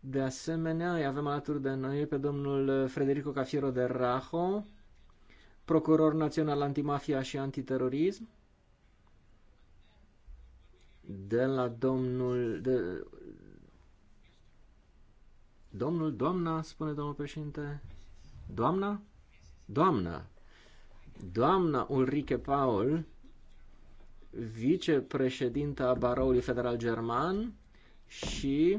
de asemenea, îi avem alături de noi pe domnul Federico Cafiero de Raho, procuror național antimafia și antiterorism, de la domnul... De, domnul, doamna, spune domnul președinte, Doamna? Doamna. Doamna Ulrike Paul, vicepreședinta a Baroului Federal German și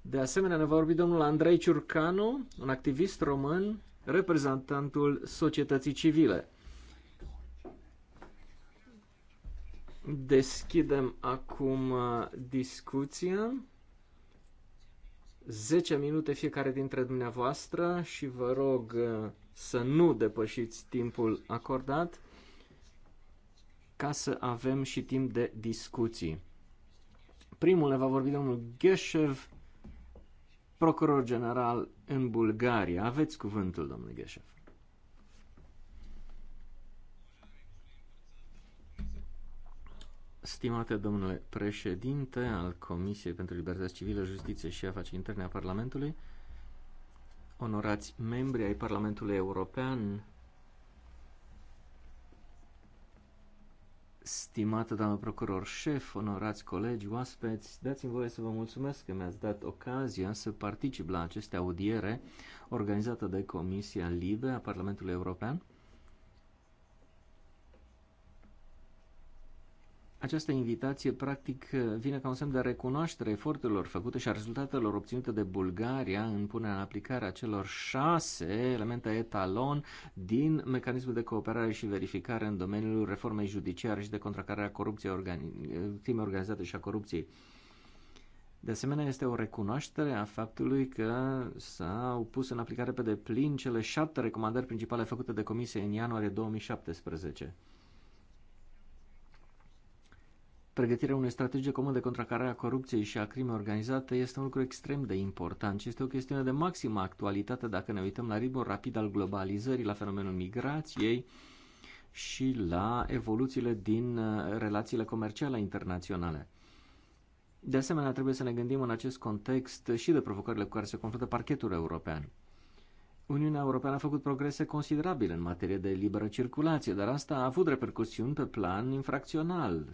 de asemenea ne va vorbi domnul Andrei Ciurcanu, un activist român, reprezentantul societății civile. Deschidem acum uh, discuția. 10 minute fiecare dintre dumneavoastră și vă rog uh, să nu depășiți timpul acordat ca să avem și timp de discuții. Primul ne va vorbi domnul Gheșev, procuror general în Bulgaria. Aveți cuvântul, domnule Gheșev. Stimate domnule președinte al Comisiei pentru Libertăți Civile, Justiție și Afaceri Interne a Parlamentului, onorați membri ai Parlamentului European, stimată doamnă procuror șef, onorați colegi, oaspeți, dați-mi voie să vă mulțumesc că mi-ați dat ocazia să particip la aceste audiere organizată de Comisia Libe a Parlamentului European Această invitație, practic, vine ca un semn de recunoaștere eforturilor făcute și a rezultatelor obținute de Bulgaria în punerea în aplicare a celor șase elemente etalon din mecanismul de cooperare și verificare în domeniul reformei judiciare și de contracarare a corupției, organi- crime organizate și a corupției. De asemenea, este o recunoaștere a faptului că s-au pus în aplicare pe deplin cele șapte recomandări principale făcute de Comisie în ianuarie 2017. pregătirea unei strategii comune de contracarare a corupției și a crimei organizate este un lucru extrem de important și este o chestiune de maximă actualitate dacă ne uităm la ritmul rapid al globalizării, la fenomenul migrației și la evoluțiile din uh, relațiile comerciale internaționale. De asemenea, trebuie să ne gândim în acest context și de provocările cu care se confruntă parchetul european. Uniunea Europeană a făcut progrese considerabile în materie de liberă circulație, dar asta a avut repercusiuni pe plan infracțional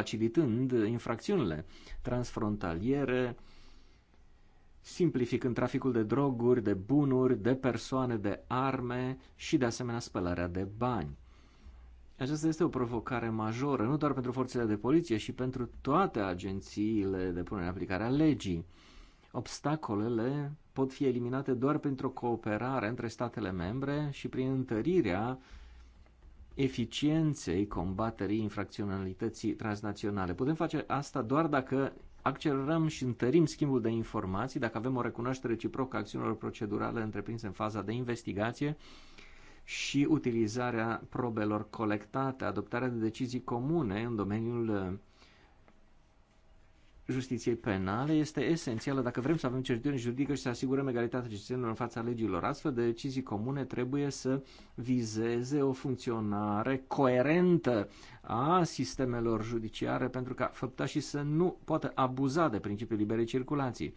facilitând infracțiunile transfrontaliere, simplificând traficul de droguri, de bunuri, de persoane, de arme și de asemenea spălarea de bani. Aceasta este o provocare majoră, nu doar pentru forțele de poliție, și pentru toate agențiile de punere în aplicare a legii. Obstacolele pot fi eliminate doar pentru cooperare între statele membre și prin întărirea eficienței combaterii infracționalității transnaționale. Putem face asta doar dacă accelerăm și întărim schimbul de informații, dacă avem o recunoaștere reciprocă a acțiunilor procedurale întreprinse în faza de investigație și utilizarea probelor colectate, adoptarea de decizii comune în domeniul justiției penale este esențială dacă vrem să avem certitudine juridică și să asigurăm egalitatea cetățenilor în fața legilor. Astfel de decizii comune trebuie să vizeze o funcționare coerentă a sistemelor judiciare pentru ca făptașii să nu poată abuza de principiul liberei circulații.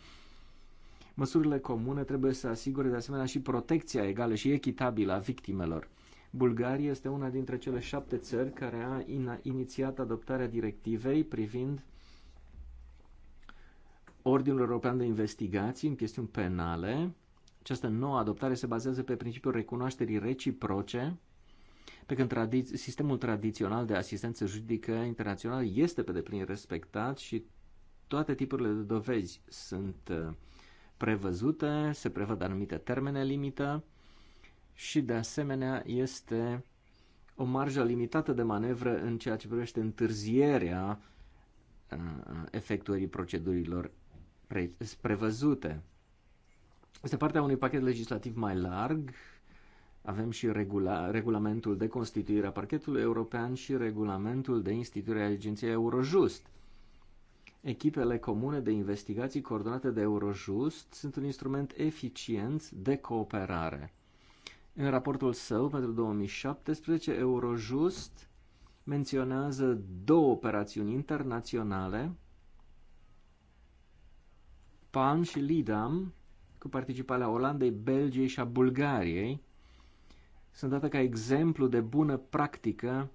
Măsurile comune trebuie să asigure de asemenea și protecția egală și echitabilă a victimelor. Bulgaria este una dintre cele șapte țări care a inițiat adoptarea directivei privind Ordinul European de Investigații în chestiuni penale. Această nouă adoptare se bazează pe principiul recunoașterii reciproce, pe când tradi- sistemul tradițional de asistență juridică internațională este pe deplin respectat și toate tipurile de dovezi sunt uh, prevăzute, se prevăd anumite termene limită și de asemenea este o marjă limitată de manevră în ceea ce privește întârzierea uh, efectuării procedurilor pre- prevăzute. Este partea unui pachet legislativ mai larg. Avem și regula- regulamentul de constituire a parchetului european și regulamentul de instituire a agenției Eurojust. Echipele comune de investigații coordonate de Eurojust sunt un instrument eficient de cooperare. În raportul său pentru 2017, Eurojust menționează două operațiuni internaționale PAN și LIDAM, cu participarea Olandei, Belgiei și a Bulgariei, sunt date ca exemplu de bună practică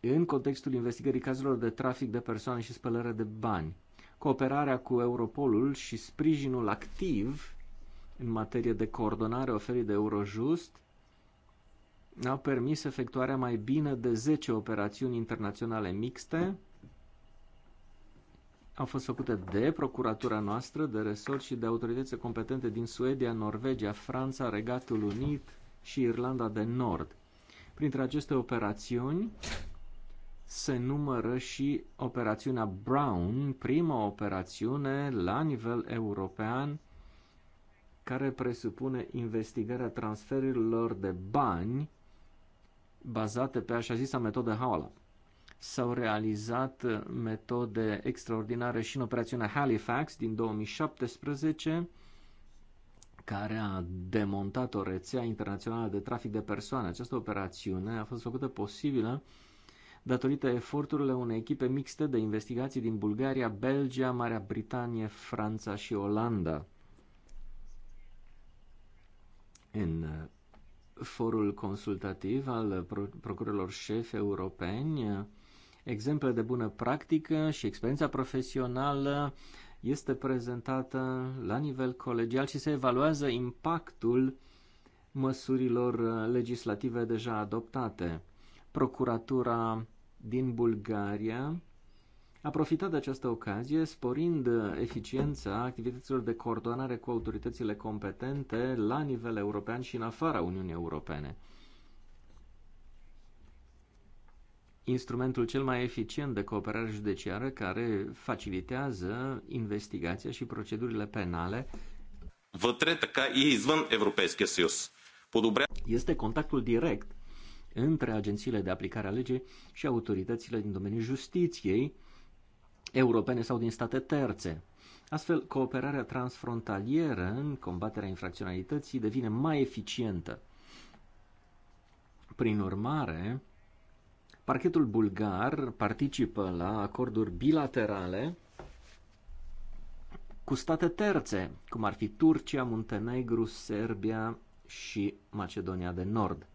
în contextul investigării cazurilor de trafic de persoane și spălare de bani. Cooperarea cu Europolul și sprijinul activ în materie de coordonare oferit de Eurojust ne-au permis efectuarea mai bine de 10 operațiuni internaționale mixte au fost făcute de procuratura noastră, de resort și de autoritățile competente din Suedia, Norvegia, Franța, Regatul Unit și Irlanda de Nord. Printre aceste operațiuni se numără și operațiunea Brown, prima operațiune la nivel european care presupune investigarea transferurilor de bani bazate pe așa zisa metodă Howlett s-au realizat uh, metode extraordinare și în operațiunea Halifax din 2017, care a demontat o rețea internațională de trafic de persoane. Această operațiune a fost făcută posibilă datorită eforturile unei echipe mixte de investigații din Bulgaria, Belgia, Marea Britanie, Franța și Olanda. În uh, forul consultativ al uh, procurorilor șefi europeni exemple de bună practică și experiența profesională este prezentată la nivel colegial și se evaluează impactul măsurilor uh, legislative deja adoptate. Procuratura din Bulgaria a profitat de această ocazie, sporind uh, eficiența activităților de coordonare cu autoritățile competente la nivel european și în afara Uniunii Europene. instrumentul cel mai eficient de cooperare judiciară care facilitează investigația și procedurile penale. Este contactul direct între agențiile de aplicare a legii și autoritățile din domeniul justiției europene sau din state terțe. Astfel, cooperarea transfrontalieră în combaterea infracționalității devine mai eficientă. Prin urmare, Parchetul bulgar participă la acorduri bilaterale cu state terțe, cum ar fi Turcia, Muntenegru, Serbia și Macedonia de Nord.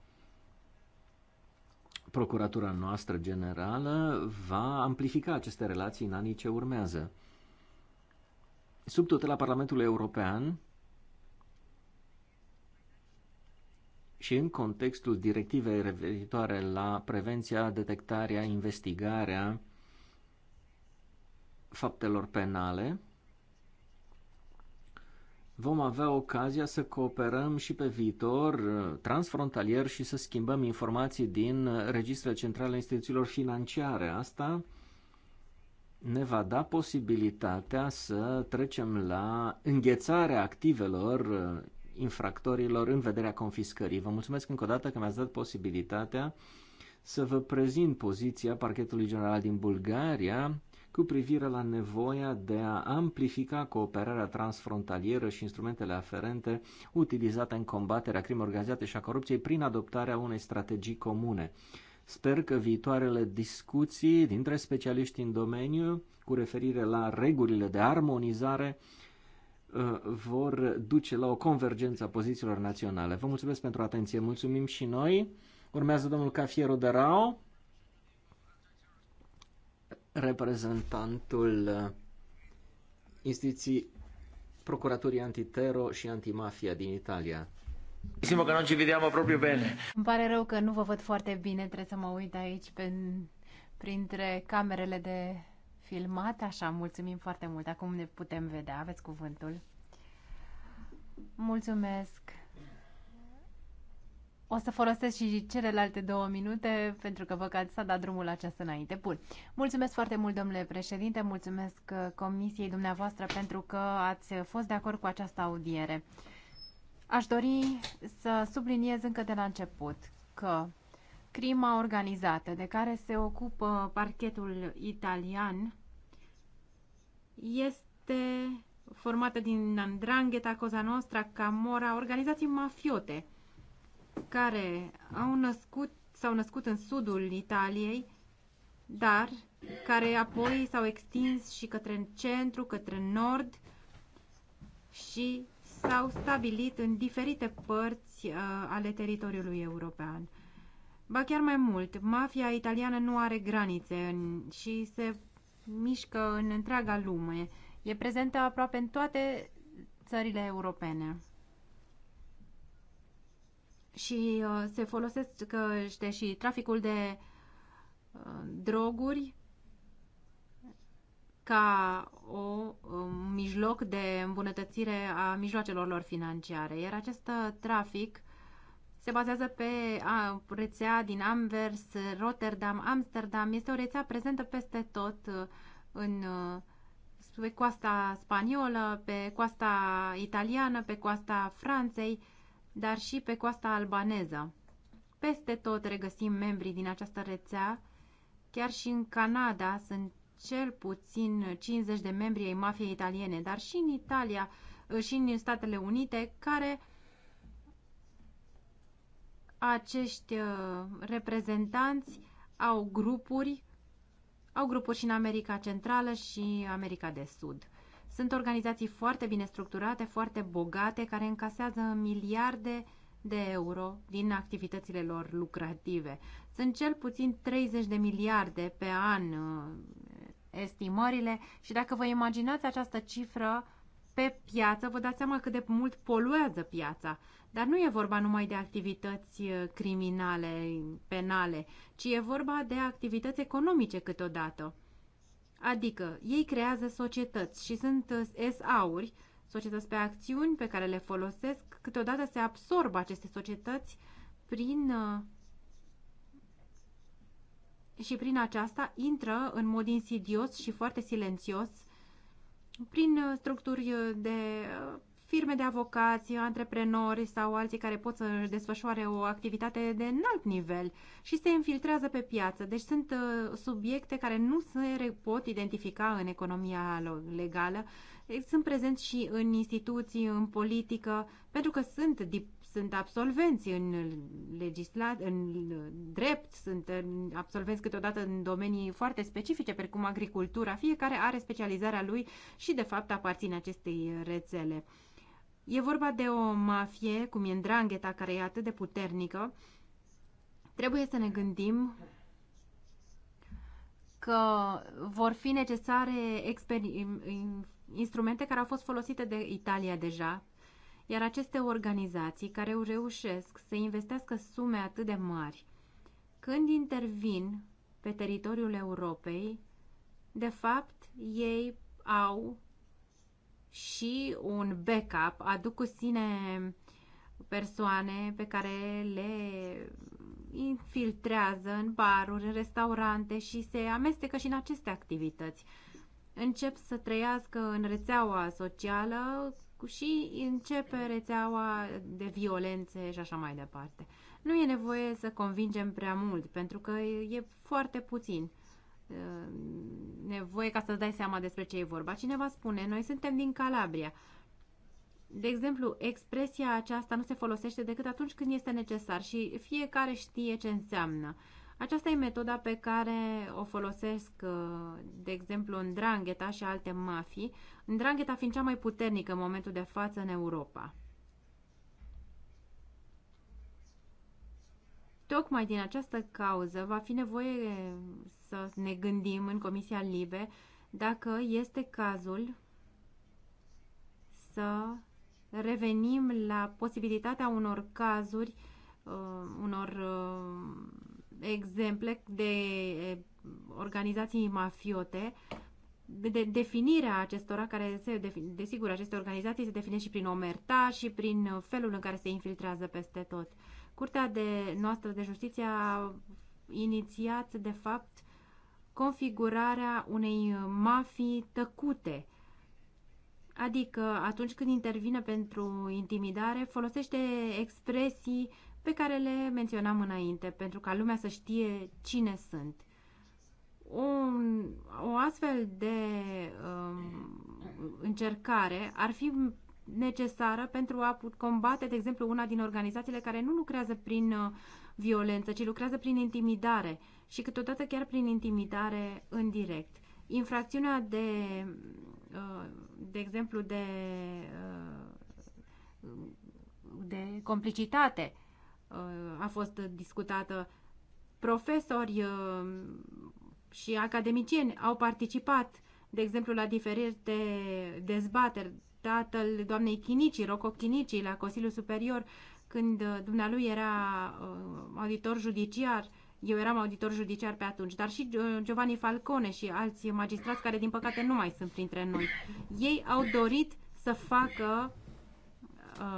Procuratura noastră generală va amplifica aceste relații în anii ce urmează. Sub tutela Parlamentului European, și în contextul directivei referitoare la prevenția, detectarea, investigarea faptelor penale, vom avea ocazia să cooperăm și pe viitor uh, transfrontalier și să schimbăm informații din registrele centrale instituțiilor financiare. Asta ne va da posibilitatea să trecem la înghețarea activelor uh, infractorilor în vederea confiscării. Vă mulțumesc încă o dată că mi-ați dat posibilitatea să vă prezint poziția Parchetului General din Bulgaria cu privire la nevoia de a amplifica cooperarea transfrontalieră și instrumentele aferente utilizate în combaterea crimei organizate și a corupției prin adoptarea unei strategii comune. Sper că viitoarele discuții dintre specialiști în domeniu cu referire la regulile de armonizare Uh, vor duce la o convergență a pozițiilor naționale. Vă mulțumesc pentru atenție, mulțumim și noi. Urmează domnul Cafiero de Rao, reprezentantul uh, instituții Procuraturii Antitero și Antimafia din Italia. Simă că nu ci vedeam propriu bine. Îmi pare rău că nu vă văd foarte bine, trebuie să mă uit aici pe, printre camerele de filmat. Așa, mulțumim foarte mult. Acum ne putem vedea. Aveți cuvântul. Mulțumesc. O să folosesc și celelalte două minute pentru că vă că s-a dat drumul acesta înainte. Bun. Mulțumesc foarte mult, domnule președinte, mulțumesc uh, comisiei dumneavoastră pentru că ați fost de acord cu această audiere. Aș dori să subliniez încă de la început că crima organizată de care se ocupă parchetul italian este formată din Andrangheta, Cosa Nostra, Camora, organizații mafiote care au născut, s-au născut în sudul Italiei, dar care apoi s-au extins și către centru, către nord și s-au stabilit în diferite părți uh, ale teritoriului european. Ba chiar mai mult, mafia italiană nu are granițe în, și se mișcă în întreaga lume. E prezentă aproape în toate țările europene. Și uh, se folosesc că este și traficul de uh, droguri ca o uh, mijloc de îmbunătățire a mijloacelor lor financiare. Iar acest trafic se bazează pe a, rețea din Anvers, Rotterdam, Amsterdam. Este o rețea prezentă peste tot uh, în uh, pe coasta spaniolă, pe coasta italiană, pe coasta Franței, dar și pe coasta albaneză. Peste tot regăsim membrii din această rețea, chiar și în Canada sunt cel puțin 50 de membri ai mafiei italiene, dar și în Italia, uh, și în Statele Unite, care acești uh, reprezentanți au grupuri, au grupuri și în America Centrală și America de Sud. Sunt organizații foarte bine structurate, foarte bogate, care încasează miliarde de euro din activitățile lor lucrative. Sunt cel puțin 30 de miliarde pe an uh, estimările și dacă vă imaginați această cifră pe piață, vă dați seama cât de mult poluează piața. Dar nu e vorba numai de activități uh, criminale, penale, ci e vorba de activități economice câteodată. Adică ei creează societăți și sunt uh, SA-uri, societăți pe acțiuni pe care le folosesc, câteodată se absorb aceste societăți prin uh, și prin aceasta intră în mod insidios și foarte silențios prin structuri de firme de avocați, antreprenori sau alții care pot să își desfășoare o activitate de înalt nivel și se infiltrează pe piață. Deci sunt uh, subiecte care nu se pot identifica în economia legală. Sunt prezenți și în instituții, în politică, pentru că sunt sunt absolvenți în legislat, în drept, sunt absolvenți câteodată în domenii foarte specifice, precum agricultura. Fiecare are specializarea lui și, de fapt, aparține acestei rețele. E vorba de o mafie, cum e îndrangheta, care e atât de puternică. Trebuie să ne gândim că vor fi necesare instrumente care au fost folosite de Italia deja, iar aceste organizații care reușesc să investească sume atât de mari, când intervin pe teritoriul Europei, de fapt, ei au și un backup aduc cu sine persoane pe care le infiltrează în baruri, în restaurante și se amestecă și în aceste activități. Încep să trăiască în rețeaua socială și începe rețeaua de violențe și așa mai departe. Nu e nevoie să convingem prea mult, pentru că e foarte puțin. Uh, nevoie ca să-ți dai seama despre ce e vorba. Cineva spune, noi suntem din Calabria. De exemplu, expresia aceasta nu se folosește decât atunci când este necesar și fiecare știe ce înseamnă. Aceasta e metoda pe care o folosesc, uh, de exemplu, în Drangheta și alte mafii, în Drangheta fiind cea mai puternică în momentul de față în Europa. Tocmai din această cauză va fi nevoie să ne gândim în Comisia Libe dacă este cazul să revenim la posibilitatea unor cazuri, uh, unor uh, exemple de uh, organizații mafiote, de definirea acestora, care se, desigur, aceste organizații se definește și prin omerta și prin felul în care se infiltrează peste tot. Curtea de noastră de justiție a inițiat, de fapt, configurarea unei mafii tăcute, adică atunci când intervine pentru intimidare, folosește expresii pe care le menționam înainte, pentru ca lumea să știe cine sunt. O, o astfel de um, încercare ar fi necesară pentru a combate, de exemplu, una din organizațiile care nu lucrează prin uh, violență, ci lucrează prin intimidare și câteodată chiar prin intimidare în direct. Infracțiunea de, uh, de exemplu, de, uh, de complicitate a fost discutată. Profesori și academicieni au participat, de exemplu, la diferite dezbateri tatăl doamnei Chinicii, Rocco Chinicii, la Consiliul Superior, când uh, dumnealui era uh, auditor judiciar, eu eram auditor judiciar pe atunci, dar și uh, Giovanni Falcone și alți magistrați care, din păcate, nu mai sunt printre noi. Ei au dorit să facă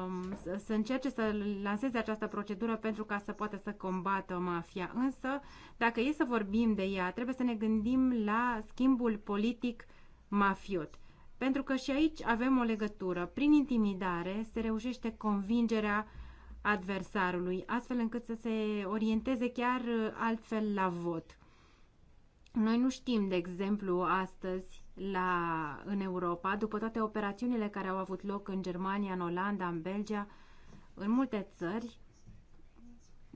um, să, să încerce să lanseze această procedură pentru ca să poată să combată mafia. Însă, dacă e să vorbim de ea, trebuie să ne gândim la schimbul politic mafiot. Pentru că și aici avem o legătură. Prin intimidare se reușește convingerea adversarului, astfel încât să se orienteze chiar altfel la vot. Noi nu știm, de exemplu, astăzi la, în Europa, după toate operațiunile care au avut loc în Germania, în Olanda, în Belgia, în multe țări,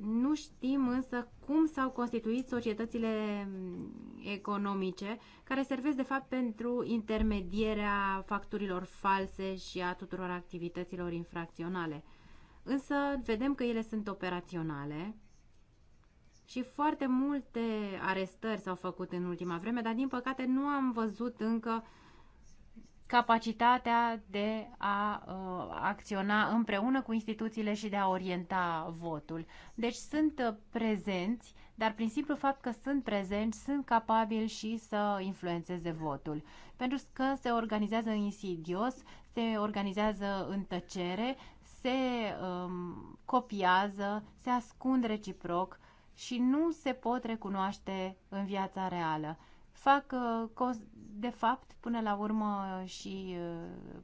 nu știm însă cum s-au constituit societățile mm, economice care servesc de fapt pentru intermedierea facturilor false și a tuturor activităților infracționale. Însă vedem că ele sunt operaționale și foarte multe arestări s-au făcut în ultima vreme, dar din păcate nu am văzut încă capacitatea de a uh, acționa împreună cu instituțiile și de a orienta votul. Deci sunt uh, prezenți, dar prin simplu fapt că sunt prezenți, sunt capabili și să influențeze votul. Pentru că se organizează insidios, se organizează în tăcere, se um, copiază, se ascund reciproc și nu se pot recunoaște în viața reală fac, uh, de fapt, până la urmă și uh,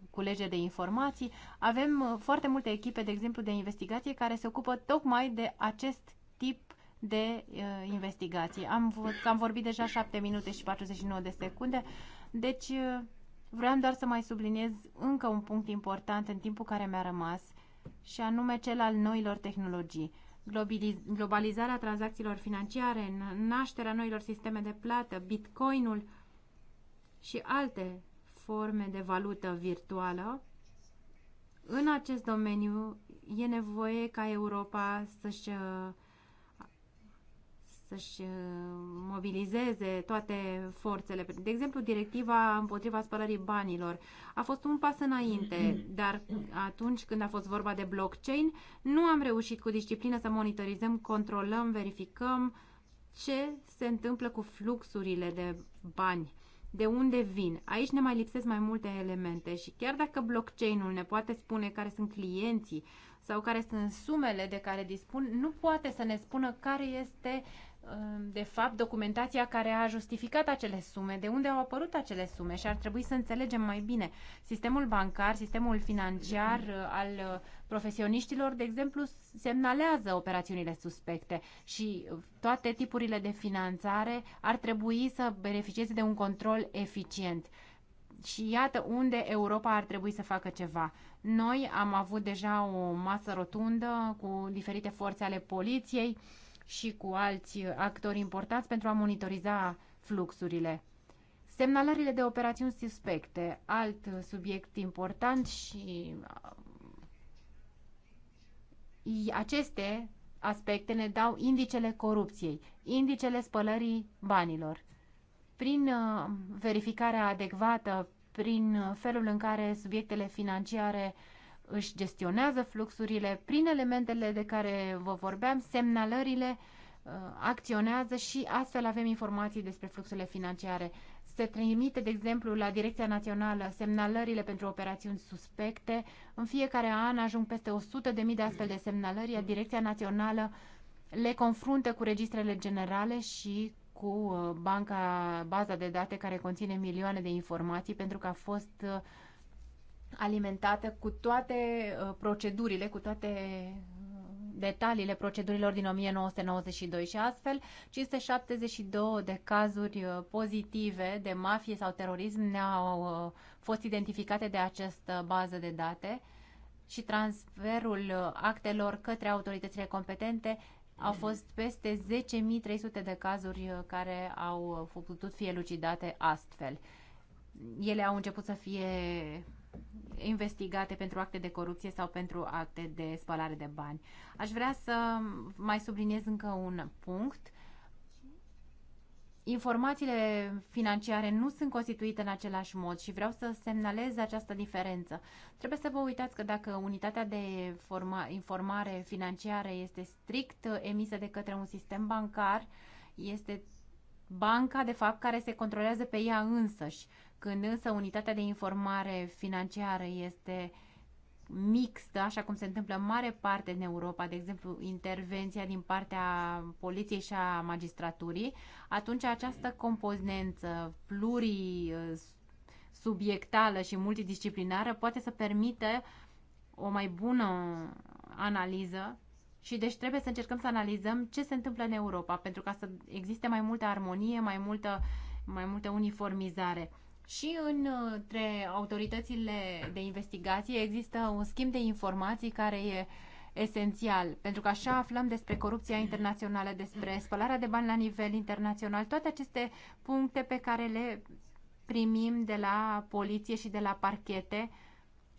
culegere de informații. Avem uh, foarte multe echipe, de exemplu, de investigație care se ocupă tocmai de acest tip de uh, investigații. Am, am vorbit deja 7 minute și 49 de secunde, deci uh, vreau doar să mai subliniez încă un punct important în timpul care mi-a rămas, și anume cel al noilor tehnologii globalizarea tranzacțiilor financiare, nașterea noilor sisteme de plată, bitcoinul și alte forme de valută virtuală, în acest domeniu e nevoie ca Europa să-și uh, să-și uh, mobilizeze toate forțele. De exemplu, directiva împotriva spălării banilor a fost un pas înainte, dar atunci când a fost vorba de blockchain, nu am reușit cu disciplină să monitorizăm, controlăm, verificăm ce se întâmplă cu fluxurile de bani de unde vin. Aici ne mai lipsesc mai multe elemente și chiar dacă blockchain-ul ne poate spune care sunt clienții sau care sunt sumele de care dispun, nu poate să ne spună care este Ehm, de fapt, documentația care a justificat acele sume, de unde au apărut acele sume și ar trebui să înțelegem mai bine. Sistemul bancar, sistemul financiar uh, al uh, profesioniștilor, de exemplu, semnalează operațiunile suspecte și uh, toate tipurile de finanțare ar trebui să beneficieze de un control eficient. Și iată unde Europa ar trebui să facă ceva. Noi am avut deja o masă rotundă cu diferite forțe ale poliției, și cu alți actori importanți pentru a monitoriza fluxurile. Semnalările de operațiuni suspecte, alt subiect important și uh, aceste aspecte ne dau indicele corupției, indicele spălării banilor. Prin uh, verificarea adecvată, prin felul în care subiectele financiare uh, își gestionează fluxurile prin elementele de care vă vorbeam, semnalările uh, acționează și astfel avem informații despre fluxurile financiare. Se trimite, de exemplu, la Direcția Națională semnalările pentru operațiuni suspecte. În fiecare an ajung peste 100.000 de astfel de semnalări, iar Direcția Națională le confruntă cu registrele generale și cu uh, banca, baza de date care conține milioane de informații pentru că a fost uh, alimentată cu toate uh, procedurile, cu toate uh, detaliile procedurilor din 1992 și astfel 572 de cazuri uh, pozitive de mafie sau terorism ne-au fost identificate de această bază de date și transferul actelor către autoritățile competente au fost peste 10.300 de cazuri care au putut fi elucidate astfel. Ele au început să fie investigate pentru acte de corupție sau pentru acte de spălare de bani. Aș vrea să mai subliniez încă un punct. Informațiile financiare nu sunt constituite în același mod și vreau să semnalez această diferență. Trebuie să vă uitați că dacă unitatea de forma, informare financiară este strict emisă de către un sistem bancar, este banca, de fapt, care se controlează pe ea însăși. Când însă unitatea de informare financiară este mixtă, așa cum se întâmplă în mare parte în Europa, de exemplu intervenția din partea poliției și a magistraturii, atunci această componență plurisubiectală și multidisciplinară poate să permită o mai bună analiză și deci trebuie să încercăm să analizăm ce se întâmplă în Europa pentru ca să existe mai multă armonie, mai multă, mai multă uniformizare și între autoritățile de investigație există un schimb de informații care e esențial, pentru că așa aflăm despre corupția internațională, despre spălarea de bani la nivel internațional, toate aceste puncte pe care le primim de la poliție și de la parchete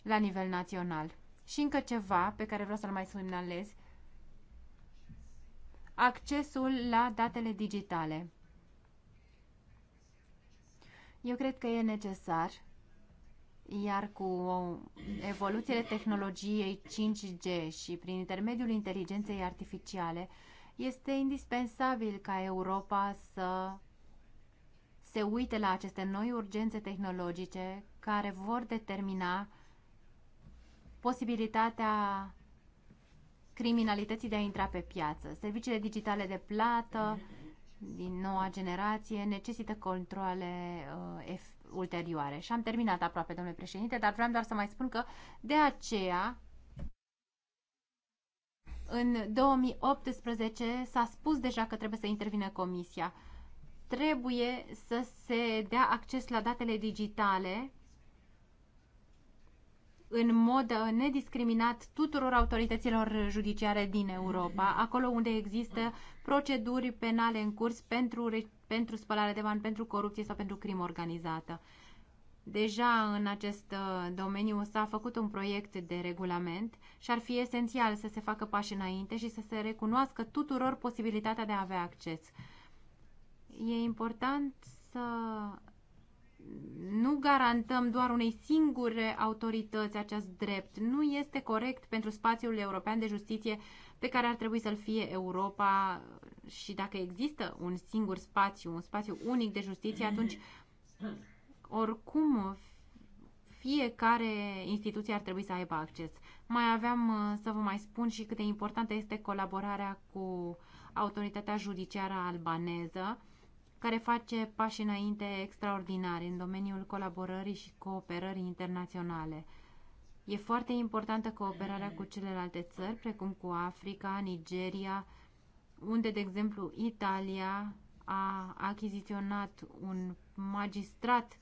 la nivel național. Și încă ceva pe care vreau să-l mai semnalez, accesul la datele digitale. Eu cred că e necesar, iar cu evoluțiile tehnologiei 5G și prin intermediul inteligenței artificiale, este indispensabil ca Europa să se uite la aceste noi urgențe tehnologice care vor determina posibilitatea criminalității de a intra pe piață. Serviciile digitale de plată, din noua generație necesită controle uh, ulterioare. Și am terminat aproape, domnule președinte, dar vreau doar să mai spun că de aceea în 2018 s-a spus deja că trebuie să intervine comisia. Trebuie să se dea acces la datele digitale în mod nediscriminat tuturor autorităților judiciare din Europa, acolo unde există proceduri penale în curs pentru, pentru spălare de bani, pentru corupție sau pentru crimă organizată. Deja în acest uh, domeniu s-a făcut un proiect de regulament și ar fi esențial să se facă pași înainte și să se recunoască tuturor posibilitatea de a avea acces. E important să nu garantăm doar unei singure autorități acest drept. Nu este corect pentru spațiul european de justiție pe care ar trebui să-l fie Europa și dacă există un singur spațiu, un spațiu unic de justiție, atunci oricum fiecare instituție ar trebui să aibă acces. Mai aveam uh, să vă mai spun și cât de importantă este colaborarea cu autoritatea judiciară albaneză care face pași înainte extraordinari în domeniul colaborării și cooperării internaționale. E foarte importantă cooperarea cu celelalte țări, precum cu Africa, Nigeria, unde, de exemplu, Italia a achiziționat un magistrat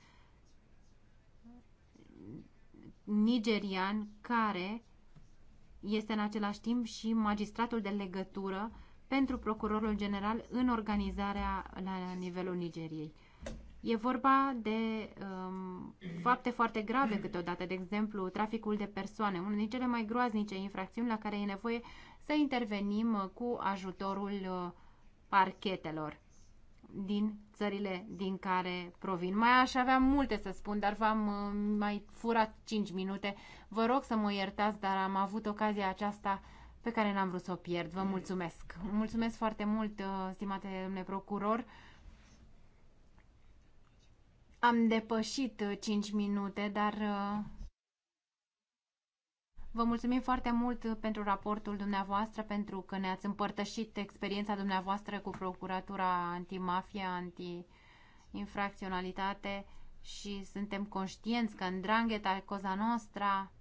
nigerian care este în același timp și magistratul de legătură pentru procurorul general în organizarea la nivelul Nigeriei. E vorba de um, fapte foarte grave câteodată, de exemplu, traficul de persoane, unul din cele mai groaznice infracțiuni la care e nevoie să intervenim uh, cu ajutorul uh, parchetelor din țările din care provin. Mai aș avea multe să spun, dar v-am uh, mai furat 5 minute. Vă rog să mă iertați, dar am avut ocazia aceasta pe care n-am vrut să o pierd. Vă mulțumesc! Mulțumesc foarte mult, uh, stimate domnule procuror! Am depășit 5 uh, minute, dar uh, vă mulțumim foarte mult pentru raportul dumneavoastră, pentru că ne-ați împărtășit experiența dumneavoastră cu Procuratura Antimafia, Anti-Infracționalitate și suntem conștienți că drangheta Coza Nostra,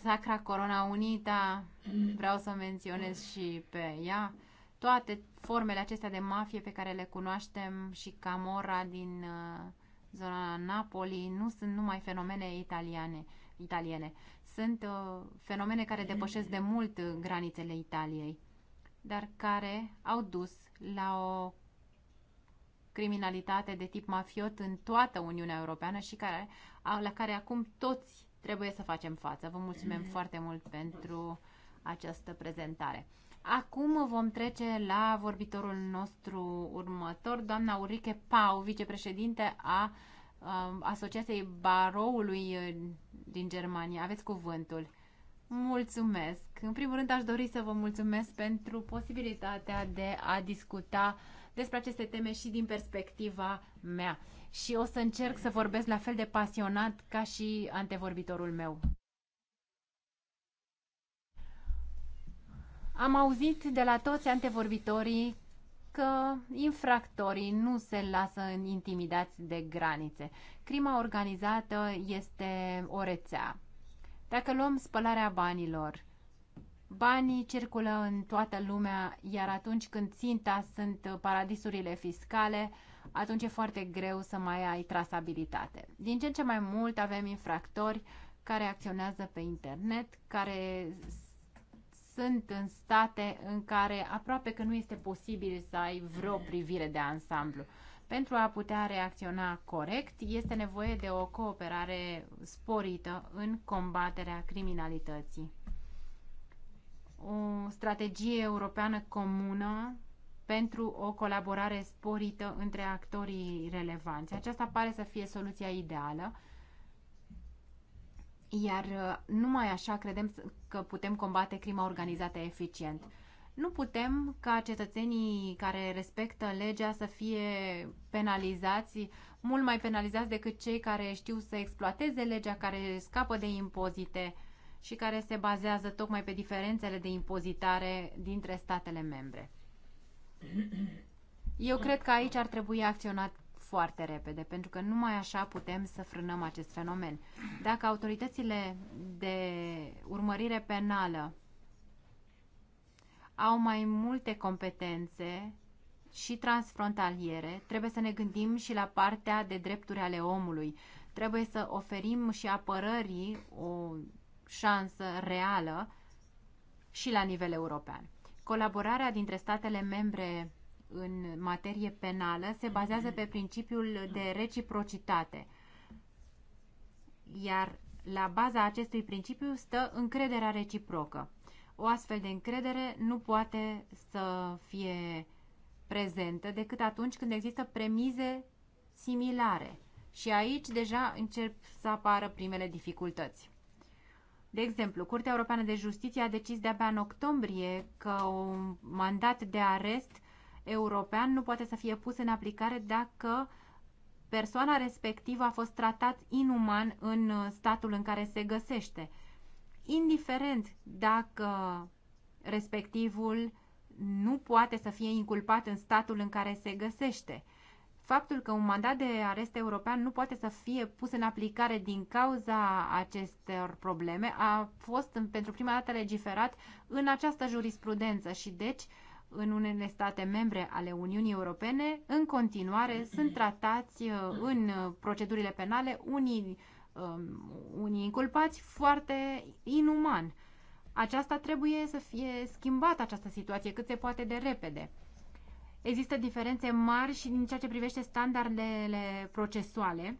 Sacra Corona Unita, vreau să menționez și pe ea, toate formele acestea de mafie pe care le cunoaștem și Camorra din uh, zona Napoli nu sunt numai fenomene italiane, italiene. Sunt uh, fenomene care depășesc de mult granițele Italiei, dar care au dus la o criminalitate de tip mafiot în toată Uniunea Europeană și care, la care acum toți trebuie să facem față. Vă mulțumim mm. foarte mult pentru această prezentare. Acum vom trece la vorbitorul nostru următor, doamna Urike Pau, vicepreședinte a um, Asociației Baroului uh, din Germania. Aveți cuvântul. Mulțumesc! În primul rând aș dori să vă mulțumesc pentru posibilitatea de a discuta uh, despre aceste teme și din perspectiva mea. Și o să încerc să vorbesc la fel de pasionat ca și antevorbitorul meu. Am auzit de la toți antevorbitorii că infractorii nu se lasă intimidați de granițe. Crima organizată este o rețea. Dacă luăm spălarea banilor, Banii circulă în toată lumea, iar atunci când ținta sunt paradisurile fiscale, atunci e foarte greu să mai ai trasabilitate. Din ce în ce mai mult avem infractori care acționează pe internet, care sunt în state în care aproape că nu este posibil să ai vreo privire de ansamblu. Pentru a putea reacționa corect, este nevoie de o cooperare sporită în combaterea criminalității o strategie europeană comună pentru o colaborare sporită între actorii relevanți. Aceasta pare să fie soluția ideală, iar uh, numai așa credem că putem combate crima organizată eficient. Nu putem ca cetățenii care respectă legea să fie penalizați, mult mai penalizați decât cei care știu să exploateze legea, care scapă de impozite, și care se bazează tocmai pe diferențele de impozitare dintre statele membre. Eu cred că aici ar trebui acționat foarte repede, pentru că numai așa putem să frânăm acest fenomen. Dacă autoritățile de urmărire penală au mai multe competențe și transfrontaliere, trebuie să ne gândim și la partea de drepturi ale omului. Trebuie să oferim și apărării o șansă reală și la nivel european. Colaborarea dintre statele membre în materie penală se bazează pe principiul de reciprocitate, iar la baza acestui principiu stă încrederea reciprocă. O astfel de încredere nu poate să fie prezentă decât atunci când există premize similare. Și aici deja încep să apară primele dificultăți. De exemplu, Curtea Europeană de Justiție a decis de-abia în octombrie că un mandat de arest european nu poate să fie pus în aplicare dacă persoana respectivă a fost tratat inuman în statul în care se găsește. Indiferent dacă respectivul nu poate să fie inculpat în statul în care se găsește faptul că un mandat de arest european nu poate să fie pus în aplicare din cauza acestor probleme a fost pentru prima dată legiferat în această jurisprudență și deci în unele state membre ale Uniunii Europene, în continuare sunt tratați uh, în procedurile penale unii, um, unii inculpați foarte inuman. Aceasta trebuie să fie schimbată, această situație, cât se poate de repede. Există diferențe mari și din ceea ce privește standardele procesuale.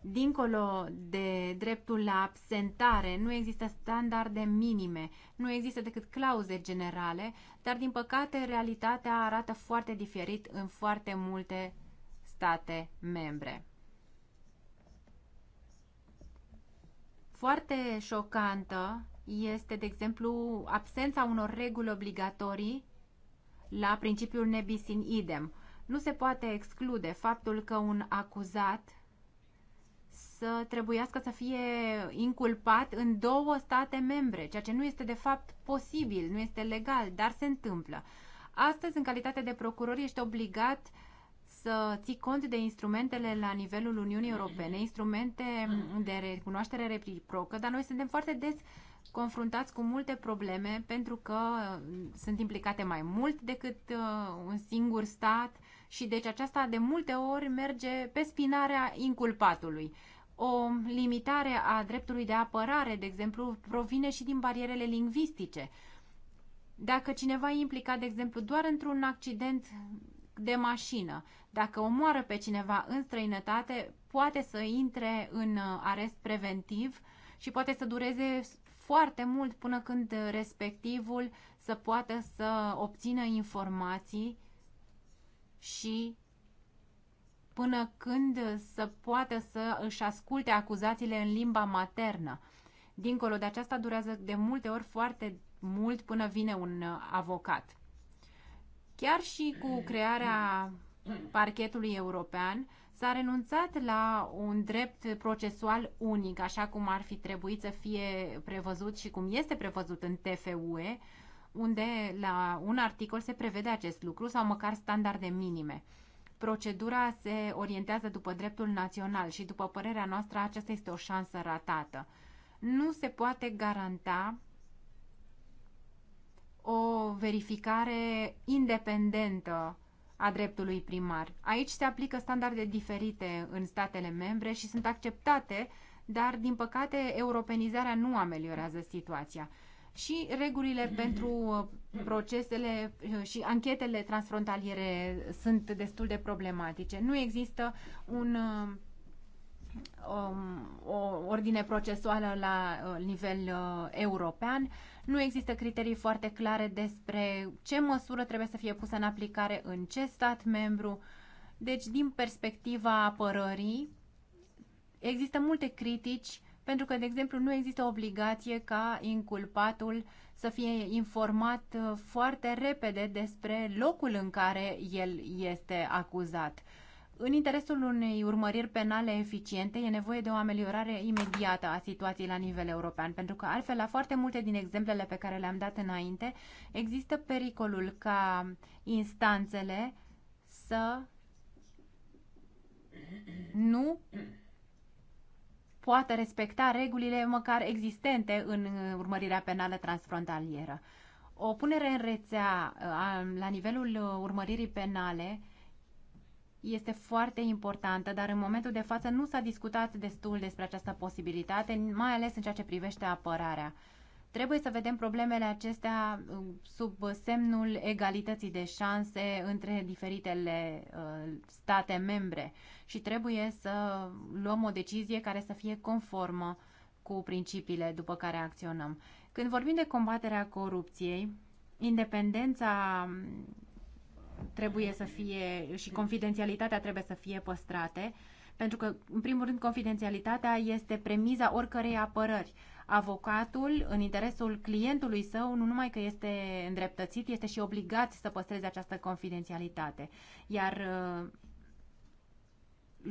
Dincolo de dreptul la absentare, nu există standarde minime, nu există decât clauze generale, dar din păcate realitatea arată foarte diferit în foarte multe state membre. Foarte șocantă este, de exemplu, absența unor reguli obligatorii la principiul nebis in idem. Nu se poate exclude faptul că un acuzat să trebuiască să fie inculpat în două state membre, ceea ce nu este de fapt posibil, nu este legal, dar se întâmplă. Astăzi, în calitate de procuror, ești obligat să ții cont de instrumentele la nivelul Uniunii Europene, instrumente de recunoaștere reciprocă, dar noi suntem foarte des confruntați cu multe probleme pentru că mm, sunt implicate mai mult decât uh, un singur stat și deci aceasta de multe ori merge pe spinarea inculpatului. O limitare a dreptului de apărare, de exemplu, provine și din barierele lingvistice. Dacă cineva e implicat, de exemplu, doar într-un accident de mașină, dacă omoară pe cineva în străinătate, poate să intre în uh, arest preventiv și poate să dureze foarte mult până când respectivul să poată să obțină informații și până când să poată să își asculte acuzațiile în limba maternă. Dincolo de aceasta durează de multe ori foarte mult până vine un avocat. Chiar și cu crearea parchetului european, S-a renunțat la un drept procesual unic, așa cum ar fi trebuit să fie prevăzut și cum este prevăzut în TFUE, unde la un articol se prevede acest lucru sau măcar standarde minime. Procedura se orientează după dreptul național și, după părerea noastră, aceasta este o șansă ratată. Nu se poate garanta o verificare independentă a dreptului primar. Aici se aplică standarde diferite în statele membre și sunt acceptate, dar din păcate europenizarea nu ameliorează situația. Și regulile pentru uh, procesele uh, și anchetele transfrontaliere sunt destul de problematice. Nu există un uh, o, um, o ordine procesuală la uh, nivel uh, european. Nu există criterii foarte clare despre ce măsură trebuie să fie pusă în aplicare în ce stat membru. Deci, din perspectiva apărării, există multe critici pentru că, de exemplu, nu există obligație ca inculpatul să fie informat uh, foarte repede despre locul în care el este acuzat. În interesul unei urmăriri penale eficiente e nevoie de o ameliorare imediată a situației la nivel european, pentru că altfel la foarte multe din exemplele pe care le-am dat înainte există pericolul ca instanțele să nu poată respecta regulile măcar existente în urmărirea penală transfrontalieră. O punere în rețea la nivelul urmăririi penale este foarte importantă, dar în momentul de față nu s-a discutat destul despre această posibilitate, mai ales în ceea ce privește apărarea. Trebuie să vedem problemele acestea uh, sub semnul egalității de șanse între diferitele uh, state membre și trebuie să luăm o decizie care să fie conformă cu principiile după care acționăm. Când vorbim de combaterea corupției, independența trebuie să fie și confidențialitatea trebuie să fie păstrate, pentru că, în primul rând, confidențialitatea este premiza oricărei apărări. Avocatul, în interesul clientului său, nu numai că este îndreptățit, este și obligat să păstreze această confidențialitate. Iar uh,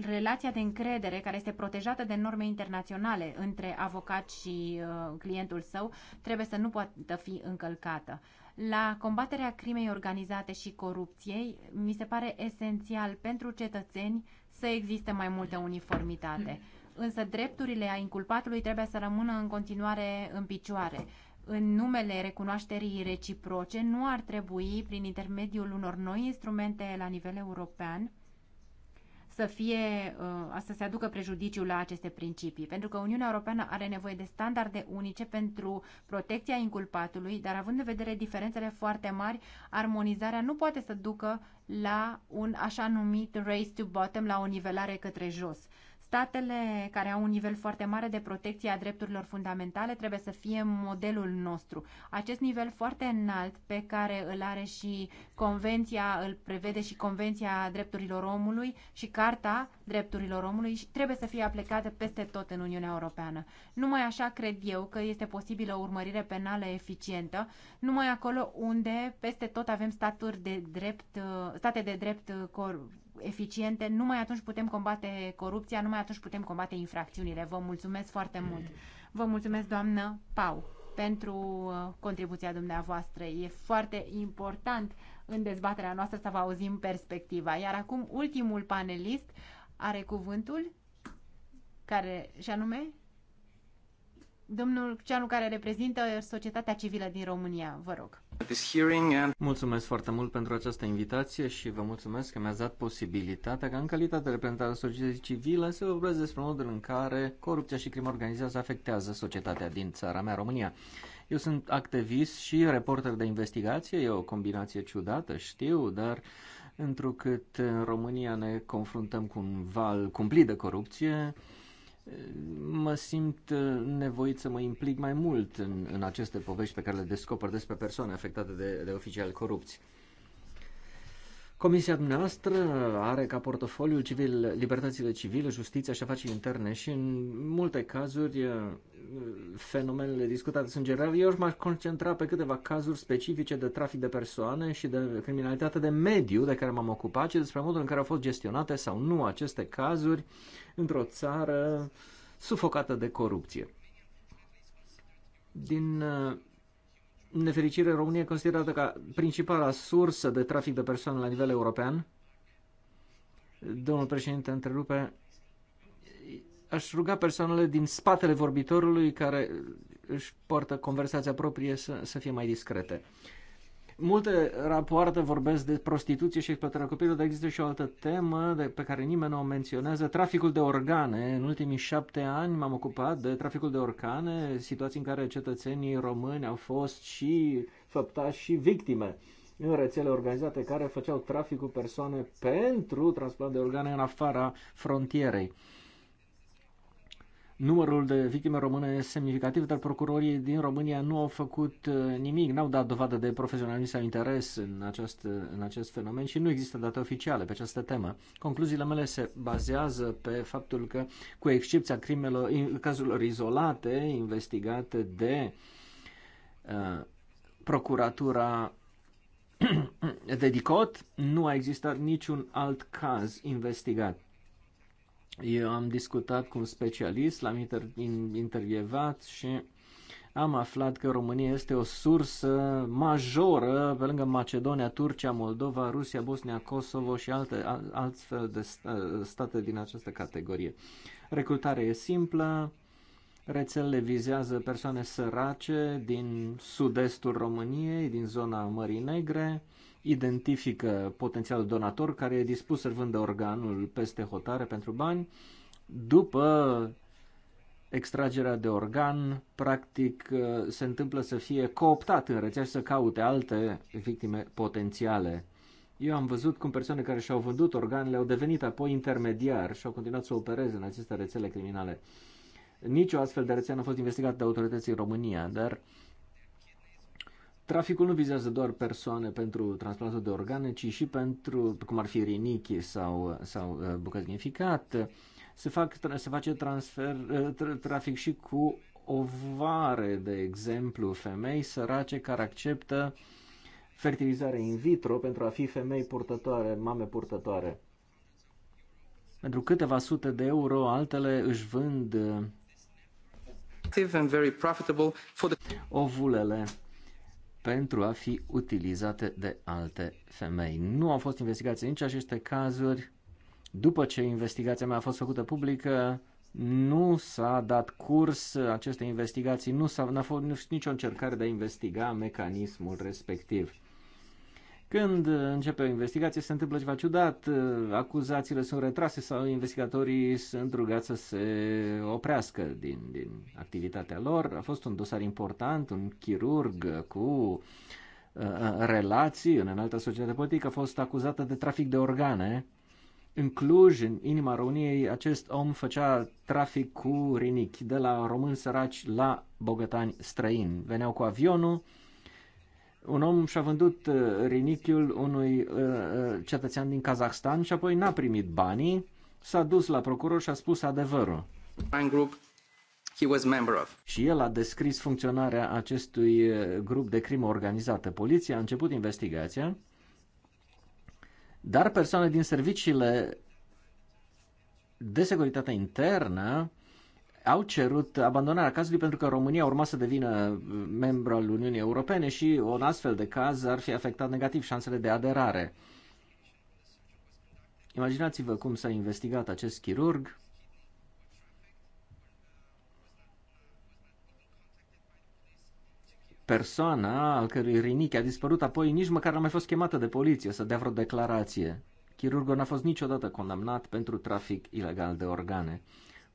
relația de încredere care este protejată de norme internaționale între avocat și uh, clientul său trebuie să nu poată fi încălcată la combaterea crimei organizate și corupției, mi se pare esențial pentru cetățeni să existe mai multă uniformitate. Însă drepturile a inculpatului trebuie să rămână în continuare în picioare. În numele recunoașterii reciproce, nu ar trebui, prin intermediul unor noi instrumente la nivel european, să, fie, uh, să se aducă prejudiciu la aceste principii, pentru că Uniunea Europeană are nevoie de standarde unice pentru protecția inculpatului, dar având în vedere diferențele foarte mari, armonizarea nu poate să ducă la un așa numit race to bottom, la o nivelare către jos. Statele care au un nivel foarte mare de protecție a drepturilor fundamentale trebuie să fie modelul nostru. Acest nivel foarte înalt pe care îl are și Convenția, îl prevede și Convenția Drepturilor Omului și Carta Drepturilor Omului și trebuie să fie aplicată peste tot în Uniunea Europeană. Numai așa cred eu că este posibilă o urmărire penală eficientă, numai acolo unde peste tot avem de drept, state de drept cor eficiente, numai atunci putem combate corupția, numai atunci putem combate infracțiunile. Vă mulțumesc foarte mult. Vă mulțumesc, doamnă Pau, pentru uh, contribuția dumneavoastră. E foarte important în dezbaterea noastră să vă auzim perspectiva. Iar acum ultimul panelist are cuvântul care, și anume, domnul Ceanu care reprezintă societatea civilă din România. Vă rog. Mulțumesc foarte mult pentru această invitație și vă mulțumesc că mi-ați dat posibilitatea ca în calitate de reprezentant al societății civile să vorbesc despre modul în care corupția și crima organizată afectează societatea din țara mea, România. Eu sunt activist și reporter de investigație, e o combinație ciudată, știu, dar întrucât în România ne confruntăm cu un val cumplit de corupție, mă simt uh, nevoit să mă implic mai mult în, în aceste povești pe care le descoper despre persoane afectate de, de oficiali corupți. Comisia noastră are ca portofoliu civil, libertățile civile, justiția și afaceri interne și în multe cazuri fenomenele discutate sunt generale. Eu m-aș concentra pe câteva cazuri specifice de trafic de persoane și de criminalitate de mediu de care m-am ocupat și despre modul în care au fost gestionate sau nu aceste cazuri într-o țară sufocată de corupție. Din în nefericire, România e considerată ca principala sursă de trafic de persoane la nivel european. Domnul președinte, întrerupe. Aș ruga persoanele din spatele vorbitorului care își poartă conversația proprie să, să fie mai discrete. Multe rapoarte vorbesc de prostituție și exploatarea copiilor, dar există și o altă temă de, pe care nimeni nu o menționează, traficul de organe. În ultimii șapte ani m-am ocupat de traficul de organe, situații în care cetățenii români au fost și făptași și victime în rețele organizate care făceau traficul persoane pentru transplant de organe în afara frontierei. Numărul de victime române este semnificativ, dar procurorii din România nu au făcut uh, nimic, n-au dat dovadă de profesionalism sau interes în acest, uh, în acest fenomen și nu există date oficiale pe această temă. Concluziile mele se bazează pe faptul că, cu excepția crimelor, cazurilor izolate, investigate de uh, procuratura de DICOT, nu a existat niciun alt caz investigat. Eu am discutat cu un specialist, l-am inter- intervievat și am aflat că România este o sursă majoră, pe lângă Macedonia, Turcia, Moldova, Rusia, Bosnia, Kosovo și alte altfel de ă, state din această categorie. Recrutarea e simplă, rețelele vizează persoane sărace din sud-estul României, din zona Mării Negre, identifică potențialul donator care e dispus să vândă organul peste hotare pentru bani. După extragerea de organ, practic uh, se întâmplă să fie cooptat în rețea și să caute alte victime potențiale. Eu am văzut cum persoane care și-au vândut organele au devenit apoi intermediari și au continuat să opereze în aceste rețele criminale. Nici o astfel de rețea nu a fost investigată de autorități în România, dar uh, Traficul nu vizează doar persoane pentru transplantul de organe, ci și pentru, cum ar fi rinichi sau, sau uh, bucăți ficat. Se, fac, se face transfer, uh, trafic și cu ovare, de exemplu, femei sărace care acceptă fertilizare in vitro pentru a fi femei purtătoare, mame purtătoare. Pentru câteva sute de euro, altele își vând uh, ovulele pentru a fi utilizate de alte femei. Nu au fost investigați nici aceste cazuri. După ce investigația mea a fost făcută publică, nu s-a dat curs aceste investigații, nu s-a n-a fost nicio încercare de a investiga mecanismul respectiv. Când începe o investigație, se întâmplă ceva ciudat, acuzațiile sunt retrase sau investigatorii sunt rugați să se oprească din, din activitatea lor. A fost un dosar important, un chirurg cu uh, uh, relații în înaltă societate politică a fost acuzată de trafic de organe. În Cluj, în inima României, acest om făcea trafic cu rinichi de la români săraci la bogătani străini. Veneau cu avionul, un om și-a vândut uh, rinichiul unui uh, uh, cetățean din Kazahstan și apoi n-a primit banii, s-a dus la procuror și a spus adevărul. Group he was member of. Și el a descris funcționarea acestui grup de crimă organizată. Poliția a început investigația, dar persoane din serviciile de securitate internă au cerut abandonarea cazului pentru că România urma să devină uh, membru al Uniunii Europene și un astfel de caz ar fi afectat negativ șansele de aderare. Imaginați-vă cum s-a investigat acest chirurg. Persoana al cărui rinichi a dispărut apoi nici măcar n-a mai fost chemată de poliție să dea vreo declarație. Chirurgul n-a fost niciodată condamnat pentru trafic ilegal de organe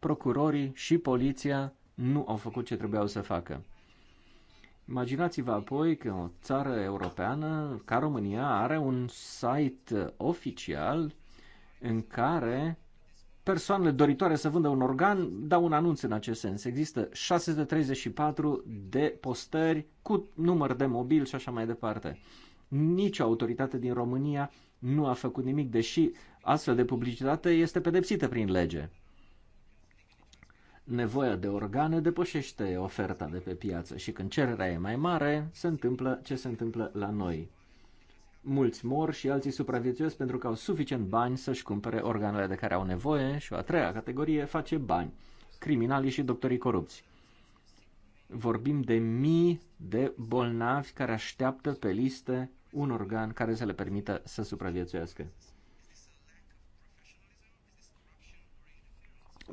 procurorii și poliția nu au făcut ce trebuiau să facă. Imaginați-vă apoi că o țară europeană ca România are un site oficial în care persoanele doritoare să vândă un organ dau un anunț în acest sens. Există 634 de postări cu număr de mobil și așa mai departe. Nici o autoritate din România nu a făcut nimic, deși astfel de publicitate este pedepsită prin lege nevoia de organe depășește oferta de pe piață și când cererea e mai mare, se întâmplă ce se întâmplă la noi. Mulți mor și alții supraviețuiesc pentru că au suficient bani să-și cumpere organele de care au nevoie și o a treia categorie face bani, criminalii și doctorii corupți. Vorbim de mii de bolnavi care așteaptă pe liste un organ care să le permită să supraviețuiască.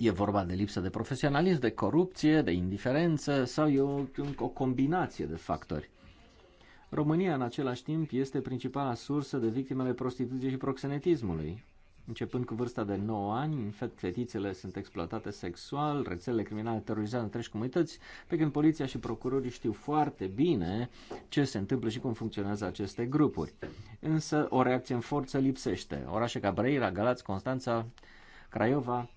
E vorba de lipsă de profesionalism, de corupție, de indiferență sau e o, o combinație de factori. România, în același timp, este principala sursă de victimele prostituției și proxenetismului. Începând cu vârsta de 9 ani, fetițele sunt exploatate sexual, rețelele criminale terorizează întregi comunități, pe când poliția și procurorii știu foarte bine ce se întâmplă și cum funcționează aceste grupuri. Însă o reacție în forță lipsește. Orașe ca Brăila, Galați, Constanța, Craiova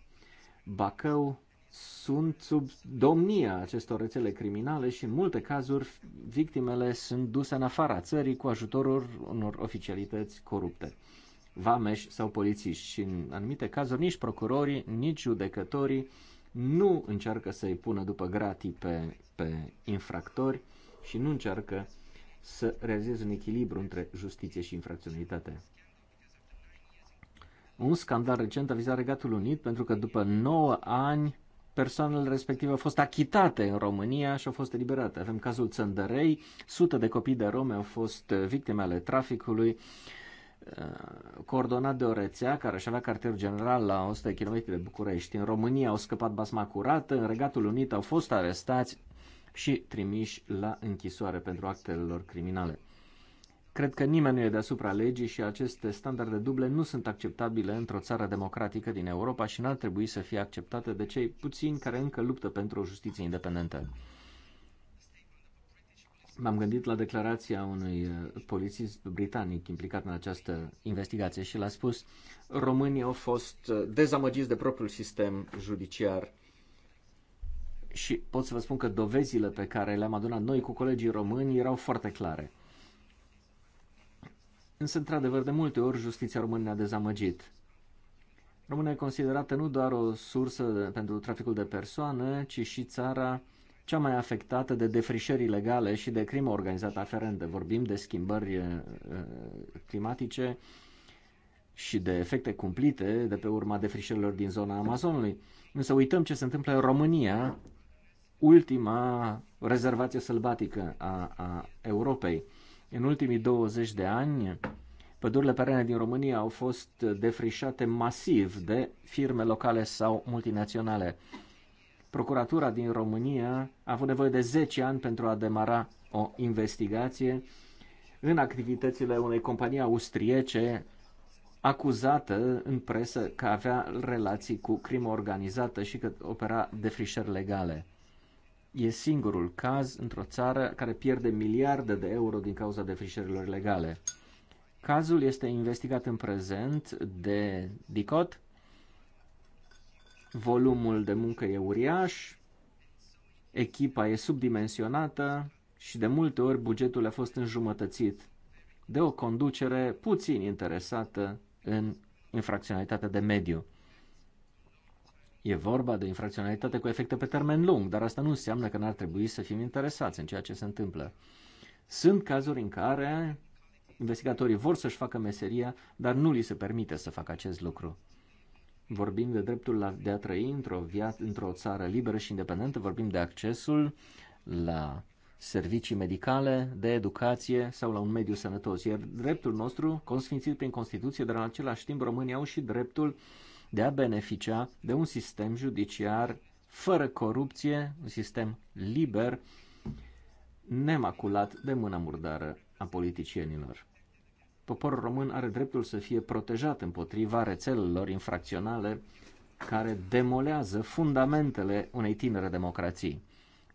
Bacău sunt sub domnia acestor rețele criminale și în multe cazuri victimele sunt duse în afara țării cu ajutorul unor oficialități corupte, vameși sau polițiști și în anumite cazuri nici procurorii, nici judecătorii nu încearcă să-i pună după gratii pe, pe infractori și nu încearcă să realizeze un echilibru între justiție și infracționalitate un scandal recent a vizat Regatul Unit pentru că după 9 ani persoanele respective au fost achitate în România și au fost eliberate. Avem cazul Țăndărei, sute de copii de rome au fost uh, victime ale traficului uh, coordonat de o rețea care își avea cartierul general la 100 km de București. În România au scăpat basma curată, în Regatul Unit au fost arestați și trimiși la închisoare pentru actele lor criminale. Cred că nimeni nu e deasupra legii și aceste standarde duble nu sunt acceptabile într-o țară democratică din Europa și n-ar trebui să fie acceptate de cei puțini care încă luptă pentru o justiție independentă. M-am gândit la declarația unui uh, polițist britanic implicat în această investigație și l-a spus românii au fost uh, dezamăgiți de propriul sistem judiciar și pot să vă spun că dovezile pe care le-am adunat noi cu colegii români erau foarte clare Însă, într-adevăr, de multe ori justiția română ne-a dezamăgit. România e considerată nu doar o sursă pentru traficul de persoane, ci și țara cea mai afectată de defrișări ilegale și de crimă organizată aferente. Vorbim de schimbări eh, eh, climatice și de efecte cumplite de pe urma defrișărilor din zona Amazonului. Însă uităm ce se întâmplă în România, ultima rezervație sălbatică a, a Europei. În ultimii 20 de ani, pădurile perene din România au fost defrișate masiv de firme locale sau multinaționale. Procuratura din România a avut nevoie de 10 ani pentru a demara o investigație în activitățile unei companii austriece acuzată în presă că avea relații cu crimă organizată și că opera defrișări legale. E singurul caz într-o țară care pierde miliarde de euro din cauza defrișărilor legale. Cazul este investigat în prezent de DICOT. Volumul de muncă e uriaș, echipa e subdimensionată și de multe ori bugetul a fost înjumătățit de o conducere puțin interesată în infracționalitatea de mediu. E vorba de infracționalitate cu efecte pe termen lung, dar asta nu înseamnă că n-ar trebui să fim interesați în ceea ce se întâmplă. Sunt cazuri în care investigatorii vor să-și facă meseria, dar nu li se permite să facă acest lucru. Vorbim de dreptul la, de a trăi într-o, via, într-o țară liberă și independentă, vorbim de accesul la servicii medicale, de educație sau la un mediu sănătos. Iar dreptul nostru, consfințit prin Constituție, dar în același timp românii au și dreptul uh, de a beneficia de un sistem judiciar fără corupție, un sistem liber, nemaculat de mâna murdară a politicienilor. Poporul român are dreptul să fie protejat împotriva rețelelor infracționale care demolează fundamentele unei tinere democrații.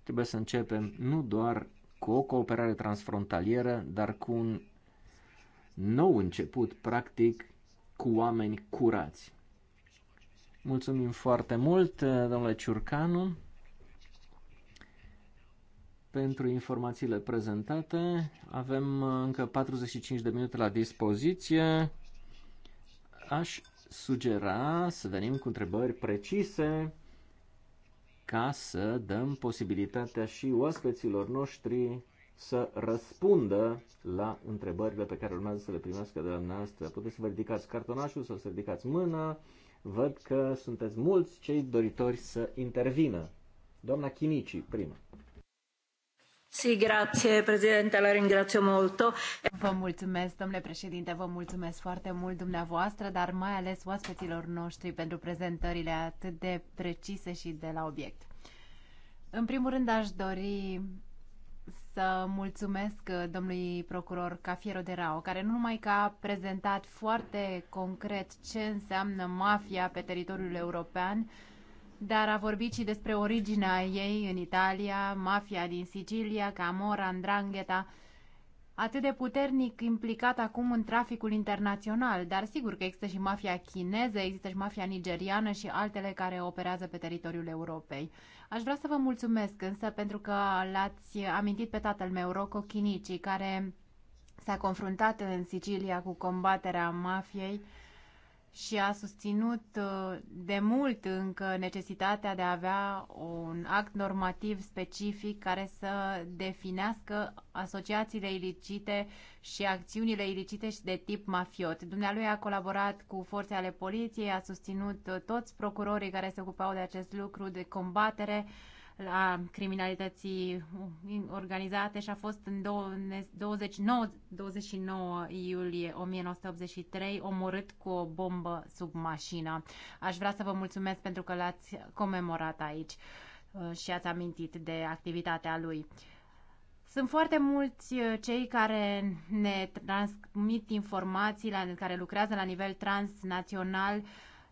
Trebuie să începem nu doar cu o cooperare transfrontalieră, dar cu un nou început, practic, cu oameni curați. Mulțumim foarte mult, uh, domnule Ciurcanu, pentru informațiile prezentate. Avem uh, încă 45 de minute la dispoziție. Aș sugera să venim cu întrebări precise ca să dăm posibilitatea și oaspeților noștri să răspundă la întrebările pe care urmează să le primească de la dumneavoastră. Puteți să vă ridicați cartonașul sau să ridicați mâna Văd că sunteți mulți cei doritori să intervină. Doamna Chinici, prima. Sì, grazie Presidente, la ringrazio molto. Vă mulțumesc, domnule președinte, vă mulțumesc foarte mult dumneavoastră, dar mai ales oaspeților noștri pentru prezentările atât de precise și de la obiect. În primul rând aș dori să mulțumesc uh, domnului procuror Cafiero de Rao, care nu numai că a prezentat foarte concret ce înseamnă mafia pe teritoriul european, dar a vorbit și despre originea ei în Italia, mafia din Sicilia, Camorra, Andrangheta, atât de puternic implicat acum în traficul internațional, dar sigur că există și mafia chineză, există și mafia nigeriană și altele care operează pe teritoriul Europei. Aș vrea să vă mulțumesc însă pentru că l-ați amintit pe tatăl meu, Rocco Chinici, care s-a confruntat în Sicilia cu combaterea mafiei și a susținut uh, de mult încă necesitatea de a avea un act normativ specific care să definească asociațiile ilicite și acțiunile ilicite și de tip mafiot. Dumnealui a colaborat cu forțe ale poliției, a susținut uh, toți procurorii care se ocupau de acest lucru, de combatere, a criminalității organizate și a fost în 29, 29 iulie 1983 omorât cu o bombă sub mașină. Aș vrea să vă mulțumesc pentru că l-ați comemorat aici uh, și ați amintit de activitatea lui. Sunt foarte mulți uh, cei care ne transmit informații, la, care lucrează la nivel transnațional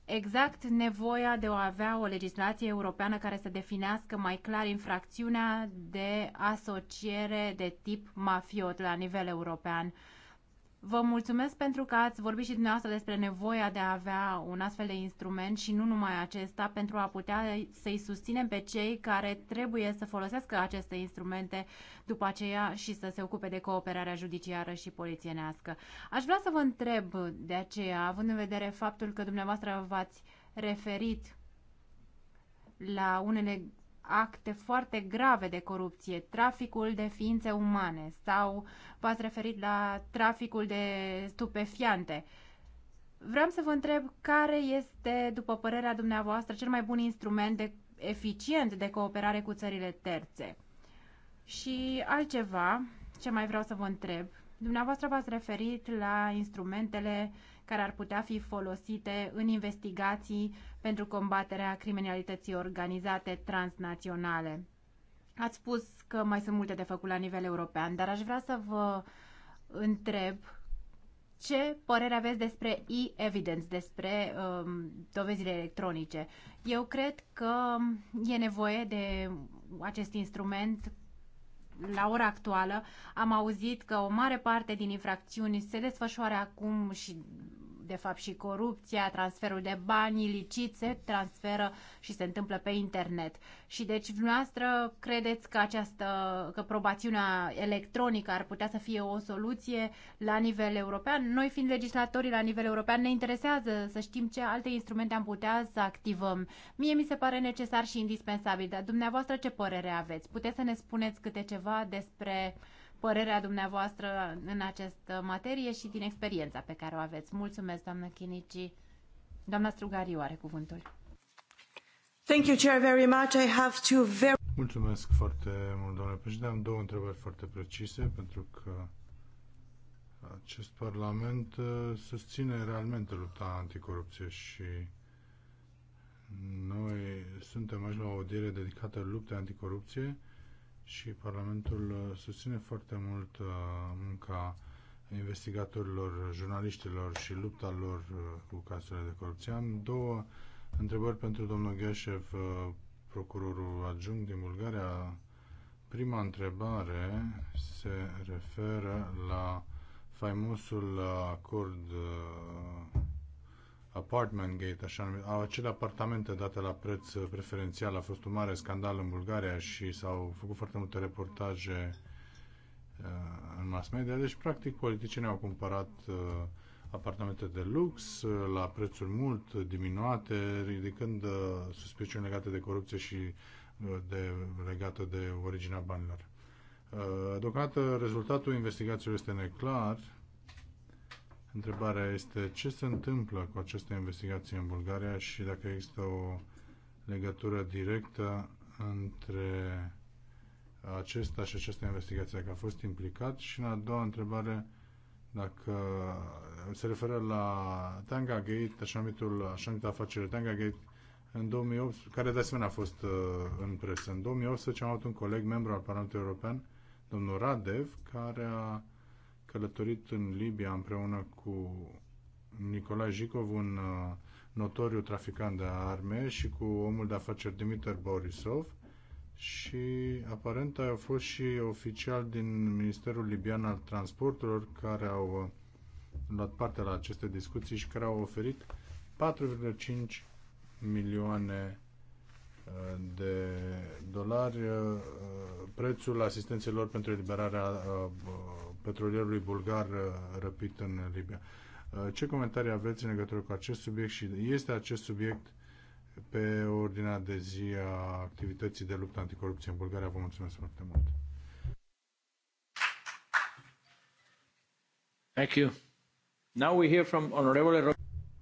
exact nevoia de a avea o legislație europeană care să definească mai clar infracțiunea de asociere de tip mafiot la nivel european Vă mulțumesc pentru că ați vorbit și dumneavoastră despre nevoia de a avea un astfel de instrument și nu numai acesta pentru a putea să-i susținem pe cei care trebuie să folosească aceste instrumente după aceea și să se ocupe de cooperarea judiciară și polițienească. Aș vrea să vă întreb de aceea, având în vedere faptul că dumneavoastră v-ați referit la unele acte foarte grave de corupție, traficul de ființe umane sau v-ați referit la traficul de stupefiante. Vreau să vă întreb care este, după părerea dumneavoastră, cel mai bun instrument de eficient de cooperare cu țările terțe. Și altceva ce mai vreau să vă întreb Dumneavoastră v-ați referit la instrumentele care ar putea fi folosite în investigații pentru combaterea criminalității organizate transnaționale. Ați spus că mai sunt multe de făcut la nivel european, dar aș vrea să vă întreb ce părere aveți despre e-evidence, despre um, dovezile electronice? Eu cred că e nevoie de acest instrument la ora actuală am auzit că o mare parte din infracțiuni se desfășoară acum și de fapt și corupția, transferul de bani ilicit se transferă și se întâmplă pe internet. Și deci dumneavoastră credeți că această, că probațiunea electronică ar putea să fie o soluție la nivel european? Noi fiind legislatorii la nivel european ne interesează să știm ce alte instrumente am putea să activăm. Mie mi se pare necesar și indispensabil, dar dumneavoastră ce părere aveți? Puteți să ne spuneți câte ceva despre uh, părerea dumneavoastră în această materie și din experiența pe care o aveți. Mulțumesc, doamnă Chinici. Doamna Strugariu are cuvântul. Thank you, Chair, very much. I have two very... Mulțumesc foarte mult, doamnă președinte. Am două întrebări foarte precise, pentru că acest Parlament uh, susține realmente lupta anticorupție și noi suntem aici la o audiere dedicată luptei anticorupție și Parlamentul uh, susține foarte mult uh, munca investigatorilor, jurnaliștilor și lupta lor uh, cu cazurile de corupție. Am două întrebări pentru domnul Gheșev, procurorul adjunct din Bulgaria. Prima întrebare se referă la faimosul acord apartment gate, așa numit, acele apartamente date la preț preferențial a fost un mare scandal în Bulgaria și s-au făcut foarte multe reportaje uh, în mass media. Deci, practic, politicienii au cumpărat uh, apartamente de lux uh, la prețuri mult diminuate, ridicând suspiciuni legate de corupție și de, legată de originea banilor. Deocamdată, rezultatul investigațiilor este neclar Întrebarea este ce se întâmplă cu această investigație în Bulgaria și dacă există o legătură directă între acesta și această investigație, dacă a fost implicat și în a doua întrebare dacă se referă la Tanga Gate, așa numitul, așa numită afacere Tanga Gate, în 2008, care de asemenea a fost uh, în presă. În 2018 am avut un coleg membru al Parlamentului European, domnul Radev, care a călătorit în Libia împreună cu Nicolae Jicov, un uh, notoriu traficant de arme, și cu omul de afaceri Dimitar Borisov și aparent au fost și oficial din Ministerul Libian al Transporturilor care au uh, luat parte la aceste discuții și care au oferit 4,5 milioane uh, de dolari prețul asistențelor pentru eliberarea petrolierului bulgar uh, răpit în Libia. Uh, ce comentarii aveți în legătură cu acest subiect și este acest subiect pe ordinea de zi a activității de luptă anticorupție în Bulgaria? Vă mulțumesc foarte mult! Thank you. Now we hear from Honorable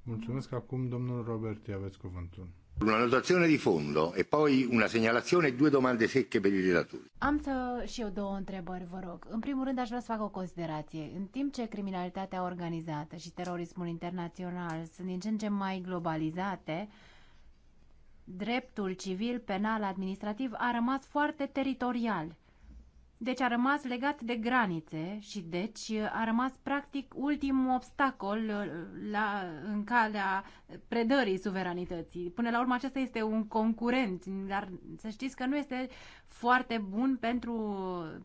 Mulțumesc acum domnul Robert, aveți cuvântul. Una notazione di fondo e poi una segnalazione e due domande secche per i relatori. Am să și eu două întrebări, vă rog. În primul rând, aș vrea să fac o considerație. În timp ce criminalitatea organizată și terorismul internațional sunt din ce în ce mai globalizate, dreptul civil, penal, administrativ a rămas foarte teritorial. Deci a rămas legat de granițe și deci a rămas practic ultimul obstacol uh, la, în calea predării suveranității. Până la urmă acesta este un concurent, dar să știți că nu este foarte bun pentru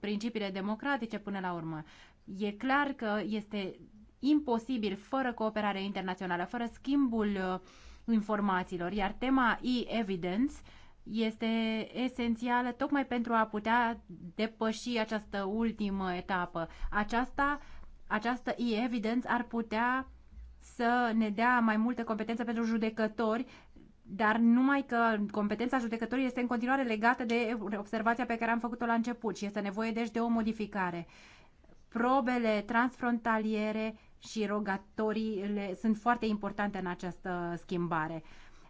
principiile democratice până la urmă. E clar că este imposibil fără cooperare internațională, fără schimbul uh, informațiilor, iar tema e-evidence este esențială tocmai pentru a putea depăși această ultimă etapă. Aceasta, această e-evidence ar putea să ne dea mai multe competențe pentru judecători, dar numai că competența judecătorii este în continuare legată de observația pe care am făcut-o la început și este nevoie deci de o modificare. Probele transfrontaliere și rogatorii sunt foarte importante în această schimbare.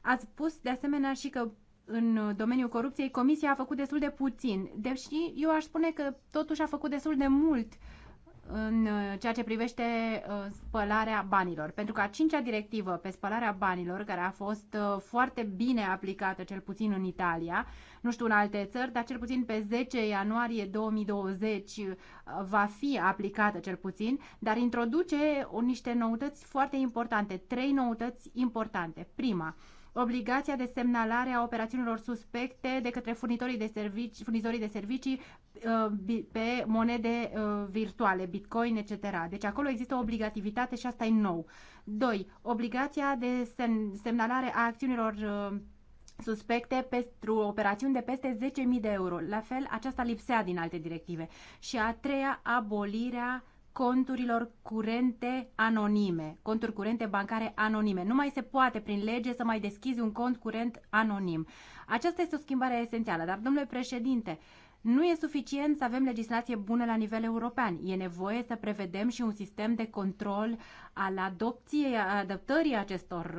Ați spus de asemenea și că în domeniul corupției, Comisia a făcut destul de puțin, deși eu aș spune că totuși a făcut destul de mult în uh, ceea ce privește uh, spălarea banilor. Pentru că a cincea directivă pe spălarea banilor, care a fost uh, foarte bine aplicată, cel puțin în Italia, nu știu în alte țări, dar cel puțin pe 10 ianuarie 2020 va fi aplicată cel puțin, dar introduce niște noutăți foarte importante, trei noutăți importante. Prima, obligația de semnalare a operațiunilor suspecte de către furnitorii de servicii, furnizorii de servicii uh, pe monede uh, virtuale, bitcoin, etc. Deci acolo există o obligativitate și asta e nou. 2. Obligația de semnalare a acțiunilor uh, suspecte pentru operațiuni de peste 10.000 de euro. La fel, aceasta lipsea din alte directive. Și a treia, abolirea conturilor curente anonime, conturi curente bancare anonime. Nu mai se poate prin lege să mai deschizi un cont curent anonim. Aceasta este o schimbare esențială, dar, domnule președinte, nu e suficient să avem legislație bună la nivel european. E nevoie să prevedem și un sistem de control al adopției, a adaptării acestor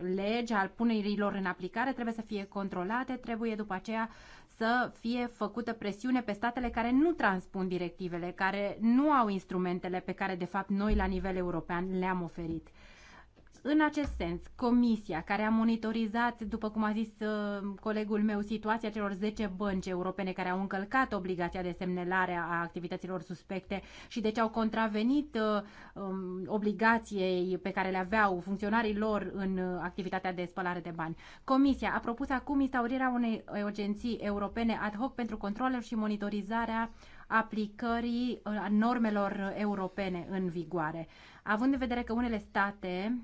uh, legi, al punerilor în aplicare. Trebuie să fie controlate, trebuie după aceea uh, să fie făcută presiune pe statele care nu transpun directivele, care nu au instrumentele pe care, de fapt, noi, la nivel european, le-am oferit. În acest sens, comisia care a monitorizat, după cum a zis uh, colegul meu, situația celor 10 bănci europene care au încălcat obligația de semnelare a activităților suspecte și deci au contravenit uh, um, obligației pe care le aveau funcționarii lor în uh, activitatea de spălare de bani. Comisia a propus acum instaurarea unei agenții europene ad hoc pentru controlul și monitorizarea aplicării normelor europene în vigoare. Având în vedere că unele state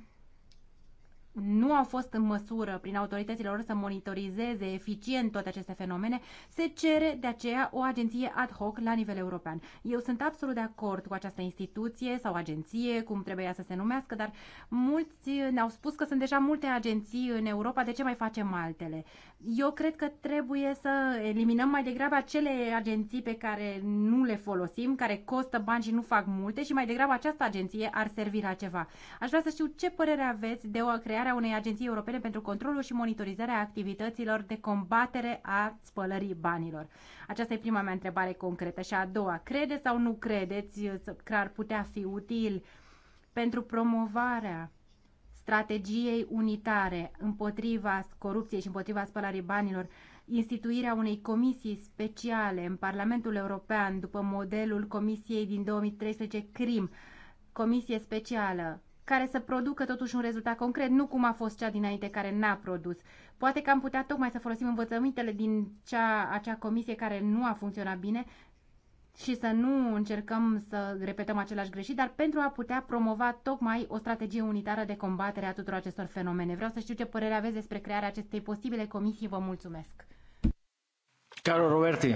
nu au fost în măsură prin autoritățile lor să monitorizeze eficient toate aceste fenomene, se cere de aceea o agenție ad hoc la nivel european. Eu sunt absolut de acord cu această instituție sau agenție, cum trebuia să se numească, dar mulți ne-au spus că sunt deja multe agenții în Europa, de ce mai facem altele? eu cred că trebuie să eliminăm mai degrabă acele agenții pe care nu le folosim, care costă bani și nu fac multe și mai degrabă această agenție ar servi la ceva. Aș vrea să știu ce părere aveți de o crearea unei agenții europene pentru controlul și monitorizarea activităților de combatere a spălării banilor. Aceasta e prima mea întrebare concretă. Și a doua, credeți sau nu credeți că ar putea fi util pentru promovarea strategiei unitare împotriva corupției și împotriva spălării banilor, instituirea unei comisii speciale în Parlamentul European după modelul comisiei din 2013 CRIM, comisie specială, care să producă totuși un rezultat concret, nu cum a fost cea dinainte care n-a produs. Poate că am putea tocmai să folosim învățămintele din cea, acea comisie care nu a funcționat bine și să nu încercăm să repetăm același greșit, dar pentru a putea promova tocmai o strategie unitară de combatere a tuturor acestor fenomene. Vreau să știu ce părere aveți despre crearea acestei posibile comisii. Vă mulțumesc! Caro Roberti,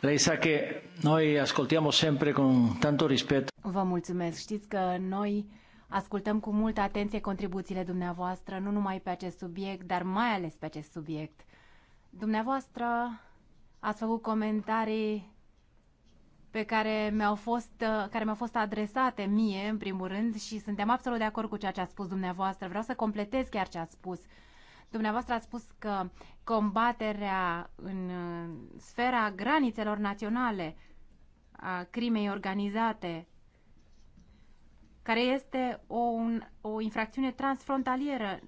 lei sa che noi ascoltiamo sempre con tanto rispetto. Vă mulțumesc! Știți că noi ascultăm cu multă atenție contribuțiile dumneavoastră, nu numai pe acest subiect, dar mai ales pe acest subiect. Dumneavoastră ați făcut comentarii pe care mi-au fost, uh, care mi-au fost adresate mie, în primul rând, și suntem absolut de acord cu ceea ce a spus dumneavoastră. Vreau să completez chiar ce a spus. Dumneavoastră a spus că combaterea în uh, sfera granițelor naționale a crimei organizate, care este o, un, o infracțiune transfrontalieră,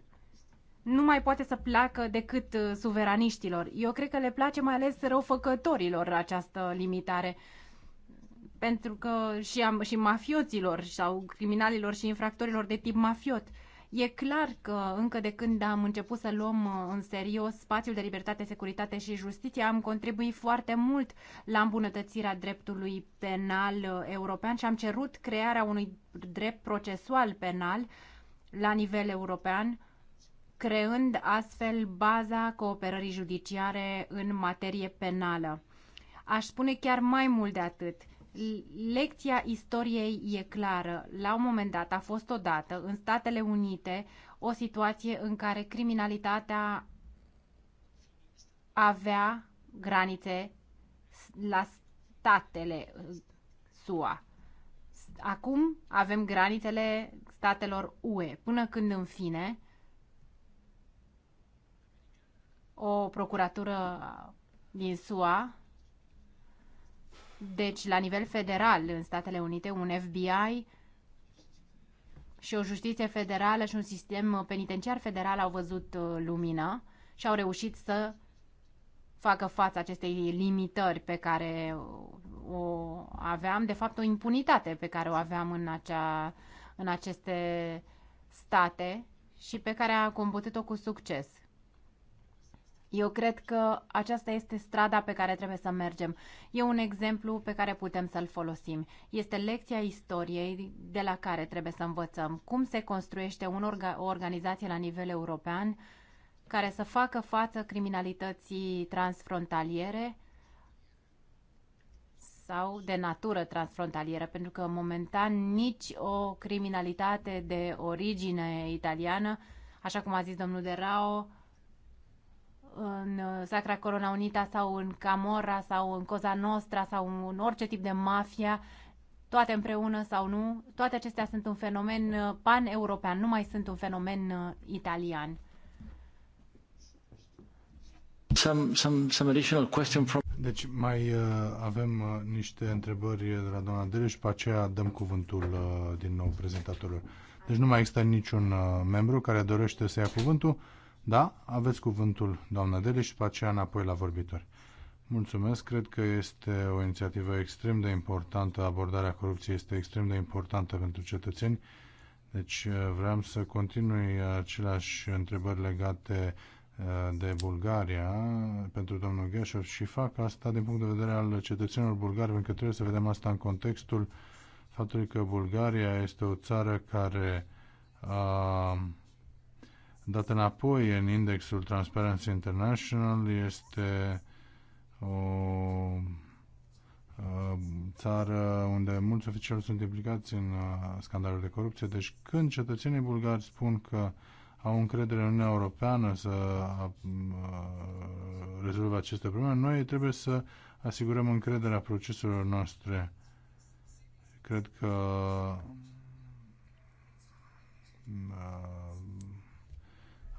nu mai poate să placă decât uh, suveraniștilor. Eu cred că le place mai ales răufăcătorilor această limitare pentru că și, am, și mafioților sau criminalilor și infractorilor de tip mafiot. E clar că încă de când am început să luăm uh, în serios spațiul de libertate, securitate și justiție, am contribuit foarte mult la îmbunătățirea dreptului penal uh, european și am cerut crearea unui drept procesual penal la nivel european, creând astfel baza cooperării judiciare în materie penală. Aș spune chiar mai mult de atât lecția istoriei e clară. La un moment dat a fost odată în Statele Unite o situație în care criminalitatea avea granițe la statele uh, SUA. Acum avem granițele statelor UE, până când în fine o procuratură din SUA deci, la nivel federal, în Statele Unite, un FBI și o justiție federală și un sistem penitenciar federal au văzut uh, lumina și au reușit să facă față acestei limitări pe care o aveam, de fapt o impunitate pe care o aveam în, acea, în aceste state și pe care a combătut-o cu succes. Eu cred că aceasta este strada pe care trebuie să mergem. E un exemplu pe care putem să-l folosim. Este lecția istoriei de la care trebuie să învățăm cum se construiește un orga- o organizație la nivel european care să facă față criminalității transfrontaliere sau de natură transfrontalieră, pentru că momentan nici o criminalitate de origine italiană, așa cum a zis domnul De Rao, în uh, Sacra Corona Unita sau în Camorra sau în Cosa Nostra sau în orice tip de mafia, toate împreună sau nu, toate acestea sunt un fenomen uh, pan-european, nu mai sunt un fenomen uh, italian. Some, some, some additional question from... Deci mai uh, avem uh, niște întrebări de la doamna Dele și pe aceea dăm cuvântul uh, din nou prezentatorilor. Deci nu mai există niciun uh, membru care dorește să ia cuvântul. Da? Aveți cuvântul, doamnă Deli, și după aceea înapoi la vorbitori. Mulțumesc, cred că este o inițiativă extrem de importantă, abordarea corupției este extrem de importantă pentru cetățeni, deci uh, vreau să continui aceleași întrebări legate uh, de Bulgaria pentru domnul Gheșov și fac asta din punct de vedere al cetățenilor bulgari, pentru că trebuie să vedem asta în contextul faptului că Bulgaria este o țară care a dat înapoi în indexul Transparency International. Este o țară unde mulți oficiali sunt implicați în scandalul de corupție. Deci când cetățenii bulgari spun că au încredere în Uniunea Europeană să rezolve aceste probleme, noi trebuie să asigurăm încrederea proceselor noastre. Cred că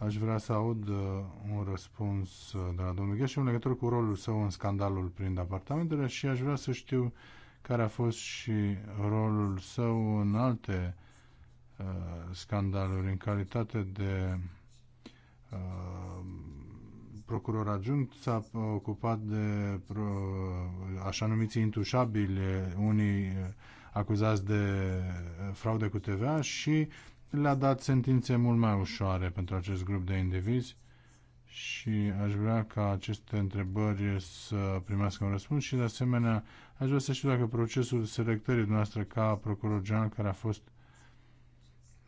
Aș vrea să aud uh, un răspuns uh, de la domnul Gheșu în legătură cu rolul său în scandalul prin apartamentele și aș vrea să știu care a fost și rolul său în alte uh, scandaluri în calitate de uh, procuror adjunct s-a ocupat de pro, așa numiți intușabili, unii acuzați de fraude cu TVA și le-a dat sentințe mult mai ușoare pentru acest grup de indivizi și aș vrea ca aceste întrebări să primească un răspuns și de asemenea aș vrea să știu dacă procesul selectării noastre ca procuror general care a fost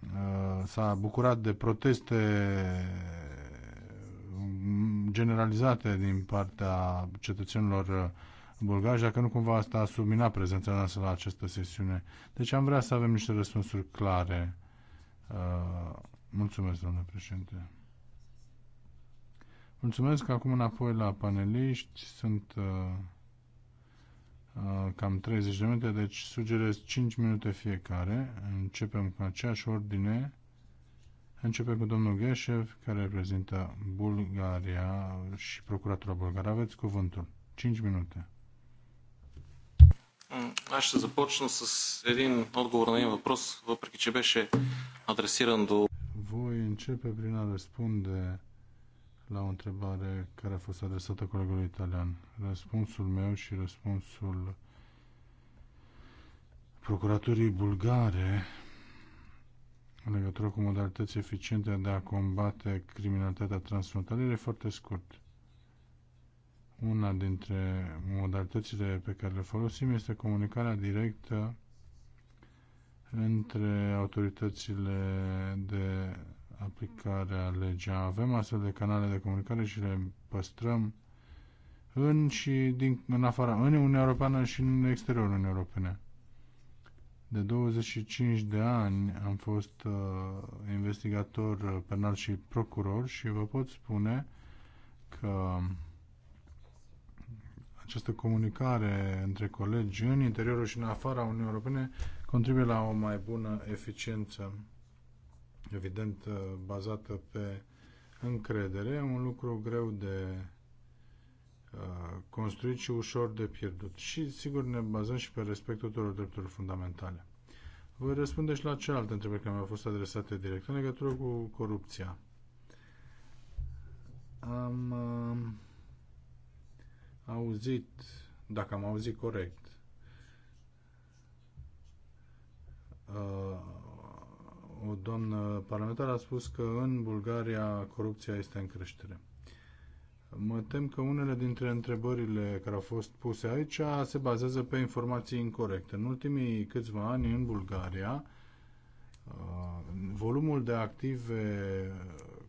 uh, s-a bucurat de proteste generalizate din partea cetățenilor uh, bulgari, dacă nu cumva asta a subminat prezența noastră la această sesiune. Deci am vrea să avem niște răspunsuri clare Uh, mulțumesc, domnule președinte. Mulțumesc. Acum înapoi la paneliști. Sunt uh, uh, cam 30 de minute, deci sugerez 5 minute fiecare. Începem cu aceeași ordine. Începem cu domnul Gheșev, care reprezintă Bulgaria și Procuratura Bulgară. Aveți cuvântul. 5 minute. Аз ще започна с един отговор на един въпрос, въпреки че беше адресиран до... Voi începe prin a răspunde la o întrebare care a fost adresată colegului italian. Răspunsul meu și răspunsul procuraturii bulgare în legătură cu modalități eficiente de a combate criminalitatea transfrontalieră e foarte scurt. Una dintre modalitățile pe care le folosim este comunicarea directă între autoritățile de aplicare a legea. Avem astfel de canale de comunicare și le păstrăm în și din, în afara, în Uniunea Europeană și în exteriorul Uniunii Europene. De 25 de ani am fost uh, investigator penal și procuror și vă pot spune că această comunicare între colegi în interiorul și în afara Uniunii Europene contribuie la o mai bună eficiență, evident uh, bazată pe încredere, un lucru greu de uh, construit și ușor de pierdut. Și, sigur, ne bazăm și pe respectul tuturor drepturilor fundamentale. Voi răspunde și la cealaltă întrebări care mi-au fost adresate direct în legătură cu corupția. Am uh, auzit, dacă am auzit corect, uh, o doamnă parlamentară a spus că în Bulgaria corupția este în creștere. Mă tem că unele dintre întrebările care au fost puse aici se bazează pe informații incorrecte. În ultimii câțiva ani în Bulgaria, uh, volumul de active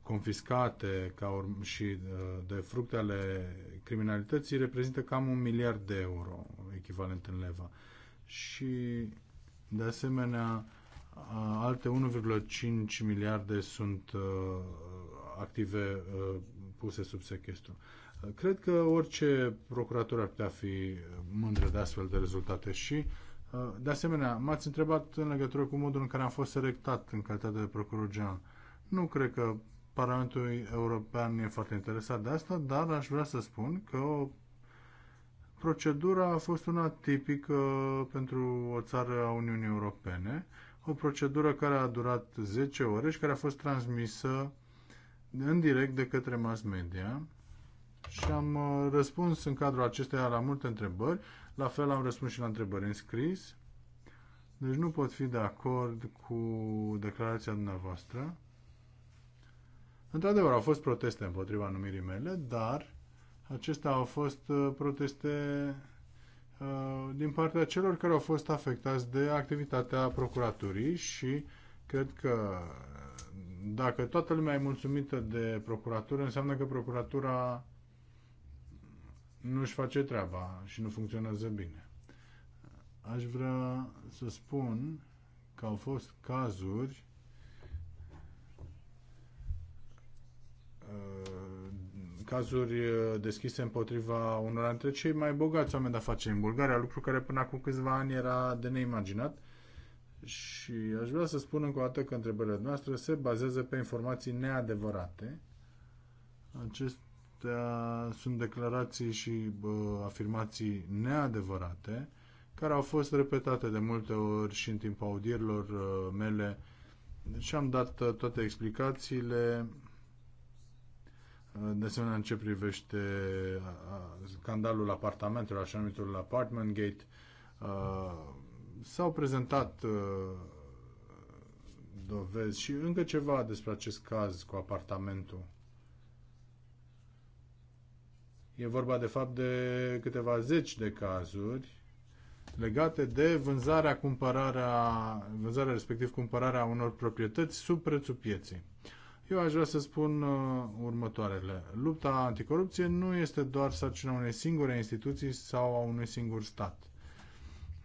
confiscate ca și uh, de fructe ale criminalității reprezintă cam un miliard de euro, echivalent în leva. Și, de asemenea, alte 1,5 miliarde sunt uh, active uh, puse sub sequestru. Uh, cred că orice procurator ar putea fi mândră de astfel de rezultate și uh, de asemenea, m-ați întrebat în legătură cu modul în care am fost selectat în calitate de procuror general. Nu cred că Parlamentul European e foarte interesat de asta, dar aș vrea să spun că o procedura a fost una tipică pentru o țară a Uniunii Europene, o procedură care a durat 10 ore și care a fost transmisă în direct de către mass media și am uh, răspuns în cadrul acesteia la multe întrebări, la fel am răspuns și la întrebări în scris, deci nu pot fi de acord cu declarația dumneavoastră. Într-adevăr, au fost proteste împotriva numirii mele, dar acestea au fost uh, proteste uh, din partea celor care au fost afectați de activitatea procuraturii și cred că uh, dacă toată lumea e mulțumită de procuratură, înseamnă că procuratura nu își face treaba și nu funcționează bine. Aș vrea să spun că au fost cazuri Uh, cazuri uh, deschise împotriva unor dintre cei mai bogați oameni de afaceri în Bulgaria, lucru care până acum câțiva ani era de neimaginat. Și aș vrea să spun încă o dată că întrebările noastre se bazează pe informații neadevărate. Acestea sunt declarații și bă, afirmații neadevărate care au fost repetate de multe ori și în timpul audierilor uh, mele și am dat toate explicațiile de asemenea în ce privește scandalul apartamentelor, așa numitul Apartment Gate, s-au prezentat dovezi și încă ceva despre acest caz cu apartamentul. E vorba de fapt de câteva zeci de cazuri legate de vânzarea, cumpărarea, vânzarea respectiv cumpărarea unor proprietăți sub prețul pieței. Eu aș vrea să spun uh, următoarele. Lupta anticorupție nu este doar sarcina unei singure instituții sau a unui singur stat.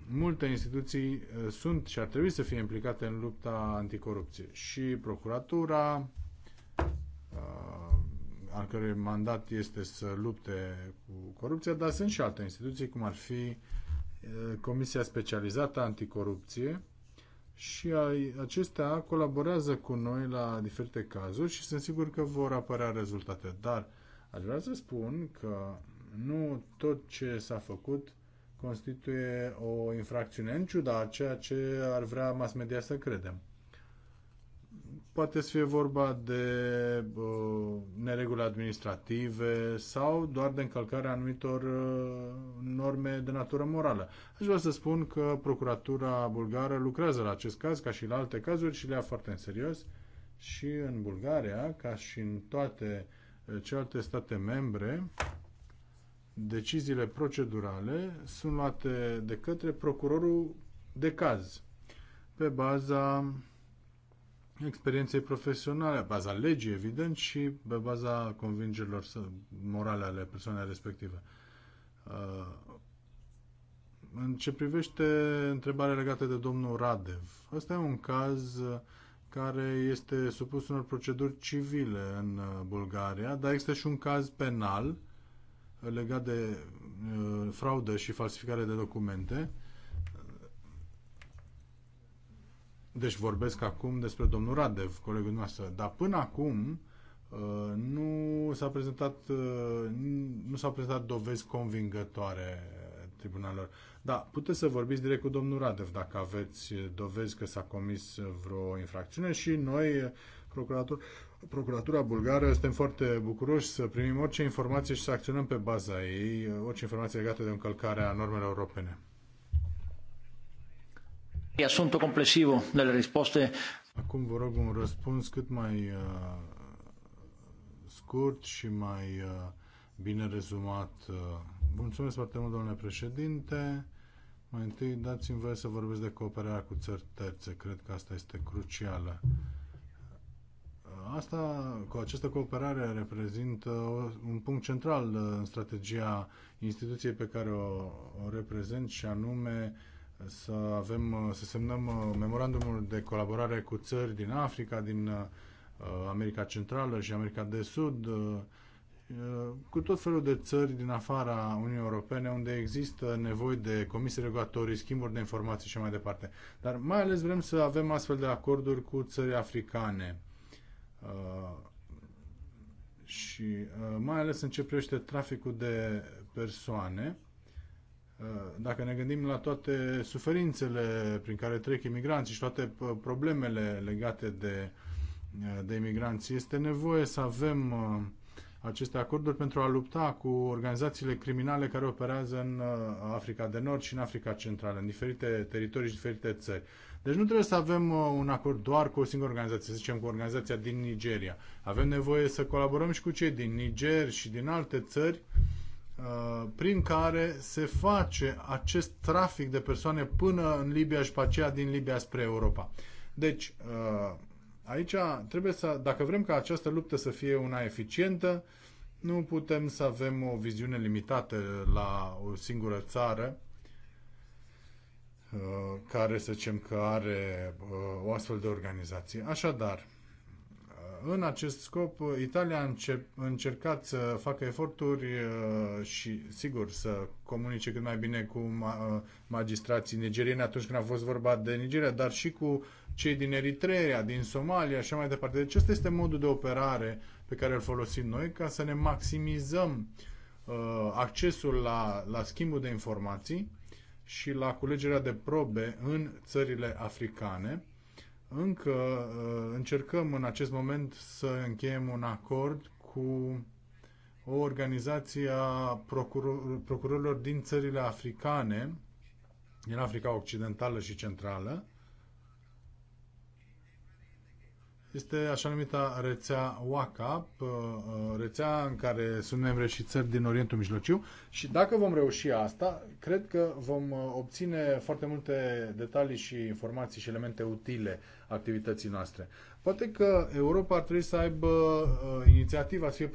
Multe instituții uh, sunt și ar trebui să fie implicate în lupta anticorupție. Și procuratura, uh, al cărui mandat este să lupte cu corupția, dar sunt și alte instituții, cum ar fi uh, Comisia Specializată Anticorupție, și acestea colaborează cu noi la diferite cazuri și sunt sigur că vor apărea rezultate. Dar aș vrea să spun că nu tot ce s-a făcut constituie o infracțiune, în ciuda ceea ce ar vrea mass media să credem. Poate să fie vorba de uh, nereguli administrative sau doar de încălcarea anumitor uh, norme de natură morală. Aș vrea să spun că Procuratura Bulgară lucrează la acest caz, ca și la alte cazuri, și le ia foarte în serios. Și în Bulgaria, ca și în toate uh, celelalte state membre, deciziile procedurale sunt luate de către procurorul de caz pe baza experienței profesionale, baza legii, evident, și pe baza convingerilor morale ale persoanei respective. Uh, în ce privește întrebarea legată de domnul Radev, ăsta e un caz uh, care este supus unor proceduri civile în uh, Bulgaria, dar există și un caz penal legat de fraudă și falsificare de documente Deci vorbesc acum despre domnul Radev, colegul noastră. Dar până acum uh, nu s-a prezentat, uh, nu s-au prezentat dovezi convingătoare tribunalelor. Da, puteți să vorbiți direct cu domnul Radev dacă aveți dovezi că s-a comis vreo infracțiune și noi, procurator, Procuratura Bulgară, suntem foarte bucuroși să primim orice informație și să acționăm pe baza ei, orice informație legată de încălcarea normelor europene. Asunto complesivo delle risposte. Acum vă rog un răspuns cât mai uh, scurt și mai uh, bine rezumat. Uh, mulțumesc foarte mult, domnule președinte. Mai întâi dați-mi voie să vorbesc de cooperarea cu țări terțe. Cred că asta este crucială. Asta, cu această cooperare reprezintă un punct central uh, în strategia instituției pe care o, o reprezent și anume uh, să, avem, uh, să semnăm uh, memorandumul de colaborare cu țări din Africa, din uh, America Centrală și America de Sud, cu tot felul de țări din afara Uniunii Europene unde există nevoi de comisii regulatorii, schimburi de informații și mai departe. Dar mai ales vrem să avem astfel de acorduri cu țări africane și mai ales începește traficul de persoane Uh, dacă ne gândim la toate suferințele prin care trec imigranții și toate uh, problemele legate de, uh, de imigranții, este nevoie să avem aceste acorduri pentru a lupta cu organizațiile criminale care operează în Africa de Nord și în Africa Centrală, în diferite teritorii și diferite țări. Deci nu trebuie să avem un acord doar cu o singură organizație, să zicem cu organizația din Nigeria. Avem nevoie să colaborăm și cu cei din Niger și din alte țări Uh, prin care se face acest trafic de persoane până în Libia și pe aceea din Libia spre Europa. Deci, uh, aici trebuie să, dacă vrem ca această luptă să fie una eficientă, nu putem să avem o viziune limitată la o singură țară uh, care să zicem că are o astfel de organizație. Așadar, în acest scop, Italia a încercat să facă eforturi uh, și, sigur, să comunice cât mai bine cu uh, magistrații nigerieni atunci când a fost vorba de Nigeria, dar și cu cei din Eritrea, din Somalia, așa mai departe. Deci acesta este modul de operare pe care îl folosim noi ca să ne maximizăm uh, accesul la, la schimbul de informații și la culegerea de probe în țările africane încă uh, încercăm în acest moment să încheiem un acord cu o organizație a procurorilor din țările africane, din Africa Occidentală și Centrală, este așa numita rețea WACAP, uh, uh, rețea în care sunt membre și țări din Orientul Mijlociu și dacă vom reuși asta, cred că vom uh, obține foarte multe detalii și informații și elemente utile activității noastre. Poate că Europa ar trebui să aibă inițiativa să fie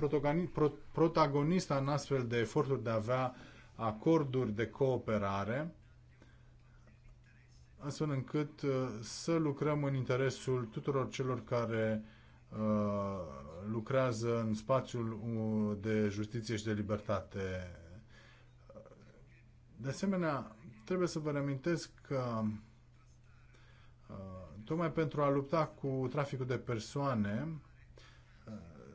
protagonista în astfel de eforturi de a avea acorduri de cooperare astfel încât uh, să lucrăm în interesul tuturor celor care uh, lucrează în spațiul uh, de justiție și de libertate. De asemenea, trebuie să vă reamintesc că tocmai pentru a lupta cu traficul de persoane,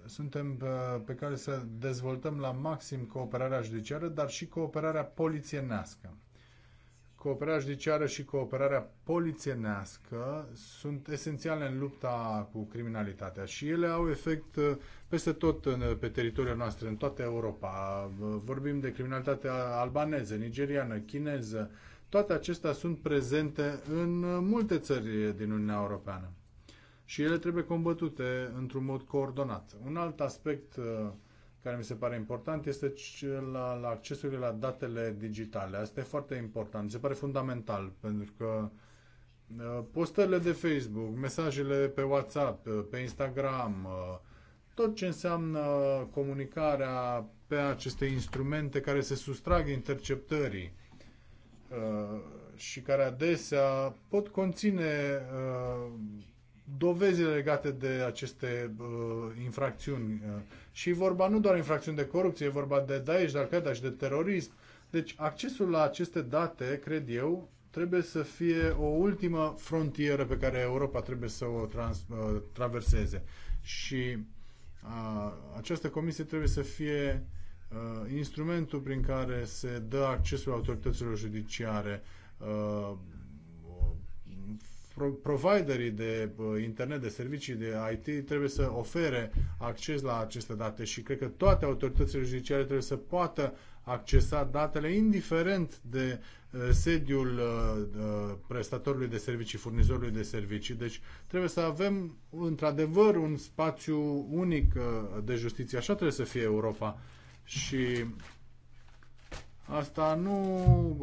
suntem pe care să dezvoltăm la maxim cooperarea judiciară, dar și cooperarea polițienească. Cooperarea judiciară și cooperarea polițienească sunt esențiale în lupta cu criminalitatea și ele au efect uh, peste tot în, uh, pe teritoriul nostru, în toată Europa. Vorbim de criminalitatea albaneză, nigeriană, chineză. Toate acestea sunt prezente în uh, multe țări din Uniunea Europeană și ele trebuie combătute într-un mod coordonat. Un alt aspect care mi se pare important este cel la, la accesul la datele digitale. Asta e foarte important, mi se pare fundamental, pentru că uh, postările de Facebook, mesajele pe WhatsApp, uh, pe Instagram, uh, tot ce înseamnă comunicarea pe aceste instrumente care se sustrag interceptării și care adesea pot conține dovezile legate de aceste uh, infracțiuni. Și e vorba nu doar infracțiuni de corupție, e vorba de Daesh, de Al-Qaeda și de terorism. Deci accesul la aceste date, cred eu, trebuie să fie o ultimă frontieră pe care Europa trebuie să o trans, uh, traverseze. Și uh, această comisie trebuie să fie uh, instrumentul prin care se dă accesul autorităților judiciare uh, providerii de internet, de servicii, de IT trebuie să ofere acces la aceste date și cred că toate autoritățile judiciare trebuie să poată accesa datele indiferent de sediul prestatorului de servicii, furnizorului de servicii. Deci trebuie să avem într-adevăr un spațiu unic de justiție. Așa trebuie să fie Europa. Și Asta nu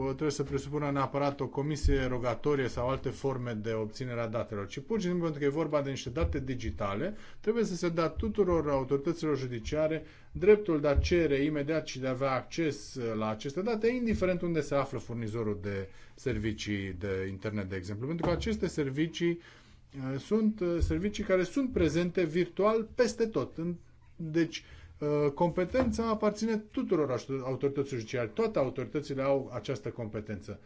trebuie să presupună neapărat o comisie rogatorie sau alte forme de obținere a datelor, ci pur și simplu pentru că e vorba de niște date digitale, trebuie să se dea tuturor autorităților judiciare dreptul de a cere imediat și de a avea acces la aceste date, indiferent unde se află furnizorul de servicii de internet, de exemplu, pentru că aceste servicii eh, sunt eh, servicii care sunt prezente virtual peste tot. Deci, Uh, competența aparține tuturor autorităților judiciare. Toate autoritățile au această competență.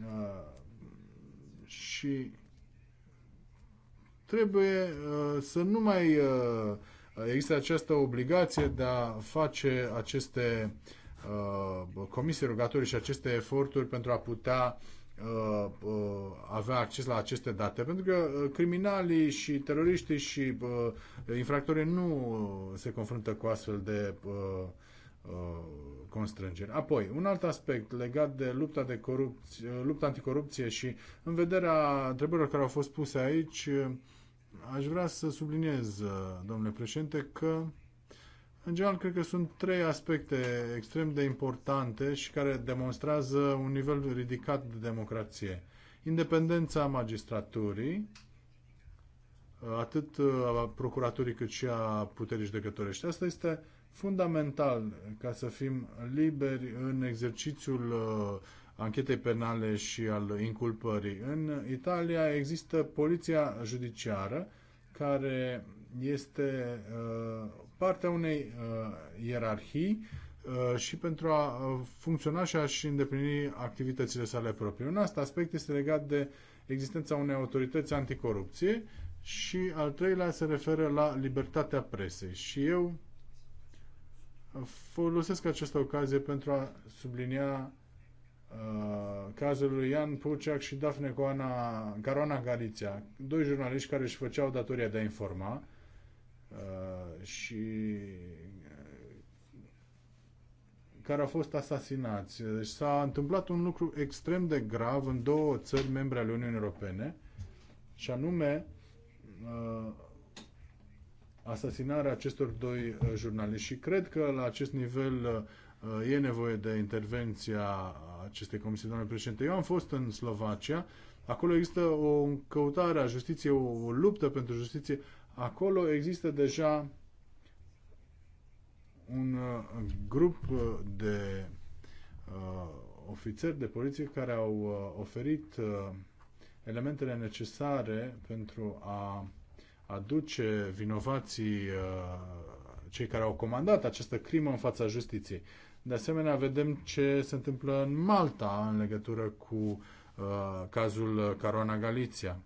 Uh, și trebuie uh, să nu mai există această obligație de a face aceste comisii rugatorii și aceste eforturi pentru a putea uh, Uh, uh, avea acces la aceste date, pentru că uh, criminalii și teroriștii și infractorii nu se confruntă cu astfel de constrângeri. Apoi, un alt aspect legat de lupta, de corupție, lupta anticorupție și în vederea întrebărilor care au fost puse aici, aș vrea să subliniez, domnule președinte, că uh, în general, cred că sunt trei aspecte extrem de importante și care demonstrează un nivel ridicat de democrație. Independența magistraturii, atât uh, a procuraturii cât și a puterii judecătorești. Asta este fundamental ca să fim liberi în exercițiul uh, anchetei penale și al inculpării. În Italia există poliția judiciară care este uh, partea unei uh, ierarhii uh, și pentru a uh, funcționa și a-și îndeplini activitățile sale proprii. Un alt aspect este legat de existența unei autorități anticorupție și al treilea se referă la libertatea presei. Și eu folosesc această ocazie pentru a sublinia uh, cazul lui Ian Puceac și Dafne Coana, Caruana Galiția, doi jurnaliști care își făceau datoria de a informa, Uh, și uh, care au fost asasinați. Deci s-a întâmplat un lucru extrem de grav în două țări membre ale Uniunii Europene, și anume uh, asasinarea acestor doi jurnaliști. Și cred că la acest nivel e nevoie de intervenția acestei comisii, doamne președinte. Eu am fost în Slovacia, acolo există o căutare a justiției, o, o luptă pentru justiție Acolo există deja un uh, grup uh, de uh, ofițeri de poliție care au uh, oferit uh, elementele necesare pentru a aduce vinovații uh, cei care au comandat această crimă în fața justiției. De asemenea, vedem ce se întâmplă în Malta în legătură cu uh, cazul Caruana Galiția.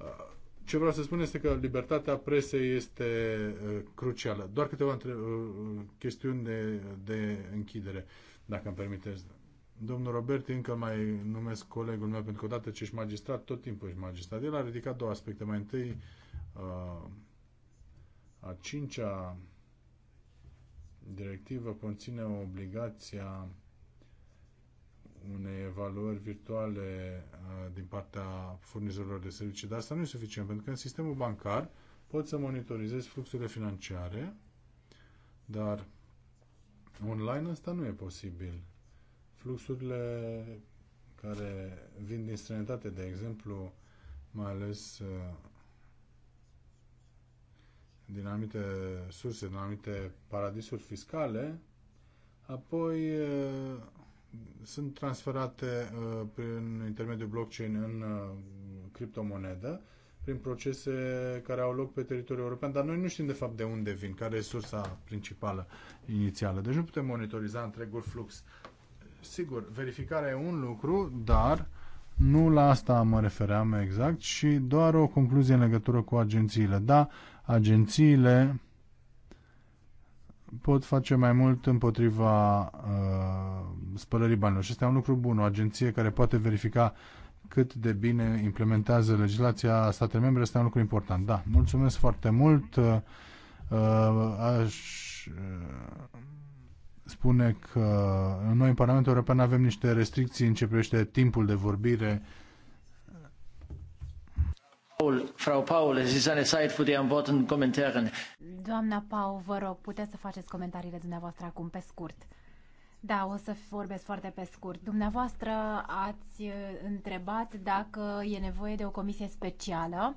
Uh, ce vreau să spun este că libertatea presei este uh, crucială. Doar câteva între, uh, uh, chestiuni de, de închidere, dacă îmi permiteți. Domnul Robert, încă mai numesc colegul meu, pentru că odată ce ești magistrat, tot timpul ești magistrat. El a ridicat două aspecte. Mai întâi, a cincea directivă conține obligația unei evaluări virtuale din partea furnizorilor de servicii, dar asta nu e suficient, pentru că în sistemul bancar poți să monitorizezi fluxurile financiare, dar online asta nu e posibil. Fluxurile care vin din străinătate, de exemplu, mai ales din anumite surse, din anumite paradisuri fiscale, apoi sunt transferate uh, prin intermediul blockchain în uh, criptomonedă, prin procese care au loc pe teritoriul european, dar noi nu știm de fapt de unde vin, care e sursa principală inițială. Deci nu putem monitoriza întregul flux. Sigur, verificarea e un lucru, dar nu la asta mă refeream exact și doar o concluzie în legătură cu agențiile. Da, agențiile pot face mai mult împotriva uh, spălării banilor. Și este un lucru bun, o agenție care poate verifica cât de bine implementează legislația statelor membre, este un lucru important. Da, mulțumesc foarte mult. Uh, aș uh, spune că noi în Parlamentul European avem niște restricții în ce privește timpul de vorbire uh, Paul, Frau Paul, es ist eine Zeit für die Antworten Kommentaren. Doamna vă rog, puteți să faceți comentariile dumneavoastră acum pe scurt. Da, o să vorbesc foarte pe scurt. Dumneavoastră ați uh, întrebat dacă e nevoie de o comisie specială.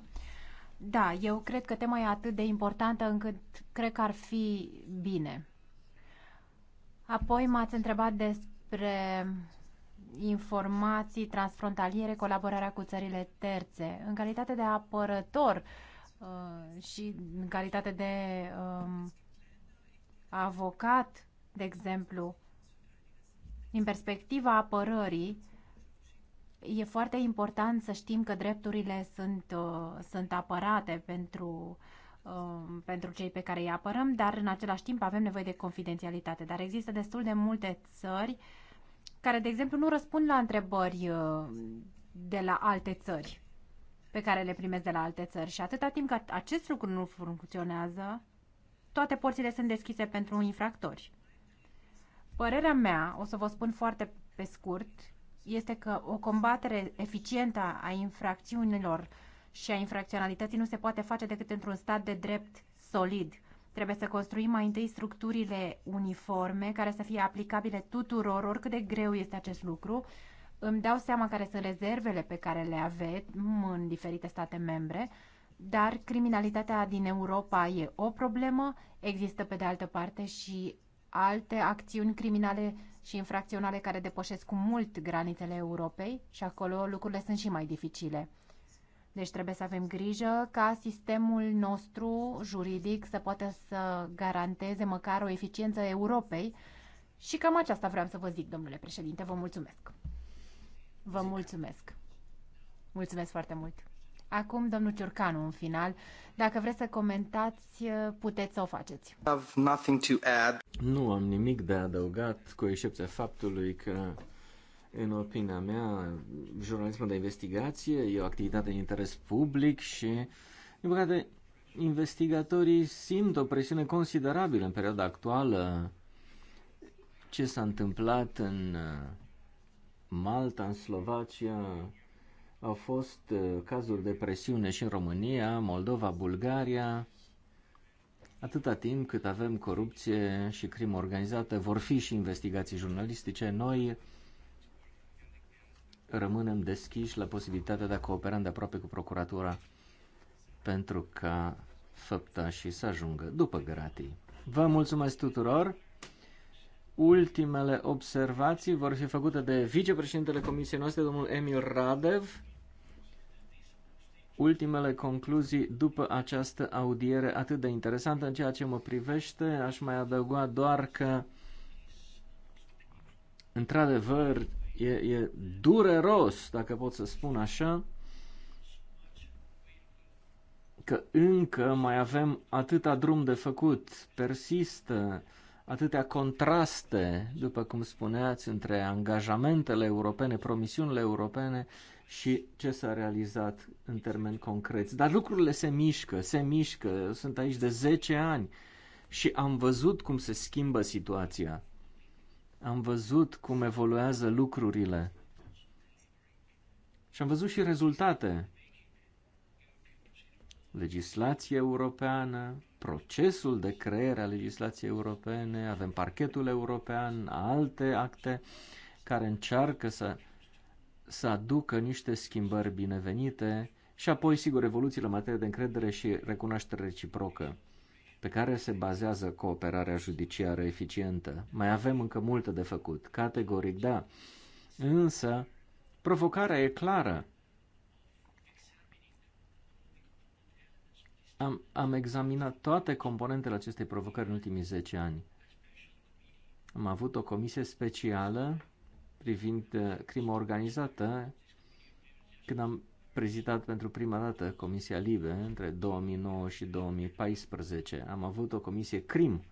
Da, eu cred că tema e atât de importantă încât cred că ar fi bine. Apoi m-ați întrebat despre informații transfrontaliere, colaborarea cu țările terțe. În calitate de apărător uh, și în calitate de um, avocat, de exemplu, din perspectiva apărării, e foarte important să știm că drepturile sunt, uh, sunt apărate pentru um, pentru cei pe care îi apărăm, dar în același timp avem nevoie de confidențialitate. Dar există destul de multe țări uh, care, de exemplu, nu răspund la întrebări uh, de la alte țări, pe care le primesc de la alte țări. Și atâta timp cât acest lucru nu funcționează, toate porțile sunt deschise pentru infractori. Părerea mea, o să vă spun foarte pe scurt, este că o combatere eficientă a infracțiunilor și a infracționalității nu se poate face decât într-un stat de drept solid. Trebuie să construim mai întâi structurile uniforme care să fie aplicabile tuturor, oricât de greu este acest lucru. Îmi dau seama care sunt rezervele pe care le avem în diferite state membre, dar criminalitatea din Europa e o problemă, există pe de altă parte și alte acțiuni criminale și infracționale care depășesc cu mult granițele Europei și acolo lucrurile sunt și mai dificile. Deci trebuie să avem grijă ca sistemul nostru juridic să poată să garanteze măcar o eficiență Europei și cam aceasta vreau să vă zic, domnule președinte. Vă mulțumesc. Vă mulțumesc. Mulțumesc foarte mult. Acum, domnul Ciurcanu, în final, dacă vreți să comentați, puteți să o faceți. Nu am nimic de adăugat, cu excepția faptului că în opinia mea, jurnalismul de investigație e o activitate de interes public și, din păcate, investigatorii simt o presiune considerabilă în perioada actuală. Ce s-a întâmplat în uh, Malta, în Slovacia, au fost uh, cazuri de presiune și în România, Moldova, Bulgaria. Atâta timp cât avem corupție și crimă organizată, vor fi și investigații jurnalistice. Noi rămânem deschiși la posibilitatea de a coopera de aproape cu procuratura pentru ca și să ajungă după gratii. Vă mulțumesc tuturor! Ultimele observații vor fi făcute de vicepreședintele comisiei noastre, domnul Emil Radev. Ultimele concluzii după această audiere atât de interesantă în ceea ce mă privește, aș mai adăuga doar că, într-adevăr, e, e dureros, dacă pot să spun așa, că încă mai avem atâta drum de făcut, persistă atâtea contraste, după cum spuneați, între angajamentele europene, promisiunile europene și ce s-a realizat în termeni concreți. Dar lucrurile se mișcă, se mișcă. Eu sunt aici de 10 ani și am văzut cum se schimbă situația am văzut cum evoluează lucrurile și am văzut și rezultate. Legislație europeană, procesul de creare a legislației europene, avem parchetul european, alte acte care încearcă să, să aducă niște schimbări binevenite și apoi, sigur, evoluțiile în materie de încredere și recunoaștere reciprocă pe care se bazează cooperarea judiciară eficientă. Mai avem încă multe de făcut, categoric da, însă provocarea e clară. Am, am examinat toate componentele acestei provocări în ultimii 10 ani. Am avut o comisie specială privind eh, crimă organizată când am prezidat pentru prima dată Comisia Libe între 2009 și 2014. Am avut o comisie CRIM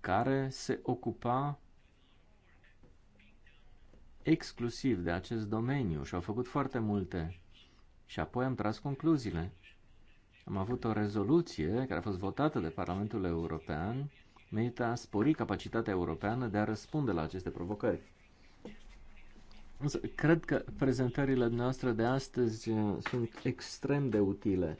care se ocupa exclusiv de acest domeniu și au făcut foarte multe. Și apoi am tras concluziile. Am avut o rezoluție care a fost votată de Parlamentul European menită a spori capacitatea europeană de a răspunde la aceste provocări cred că prezentările noastre de astăzi uh, sunt extrem de utile.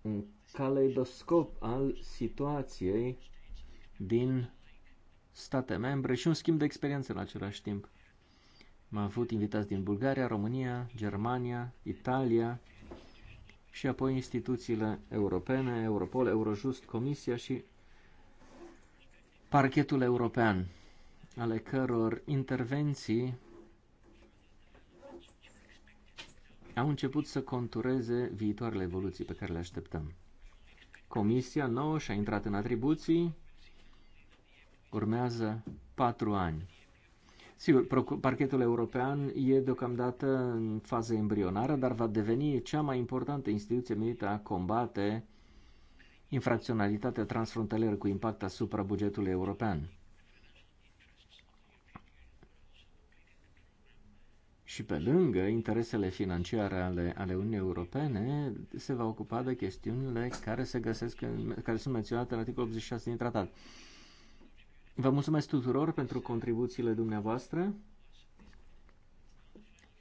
Un caleidoscop al situației din state membre și un schimb de experiențe în același timp. M-am avut invitați din Bulgaria, România, Germania, Italia și apoi instituțiile europene, Europol, Eurojust, Comisia și parchetul european, ale căror intervenții au început să contureze viitoarele evoluții pe care le așteptăm. Comisia nouă și-a intrat în atribuții, urmează patru ani. Sigur, parchetul european e deocamdată în fază embrionară, dar va deveni cea mai importantă instituție menită a combate infracționalitatea transfrontalieră cu impact asupra bugetului european. Și pe lângă interesele financiare ale, ale Uniunii Europene, se va ocupa de chestiunile care se găsesc, în, care sunt menționate în articolul 86 din tratat. Vă mulțumesc tuturor pentru contribuțiile dumneavoastră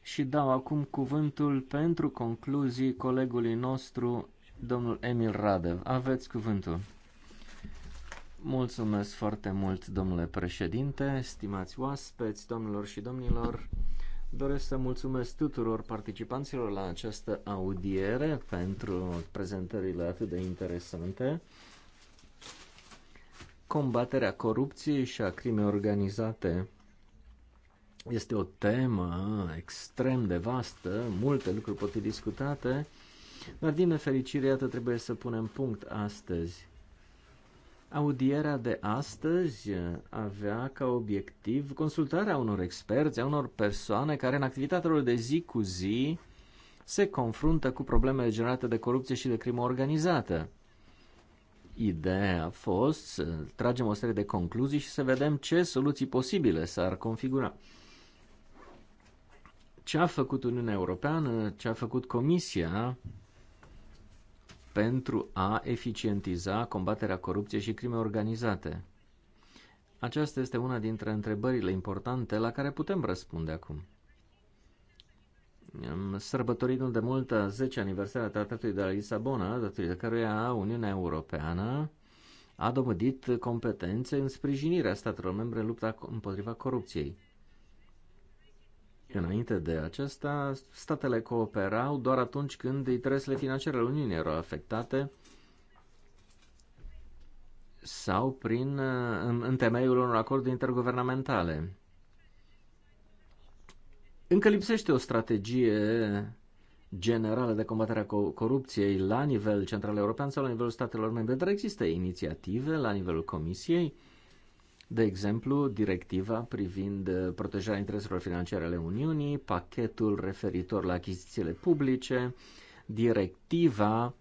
și dau acum cuvântul pentru concluzii colegului nostru Domnul Emil Radev, aveți cuvântul. Mulțumesc foarte mult, domnule președinte, stimați oaspeți, domnilor și domnilor. Doresc să mulțumesc tuturor participanților la această audiere pentru prezentările atât de interesante. Combaterea corupției și a crimei organizate este o temă extrem de vastă, multe lucruri pot fi discutate dar din nefericire, iată, trebuie să punem punct astăzi. Audierea de astăzi avea ca obiectiv consultarea unor experți, a unor persoane care în activitatea lor de zi cu zi se confruntă cu problemele generate de corupție și de crimă organizată. Ideea a fost să tragem o serie de concluzii și să vedem ce soluții posibile s-ar configura. Ce a făcut Uniunea Europeană, ce a făcut Comisia pentru a eficientiza combaterea corupției și crime organizate? Aceasta este una dintre întrebările importante la care putem răspunde acum. Am sărbătorit nu de mult 10 aniversarea Tratatului de la Lisabona, datorită căruia Uniunea Europeană a domădit competențe în sprijinirea statelor membre în lupta împotriva corupției. Înainte de aceasta, statele cooperau doar atunci când interesele financiare ale Uniunii erau afectate sau prin, în, în temeiul unor acorduri interguvernamentale. Încă lipsește o strategie generală de combatere a corupției la nivel central european sau la nivelul statelor membre, dar există inițiative la nivelul Comisiei de exemplu, directiva privind uh, protejarea intereselor financiare ale Uniunii, pachetul referitor la achizițiile publice, directiva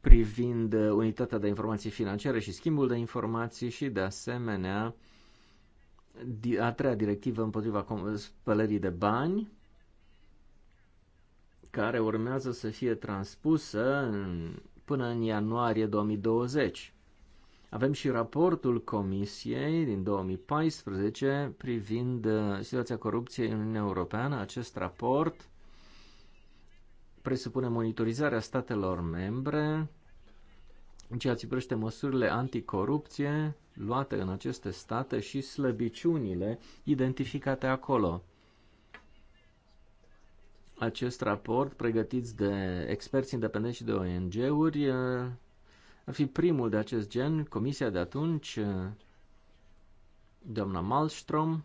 privind uh, unitatea de informații financiare și schimbul de informații și, de asemenea, a treia directivă împotriva spălării de bani, care urmează să fie transpusă în, până în ianuarie 2020. Avem și raportul Comisiei din 2014 privind uh, situația corupției în Uniunea Europeană. Acest raport presupune monitorizarea statelor membre în ceea ce privește măsurile anticorupție luate în aceste state și slăbiciunile identificate acolo. Acest raport, pregătit de experți independenți și de ONG-uri, uh, ar fi primul de acest gen. Comisia de atunci, doamna Malmström,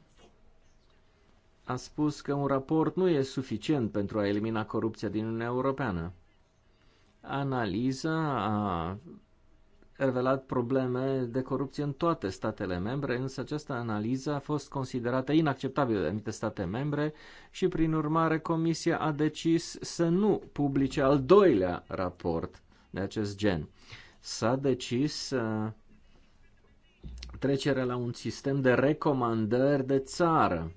a spus că un raport nu e suficient pentru a elimina corupția din Uniunea Europeană. Analiza a revelat probleme de corupție în toate statele membre, însă această analiză a fost considerată inacceptabilă de anumite state membre și, prin urmare, Comisia a decis să nu publice al doilea raport de acest gen s-a decis uh, trecerea la un sistem de recomandări de țară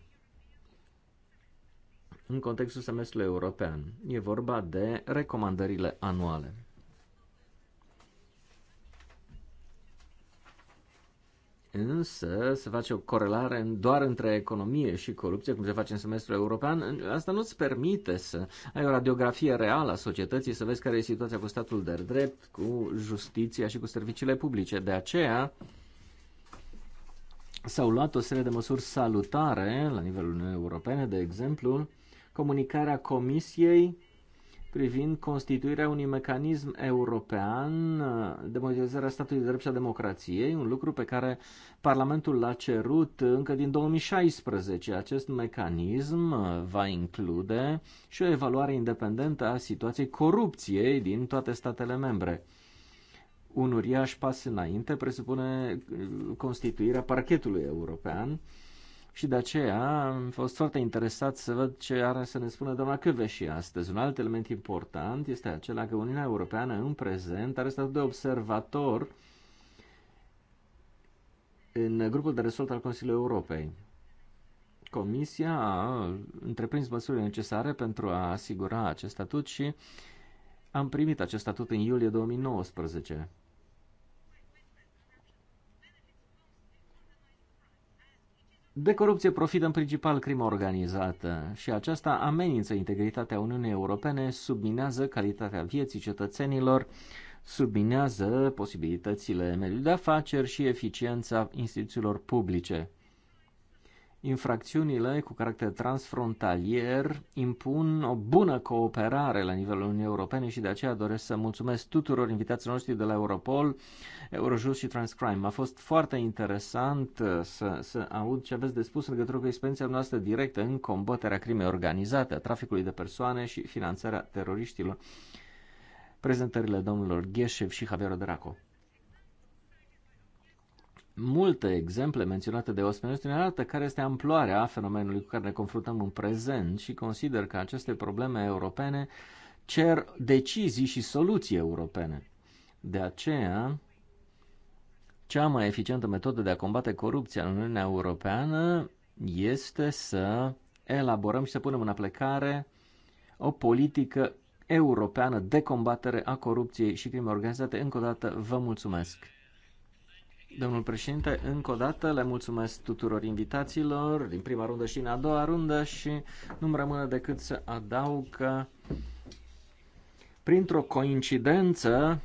în contextul semestrului european. E vorba de recomandările anuale. Însă se face o corelare doar între economie și corupție, cum se face în semestrul european. Asta nu îți permite să ai o radiografie reală a societății, să vezi care e situația cu statul de drept, cu justiția și cu serviciile publice. De aceea s-au luat o serie de măsuri salutare la nivelul Uniunii Europene, de exemplu, comunicarea Comisiei privind constituirea unui mecanism european uh, de monitorizare a statului de drept și a democrației, un lucru pe care Parlamentul l-a cerut încă din 2016. Acest mecanism uh, va include și o evaluare independentă a situației corupției din toate statele membre. Un uriaș pas înainte presupune uh, constituirea parchetului european, și de aceea am fost foarte interesat să văd ce are să ne spună doamna și astăzi. Un alt element important este acela că Uniunea Europeană în prezent are statut de observator în grupul de resort al Consiliului Europei. Comisia a întreprins măsurile necesare pentru a asigura acest statut și am primit acest statut în iulie 2019. De corupție profită în principal crima organizată și aceasta amenință integritatea Uniunii Europene, subminează calitatea vieții cetățenilor, subminează posibilitățile mediului de afaceri și eficiența instituțiilor publice infracțiunile cu caracter transfrontalier impun o bună cooperare la nivelul Uniunii Europene și de aceea doresc să mulțumesc tuturor invitațiilor noștri de la Europol, Eurojust și Transcrime. A fost foarte interesant uh, să, să aud ce aveți de spus în legătură cu experiența noastră directă în combaterea crimei organizate, a traficului de persoane și finanțarea teroriștilor. Prezentările domnilor Gheșev și Javier Draco multe exemple menționate de Osmenuț ne arată care este amploarea fenomenului cu care ne confruntăm în prezent și consider că aceste probleme europene cer decizii și soluții europene. De aceea, cea mai eficientă metodă de a combate corupția în Uniunea Europeană este să elaborăm și să punem în aplicare o politică europeană de combatere a corupției și crimei organizate. Încă o dată, vă mulțumesc! Domnul președinte, încă o dată le mulțumesc tuturor invitațiilor din prima rundă și în a doua rundă și nu-mi rămâne decât să adaug că printr-o coincidență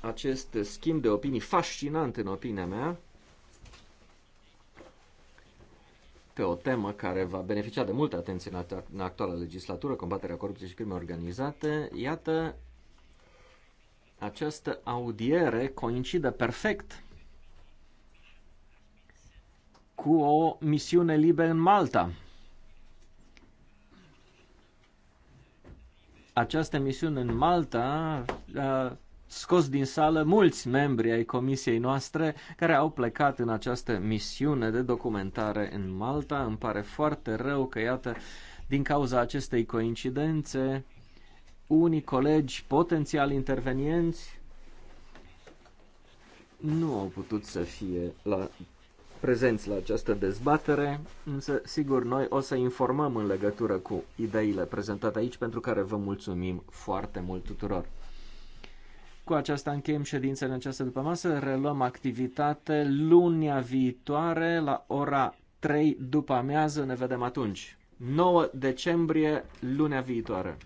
acest schimb de opinii fascinant în opinia mea pe o temă care va beneficia de multă atenție în actuala legislatură, combaterea corupției și crime organizate, iată, această audiere coincide perfect cu o misiune liberă în Malta. Această misiune în Malta a scos din sală mulți membri ai comisiei noastre care au plecat în această misiune de documentare în Malta. Îmi pare foarte rău că, iată, din cauza acestei coincidențe, unii colegi potențial intervenienți nu au putut să fie la, prezenți la această dezbatere, însă, sigur, noi o să informăm în legătură cu ideile prezentate aici, pentru care vă mulțumim foarte mult tuturor. Cu aceasta încheiem ședința în această după masă, reluăm activitate lunia viitoare la ora 3 după amiază, ne vedem atunci. 9 decembrie, lunea viitoare.